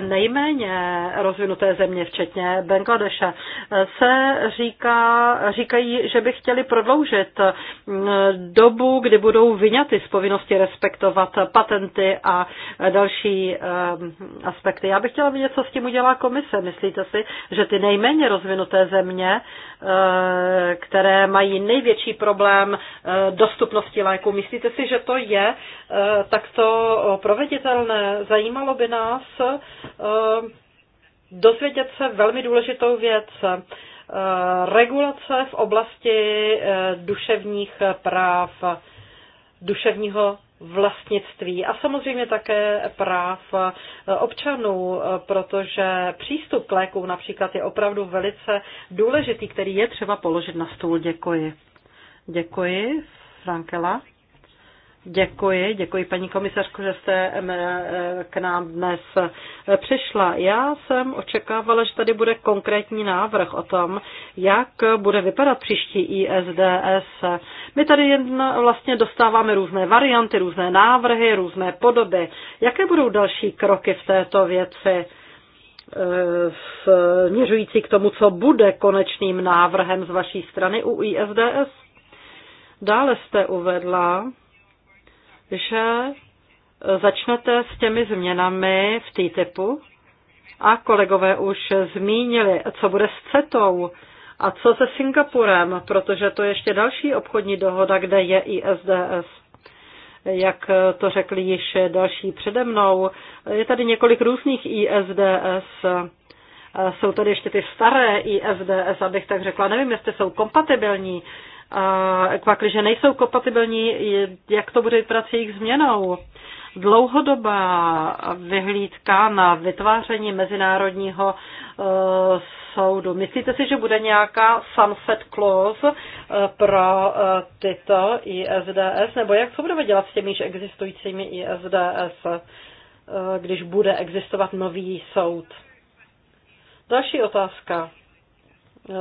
nejméně rozvinuté země, včetně Bangladeše, se říká, říkají, že by chtěli prodloužit dobu, kdy budou vyňaty z povinnosti respektovat patenty a další aspekty. Já bych chtěla vidět, co s tím udělá komise. Myslíte si, že ty nejméně rozvinuté země, e, které mají největší problém e, dostupnosti léku, myslíte si, že to je e, takto proveditelné? Zajímalo by nás eh, dozvědět se velmi důležitou věc. Eh, regulace v oblasti eh, duševních práv, duševního vlastnictví a samozřejmě také práv občanů, protože přístup k léku například je opravdu velice důležitý, který je třeba položit na stůl. Děkuji. Děkuji, Frankela. Děkuji, děkuji paní komisařko, že jste e, k nám dnes přišla. Já jsem očekávala, že tady bude konkrétní návrh o tom, jak bude vypadat příští ISDS. My tady jen vlastně dostáváme různé varianty, různé návrhy, různé podoby. Jaké budou další kroky v této věci? E, směřující k tomu, co bude konečným návrhem z vaší strany u ISDS. Dále jste uvedla, že eh, začnete s těmi změnami v TTIPu a kolegové už zmínili, co bude s CETou a co se Singapurem, protože to je ještě další obchodní dohoda, kde je i SDS, jak eh, to řekli již další přede mnou. Je tady několik různých ISDS. Eh, jsou tady ještě ty staré ISDS, abych tak řekla. Nevím, jestli jsou kompatibilní a že nejsou kompatibilní, jak to bude vypadat s jejich změnou? Dlouhodobá vyhlídka na vytváření mezinárodního uh, soudu. Myslíte si, že bude nějaká sunset clause eh, pro eh, tyto ISDS, nebo jak to budeme dělat s těmi již existujícími ISDS, když bude existovat nový soud? Další otázka.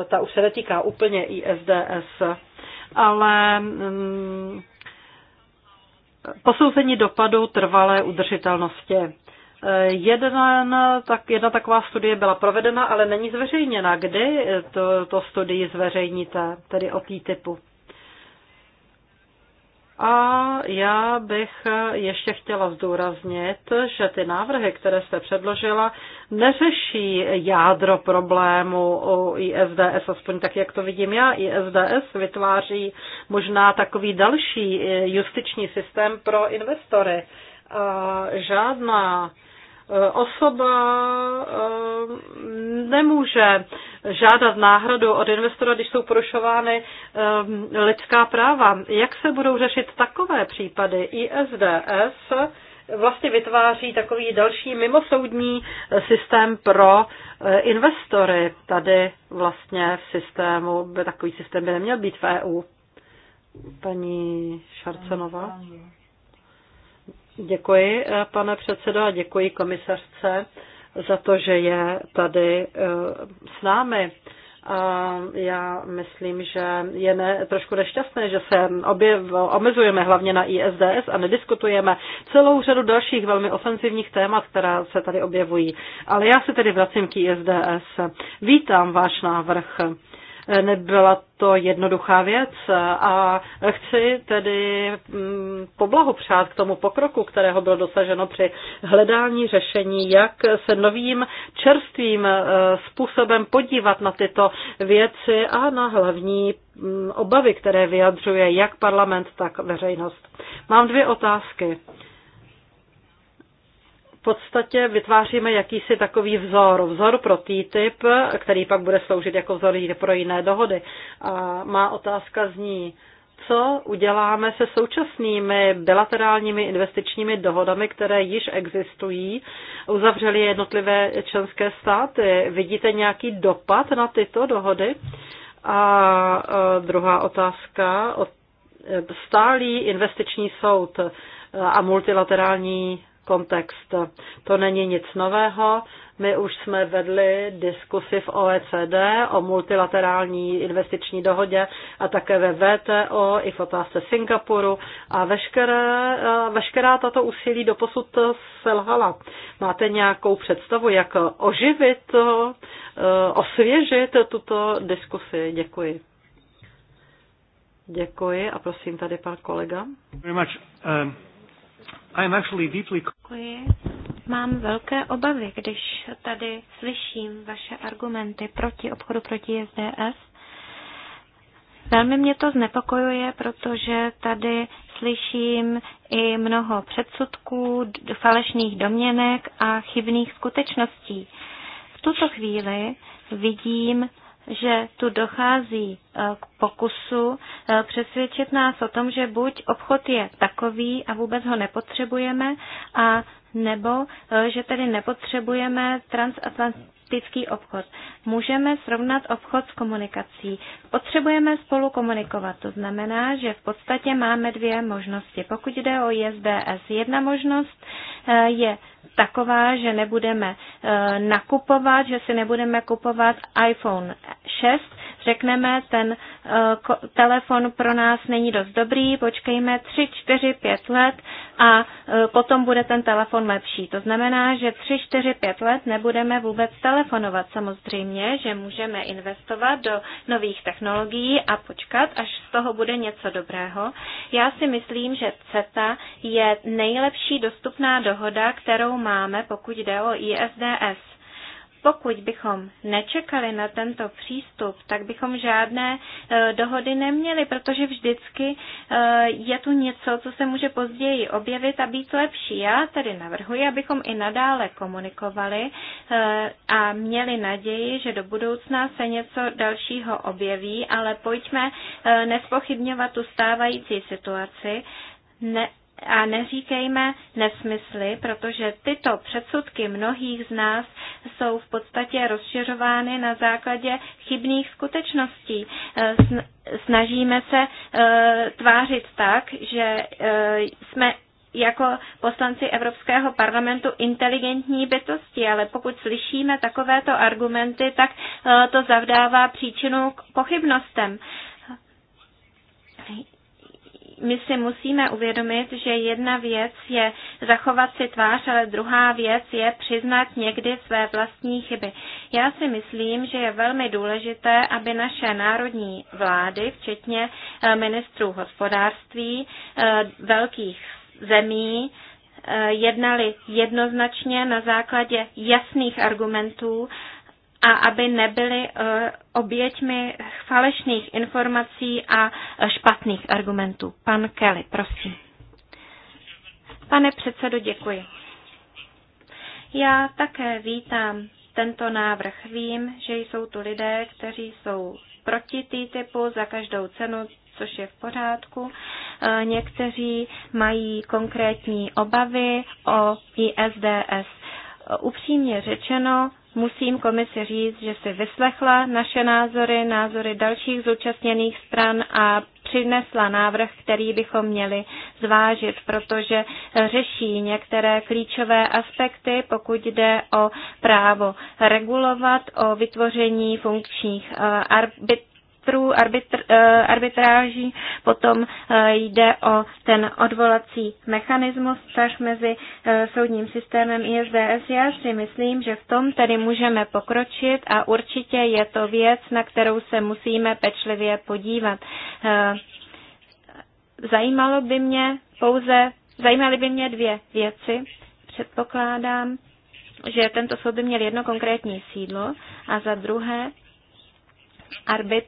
Ta už se netýká úplně ISDS ale mm, posouzení dopadu trvalé udržitelnosti. Jedna, tak, jedna taková studie byla provedena, ale není zveřejněna. Kdy to, to studii zveřejníte, tedy o tý typu? A já bych ještě chtěla zdůraznit, že ty návrhy, které jste předložila, neřeší jádro problému u ISDS, aspoň tak, jak to vidím já. ISDS vytváří možná takový další justiční systém pro investory. A žádná Eh, osoba eh, nemůže žádat náhradu od investora, když jsou porušovány eh, lidská práva. Jak se budou řešit takové případy? ISDS vlastně vytváří takový další mimosoudní systém pro investory. Tady vlastně v systému, by takový systém by neměl být v EU. Paní Šarcenová. Děkuji, eh, pane předsedo, a děkuji komisařce za to, že je tady eh, s námi. A já myslím, že je ne, trošku nešťastné, že se objev, omezujeme hlavně na ISDS a nediskutujeme celou řadu dalších velmi ofenzivních témat, která se tady objevují. Ale já se tedy vracím k ISDS. Vítám váš návrh. Nebyla to jednoduchá věc a chci tedy mm, poblahopřát k tomu pokroku, kterého bylo dosaženo při hledání řešení, jak se novým čerstvým eh, způsobem podívat na tyto věci a na hlavní mm, obavy, které vyjadřuje jak parlament, tak veřejnost. Mám dvě otázky podstatě vytváříme jakýsi takový vzor, vzor pro TTIP, který pak bude sloužit jako vzor pro jiné dohody. A má otázka zní, co uděláme se současnými bilaterálními investičními dohodami, které již existují, uzavřely jednotlivé členské státy. Vidíte nějaký dopad na tyto dohody? A druhá otázka, stálý investiční soud a multilaterální kontext. To není nic nového. My už jsme vedli diskusy v OECD o multilaterální investiční dohodě a také ve VTO i v otázce Singapuru a veškeré, veškerá tato úsilí doposud selhala. Máte nějakou představu, jak oživit, e, osvěžit tuto diskusi? Děkuji. Děkuji a prosím tady pan kolega. Very much. Um actually deeply... Děkuji. Mám velké obavy, když tady slyším vaše argumenty proti obchodu proti SDS. Velmi mě to znepokojuje, protože tady slyším i mnoho předsudků, falešných domněnek a chybných skutečností. V tuto chvíli vidím že tu dochází eh, k pokusu eh, přesvědčit nás o tom, že buď obchod je takový a vůbec ho nepotřebujeme, a nebo eh, že tedy nepotřebujeme transatlantický obchod. Můžeme srovnat obchod s komunikací. Potřebujeme spolu komunikovat. To znamená, že v podstatě máme dvě možnosti. Pokud jde o ISDS, jedna možnost je taková, že nebudeme eh, nakupovat, že si nebudeme kupovat iPhone 6, řekneme, ten eh, telefon pro nás není dost dobrý, počkejme 3, 4, 5 let a eh, potom bude ten telefon lepší. To znamená, že 3, 4, 5 let nebudeme vůbec telefonovat. Samozřejmě, že můžeme investovat do nových technologií a počkat, až z toho bude něco dobrého. Já si myslím, že CETA je nejlepší dostupná dohoda, kterou máme, pokud jde o ISDS. Pokud bychom nečekali na tento přístup, tak bychom žádné e, dohody neměli, protože vždycky e, je tu něco, co se může později objevit a být lepší. Já tedy navrhuji, abychom i nadále komunikovali e, a měli naději, že do budoucna se něco dalšího objeví, ale pojďme nespochybňovat tu stávající situaci. Ne, a neříkejme nesmysly, protože tyto předsudky mnohých z nás jsou v podstatě rozšiřovány na základě chybných skutečností. Eh, snažíme se eh, tvářit tak, že eh, jsme jako poslanci Evropského parlamentu inteligentní bytosti, ale pokud slyšíme takovéto argumenty, tak to zavdává příčinu k pochybnostem my si musíme uvědomit, že jedna věc je zachovat si tvář, ale druhá věc je přiznat někdy své vlastní chyby. Já si myslím, že je velmi důležité, aby naše národní vlády, včetně eh, ministrů hospodářství eh, velkých zemí, eh, jednali jednoznačně na základě jasných argumentů a aby nebyly eh, oběťmi falešných informací a eh, špatných argumentů. Pan Kelly, prosím. Pane předsedo, děkuji. Já také vítám tento návrh. Vím, že jsou tu lidé, kteří jsou proti TTIPu za každou cenu, což je v pořádku. Eh, někteří mají konkrétní obavy o ISDS. Upřímně řečeno, musím komisi říct, že si vyslechla naše názory, názory dalších zúčastněných stran a přinesla návrh, který bychom měli zvážit, protože řeší některé klíčové aspekty, pokud jde o právo regulovat, o vytvoření funkčních eh, arbit, arbitrů, arbitr, eh, arbitráží, potom eh, jde o ten odvolací mechanismus, vztah mezi eh, soudním systémem ISDS. Já si myslím, že v tom tedy můžeme pokročit a určitě je to věc, na kterou se musíme pečlivě podívat. Zajímalo by mě pouze, zajímaly by mě dvě věci. Předpokládám, že tento soud by měl jedno konkrétní sídlo a za druhé arbit,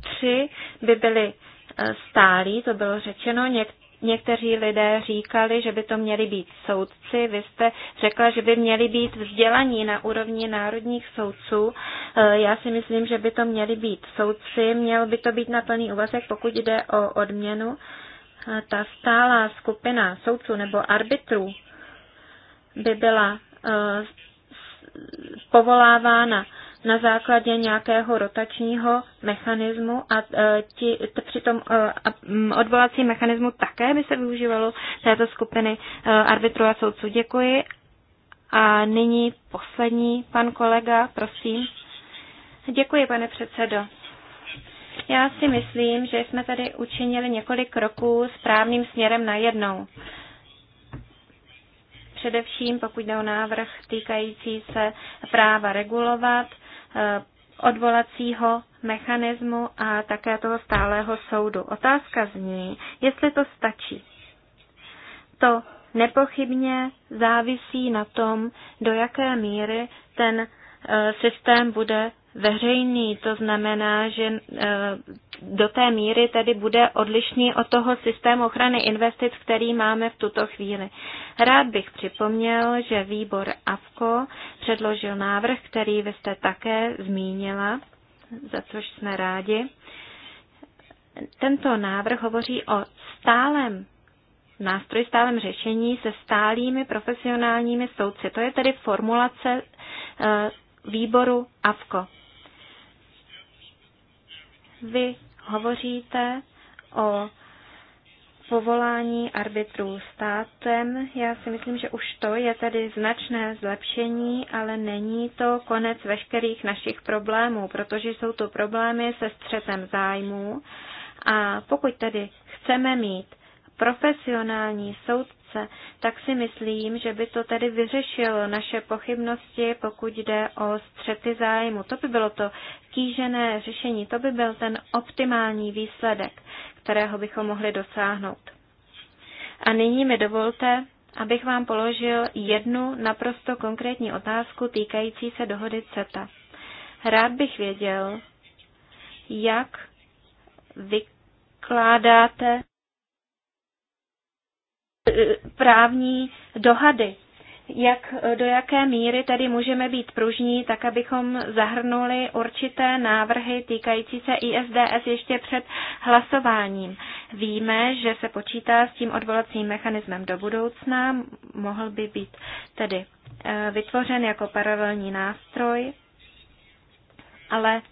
tři by byli e, stálí, to bylo řečeno, něk- Někteří lidé říkali, že by to měli být soudci. Vy jste řekla, že by měli být vzdělaní na úrovni národních soudců. E, já si myslím, že by to měli být soudci. Měl by to být na plný úvazek, pokud jde o odměnu. E, ta stálá skupina soudců nebo arbitrů by byla povolávána na základě nějakého rotačního mechanismu a e, ti, přitom e, odvolací mechanismu také by se využívalo této skupiny e, arbitru a soudců. Děkuji. A nyní poslední pan kolega, prosím. Děkuji, pane předsedo. Já si myslím, že jsme tady učinili několik kroků správným směrem na jednou. Především pokud jde o návrh týkající se práva regulovat, Eh, odvolacího mechanismu a také toho stálého soudu. Otázka zní, jestli to stačí. To nepochybně závisí na tom, do jaké míry ten eh, systém bude veřejný, to znamená, že eh, do té míry tedy bude odlišný od toho systému ochrany investic, který máme v tuto chvíli. Rád bych připomněl, že výbor AFKO předložil návrh, který vy jste také zmínila, za což jsme rádi. Tento návrh hovoří o stálem nástroj stálem řešení se stálými profesionálními soudci. To je tedy formulace eh, výboru AFKO. Vy hovoříte o povolání arbitrů státem. Já si myslím, že už to je tedy značné zlepšení, ale není to konec veškerých našich problémů, protože jsou to problémy se střetem zájmů. A pokud tedy chceme mít profesionální soud, otázce, tak si myslím, že by to tedy vyřešilo naše pochybnosti, pokud jde o střety zájmu. To by bylo to kýžené řešení, to by byl ten optimální výsledek, kterého bychom mohli dosáhnout. A nyní mi dovolte, abych vám položil jednu naprosto konkrétní otázku týkající se dohody CETA. Rád bych věděl, jak vykládáte právní dohady. Jak, do jaké míry tedy můžeme být pružní, tak abychom zahrnuli určité návrhy týkající se ISDS ještě před hlasováním. Víme, že se počítá s tím odvolacím mechanismem do budoucna, mohl by být tedy eh, vytvořen jako paralelní nástroj, ale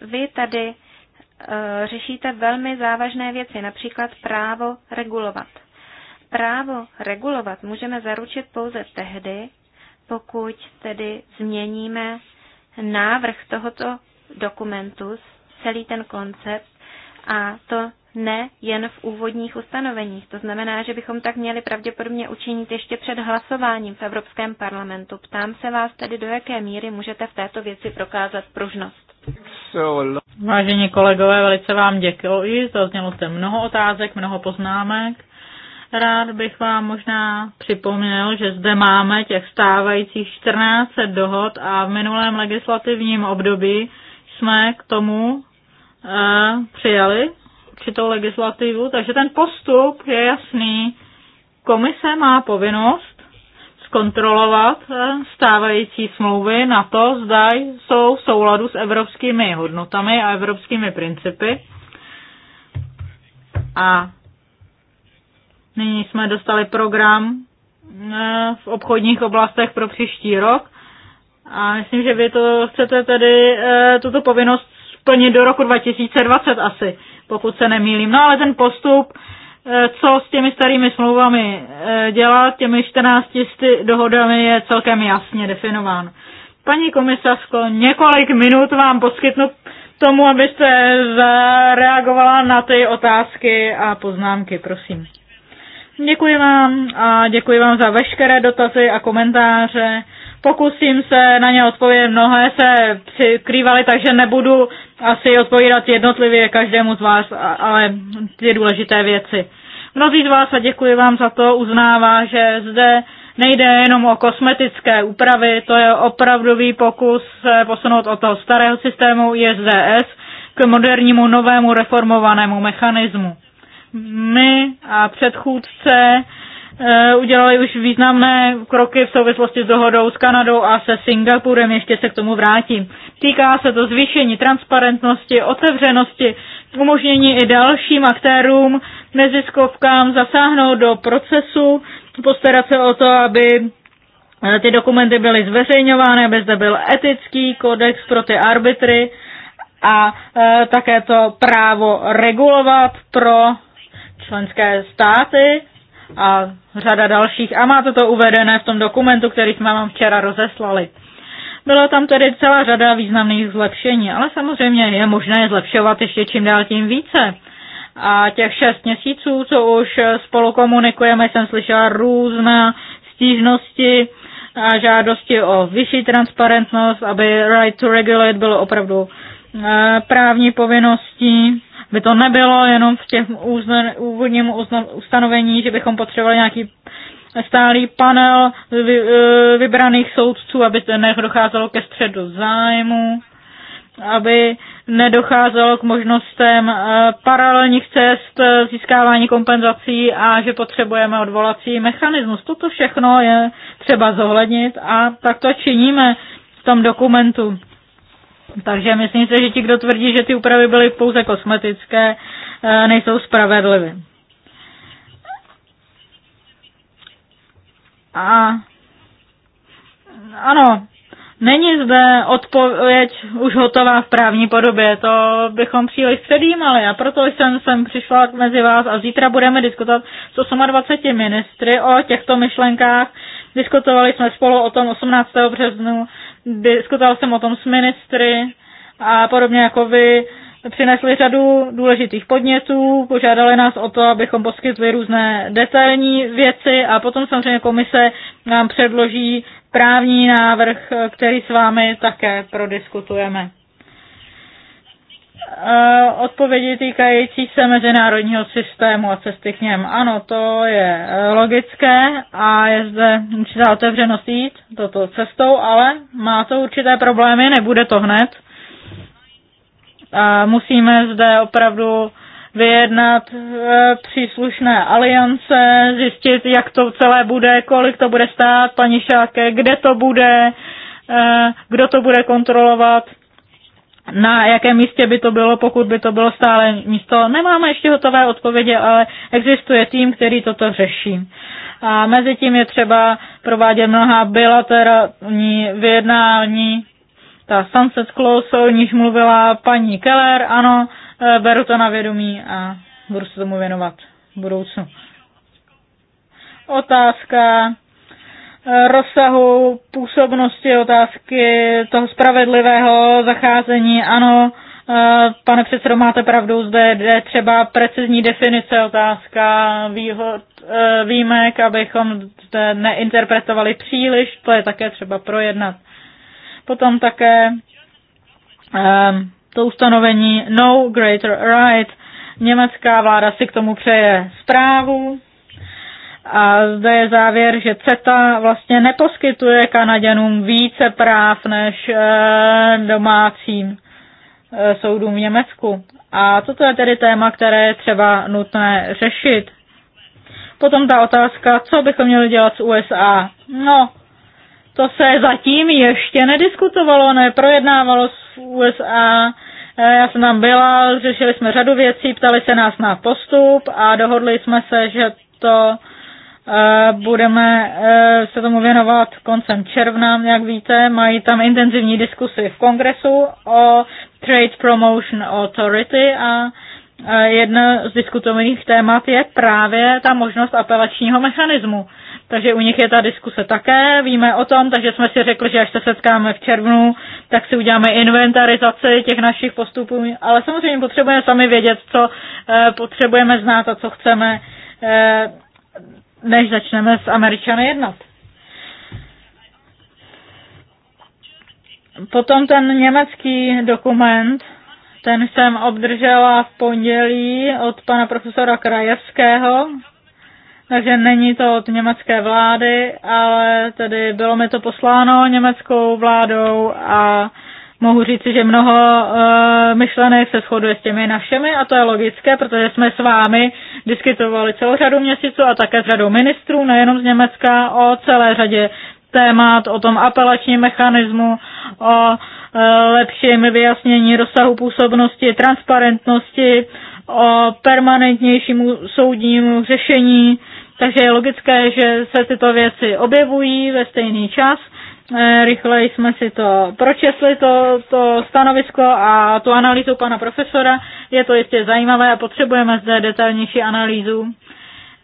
vy tady eh, řešíte velmi závažné věci, například právo regulovat právo regulovat můžeme zaručit pouze tehdy, pokud tedy změníme návrh tohoto dokumentu, celý ten koncept, a to ne jen v úvodních ustanoveních. To znamená, že bychom tak měli pravděpodobně učinit ještě před hlasováním v Evropském parlamentu. Ptám se vás tedy, do jaké míry můžete v této věci prokázat pružnost. Vážení kolegové, velice vám děkuji. Zaznělo jste mnoho otázek, mnoho poznámek. Rád bych vám možná připomněl, že zde máme těch stávajících 14 dohod a v minulém legislativním období jsme k tomu e, přijali určitou legislativu, takže ten postup je jasný. Komise má povinnost zkontrolovat eh, stávající smlouvy na to, zda jsou v souladu s evropskými hodnotami a evropskými principy. A Nyní jsme dostali program eh, v obchodních oblastech pro příští rok a myslím, že vy to chcete tedy eh, tuto povinnost splnit do roku 2020 asi, pokud se nemýlím. No ale ten postup, eh, co s těmi starými smlouvami dělat, těmi 14 dohodami je celkem jasně definován. Paní komisařko, několik minut vám poskytnu tomu, abyste zareagovala na ty otázky a poznámky, prosím. Děkuji vám a děkuji vám za veškeré dotazy a komentáře. Pokusím se na ně odpovědět. Mnohé se přikrývaly, takže nebudu asi odpovídat jednotlivě každému z vás, ale ty důležité věci. Mnozí z vás, a děkuji vám za to, uznává, že zde nejde jenom o kosmetické úpravy, to je opravdový pokus posunout od toho starého systému ISDS k modernímu novému reformovanému mechanismu my a předchůdce eh, udělali už významné kroky v souvislosti s dohodou s Kanadou a se Singapurem, ještě se k tomu vrátím. Týká se to zvýšení transparentnosti, otevřenosti, umožnění i dalším aktérům, neziskovkám zasáhnout do procesu, postarat se o to, aby eh, ty dokumenty byly zveřejňovány, aby zde byl etický kodex pro ty arbitry a eh, také to právo regulovat pro členské státy a řada dalších. A máte to uvedené v tom dokumentu, který jsme vám včera rozeslali. Byla tam tedy celá řada významných zlepšení, ale samozřejmě je možné zlepšovat ještě čím dál tím více. A těch šest měsíců, co už spolu komunikujeme, jsem slyšela různé stížnosti a žádosti o vyšší transparentnost, aby right to regulate bylo opravdu eh, právní povinností by to nebylo jenom v těch úvodním ustanovení, že bychom potřebovali nějaký stálý panel e, vybraných soudců, aby nedocházelo ke středu zájmu, aby nedocházelo k možnostem e, paralelních cest e, získávání kompenzací a že potřebujeme odvolací mechanismus. Toto všechno je třeba zohlednit a tak to činíme v tom dokumentu. Takže myslím si, že ti, kdo tvrdí, že ty úpravy byly pouze kosmetické, eh, nejsou spravedlivé. A ano, není zde odpověď už hotová v právní podobě, to bychom příliš předjímali a proto jsem sem přišla mezi vás a zítra budeme diskutovat s 28 ministry o těchto myšlenkách. Diskutovali jsme spolu o tom 18. březnu diskutoval jsem o tom s ministry a podobně jako vy přinesli řadu důležitých podnětů, požádali nás o to, abychom poskytli různé detailní věci a potom samozřejmě komise nám předloží právní návrh, který s vámi také prodiskutujeme. Eh, odpovědi týkající se mezinárodního systému a cesty k něm. Ano, to je eh, logické a je zde určitá otevřenost jít toto cestou, ale má to určité problémy, nebude to hned. A musíme zde opravdu vyjednat eh, příslušné aliance, zjistit, jak to celé bude, kolik to bude stát, paní Šáke, kde to bude, kdo to bude kontrolovat na jakém místě by to bylo, pokud by to bylo stále místo. Nemáme ještě hotové odpovědi, ale existuje tým, který toto řeší. A mezi tím je třeba provádět mnoha bilaterální vyjednání. Ta Sunset Close, o níž mluvila paní Keller, ano, e, beru to na vědomí a budu se tomu věnovat v budoucnu. Otázka rozsahu působnosti otázky toho spravedlivého zacházení. Ano, eh, pane předsedo, máte pravdu, zde je třeba precizní definice otázka výhod, eh, výjimek, abychom zde neinterpretovali příliš, to je také třeba projednat. Potom také ehm, to ustanovení No Greater Right. Německá vláda si k tomu přeje zprávu, a zde je závěr, že CETA vlastně neposkytuje Kanaděnům více práv než eh, domácím eh, soudům v Německu. A toto je tedy téma, které je třeba nutné řešit. Potom ta otázka, co bychom měli dělat s USA. No, to se zatím ještě nediskutovalo, neprojednávalo s USA. Eh, já jsem tam byla, řešili jsme řadu věcí, ptali se nás na postup a dohodli jsme se, že to Eh, budeme eh, se tomu věnovat koncem června, jak víte, mají tam intenzivní diskusy v kongresu o Trade Promotion Authority a eh, jedno z diskutovaných témat je právě ta možnost apelačního mechanismu. Takže u nich je ta diskuse také, víme o tom, takže jsme si řekli, že až se setkáme v červnu, tak si uděláme inventarizaci těch našich postupů, ale samozřejmě potřebujeme sami vědět, co potřebujeme znát a co chceme než začneme s Američany jednat. Potom ten německý dokument, ten jsem obdržela v pondělí od pana profesora Krajevského, takže není to od německé vlády, ale tedy bylo mi to posláno německou vládou a mohu říci, že mnoho uh, myšlenek se shoduje s těmi našemi a to je logické, protože jsme s vámi diskutovali celou řadu měsíců a také s řadou ministrů, nejenom z Německa, o celé řadě témat, o tom apelačním mechanismu, o uh, lepším vyjasnění rozsahu působnosti, transparentnosti, o permanentnějšímu soudnímu řešení. Takže je logické, že se tyto věci objevují ve stejný čas – Eh, rychle jsme si to pročetli, to, to stanovisko a tu analýzu pana profesora. Je to jistě zajímavé a potřebujeme zde detailnější analýzu.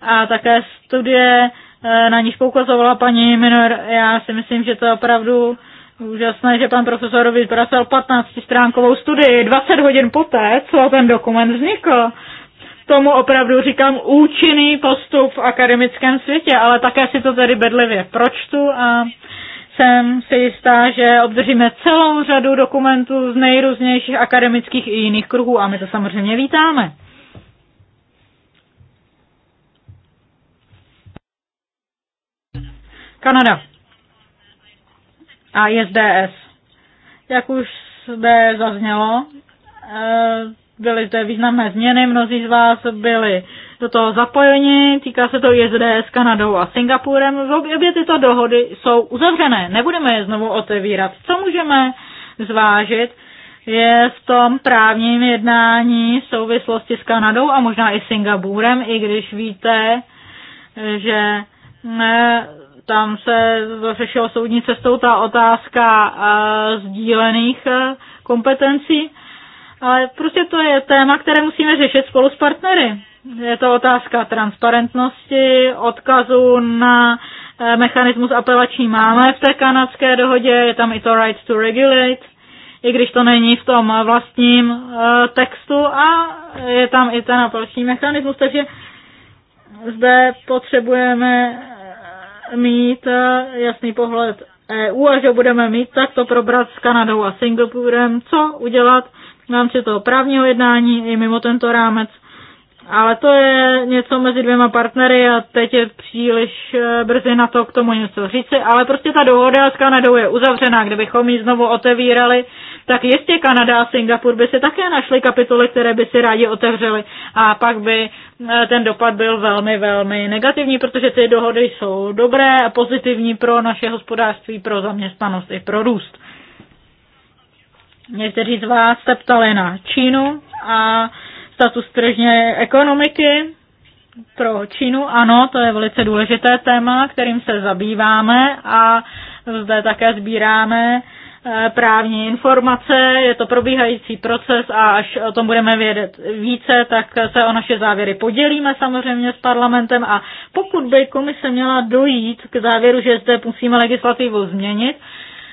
A také studie, eh, na níž poukazovala paní Minor, já si myslím, že to je opravdu úžasné, že pan profesor vypracoval 15-stránkovou studii 20 hodin poté, co ten dokument vznikl tomu opravdu říkám účinný postup v akademickém světě, ale také si to tedy bedlivě pročtu a jsem si jistá, že obdržíme celou řadu dokumentů z nejrůznějších akademických i jiných kruhů a my to samozřejmě vítáme. Kanada a ISDS. Jak už zde zaznělo, eh, byly zde významné změny, mnozí z vás byli do toho zapojeni, týká se to s Kanadou a Singapurem. Obě tyto dohody jsou uzavřené, nebudeme je znovu otevírat. Co můžeme zvážit, je v tom právním jednání v souvislosti s Kanadou a možná i Singapurem, i když víte, že ne, tam se řešila soudní cestou ta otázka e, sdílených e, kompetencí. Ale prostě to je téma, které musíme řešit spolu s partnery. Je to otázka transparentnosti, odkazu na eh, mechanismus apelační máme v té kanadské dohodě, je tam i to right to regulate, i když to není v tom vlastním eh, textu a je tam i ten apelační mechanismus, takže zde potřebujeme eh, mít jasný pohled EU a že budeme mít, tak to probrat s Kanadou a Singapurem, co udělat v rámci toho právního jednání i mimo tento rámec ale to je něco mezi dvěma partnery a teď je příliš eh, brzy na to k tomu něco říci, ale prostě ta dohoda s Kanadou je uzavřená. Kdybychom ji znovu otevírali, tak jistě Kanada a Singapur by si také našli kapitoly, které by si rádi otevřeli a pak by eh, ten dopad byl velmi, velmi negativní, protože ty dohody jsou dobré a pozitivní pro naše hospodářství, pro zaměstnanost i pro růst. Někteří z vás se ptali na Čínu a status tržní ekonomiky pro Čínu. Ano, to je velice důležité téma, kterým se zabýváme a zde také sbíráme eh, právní informace, je to probíhající proces a až o tom budeme vědět více, tak se o naše závěry podělíme samozřejmě s parlamentem a pokud by komise měla dojít k závěru, že zde musíme legislativu změnit,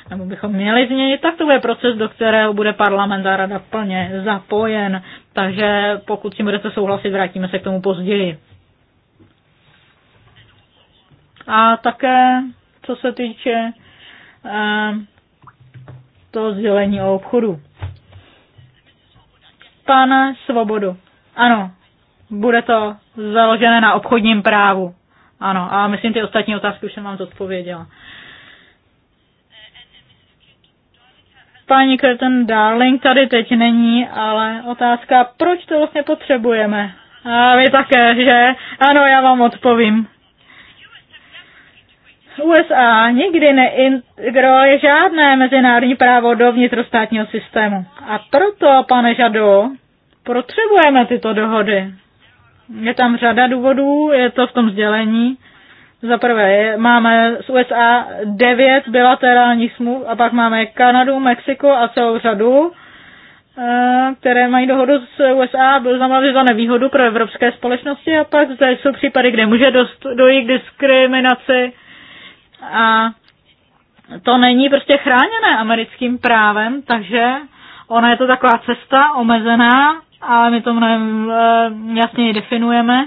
nebo bychom měli změnit, tak to bude proces, do kterého bude parlament a rada plně zapojen. Takže pokud si budete souhlasit, vrátíme se k tomu později. A také, co se týče eh, toho sdělení o obchodu. Pane Svobodu, ano, bude to založené na obchodním právu. Ano, a myslím, ty ostatní otázky už jsem vám zodpověděla. Eh, paní Curtin Darling tady teď není, ale otázka, proč to vlastně potřebujeme? A vy také, že? Ano, já vám odpovím. USA nikdy neintegruje žádné mezinárodní právo do vnitrostátního systému. A proto, pane Žado, potřebujeme tyto dohody. Je tam řada důvodů, je to v tom sdělení. Za prvé máme z USA devět bilaterálních smluv a pak máme Kanadu, Mexiko a celou řadu, eh, které mají dohodu s USA, byl znamená, za nevýhodu pro evropské společnosti a pak zde jsou případy, kde může dojít k diskriminaci a to není prostě chráněné americkým právem, takže ona je to taková cesta omezená, ale my to mnohem eh, jasněji definujeme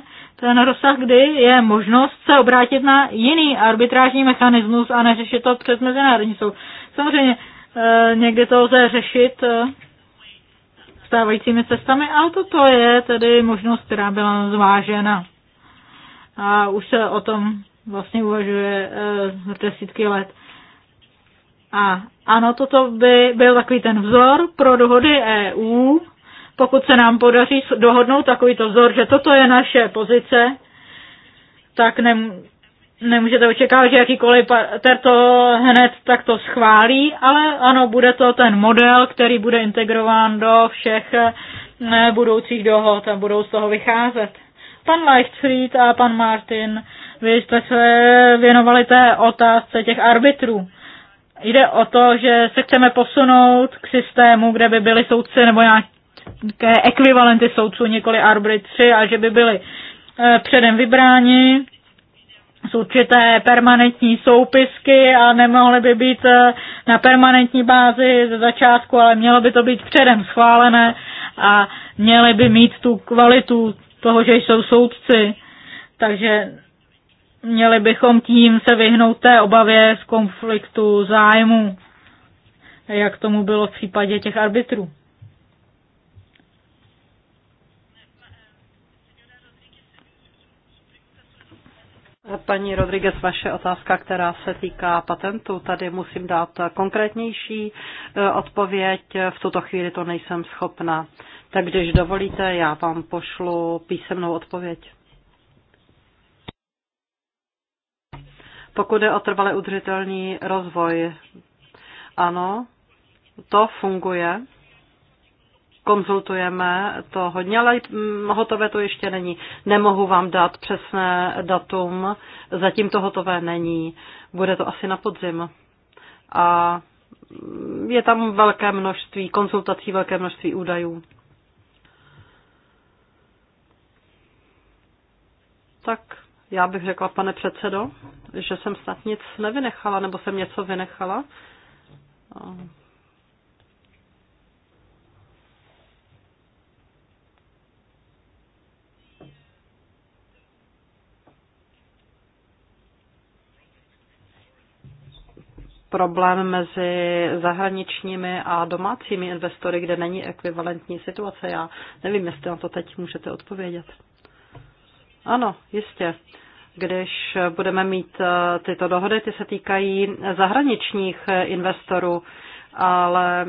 ten rozsah, kdy je možnost se obrátit na jiný arbitrážní mechanismus a neřešit to přes mezinárodní soud. Samozřejmě eh, někdy to lze řešit eh, stávajícími cestami, ale toto je tedy možnost, která byla zvážena. A už se o tom vlastně uvažuje e, desítky let. A ano, toto by byl takový ten vzor pro dohody EU, pokud se nám podaří dohodnout takovýto vzor, že toto je naše pozice, tak nem, nemůžete očekávat, že jakýkoliv partner to hned takto schválí, ale ano, bude to ten model, který bude integrován do všech eh, budoucích dohod a budou z toho vycházet. Pan Leichtfried a pan Martin, vy jste se věnovali té otázce těch arbitrů. Jde o to, že se chceme posunout k systému, kde by byli soudci nebo nějaký nějaké ekvivalenty soudců, nikoli arbitři, a že by byli eh, předem vybráni z určité permanentní soupisky a nemohly by být eh, na permanentní bázi ze začátku, ale mělo by to být předem schválené a měly by mít tu kvalitu toho, že jsou soudci. Takže měli bychom tím se vyhnout té obavě z konfliktu zájmu, jak tomu bylo v případě těch arbitrů. Paní Rodriguez, vaše otázka, která se týká patentu, tady musím dát konkrétnější eh, odpověď. V tuto chvíli to nejsem schopna. Tak když dovolíte, já vám pošlu písemnou odpověď. Pokud je o trvale udržitelný rozvoj, ano, to funguje konzultujeme to hodně, ale hotové to ještě není. Nemohu vám dát přesné datum, zatím to hotové není. Bude to asi na podzim. A je tam velké množství konzultací, velké množství údajů. Tak já bych řekla, pane předsedo, že jsem snad nic nevynechala, nebo jsem něco vynechala. problém mezi zahraničními a domácími investory, kde není ekvivalentní situace. Já nevím, jestli na to teď můžete odpovědět. Ano, jistě. Když budeme mít eh, tyto dohody, ty se týkají zahraničních eh, investorů, ale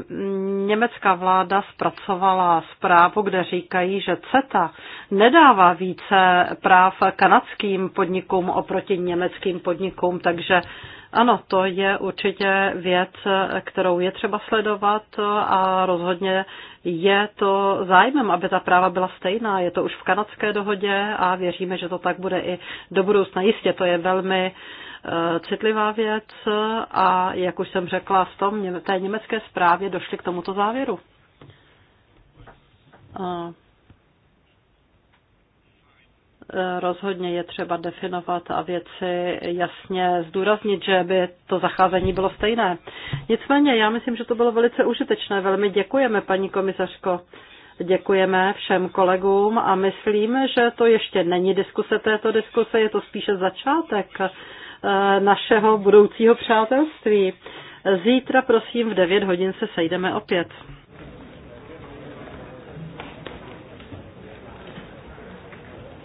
německá vláda zpracovala zprávu, kde říkají, že CETA nedává více práv kanadským podnikům oproti německým podnikům, takže ano, to je určitě věc, kterou je třeba sledovat a rozhodně je to zájmem, aby ta práva byla stejná. Je to už v kanadské dohodě a věříme, že to tak bude i do budoucna. Jistě to je velmi eh, citlivá věc a jak už jsem řekla, v tom, té německé zprávě došli k tomuto závěru. Eh, Rozhodně je třeba definovat a věci jasně zdůraznit, že by to zacházení bylo stejné. Nicméně já myslím, že to bylo velice užitečné. Velmi děkujeme, paní komisařko. Děkujeme všem kolegům a myslím, že to ještě není diskuse této diskuse, je to spíše začátek eh, našeho budoucího přátelství. Zítra prosím v 9 hodin se sejdeme opět.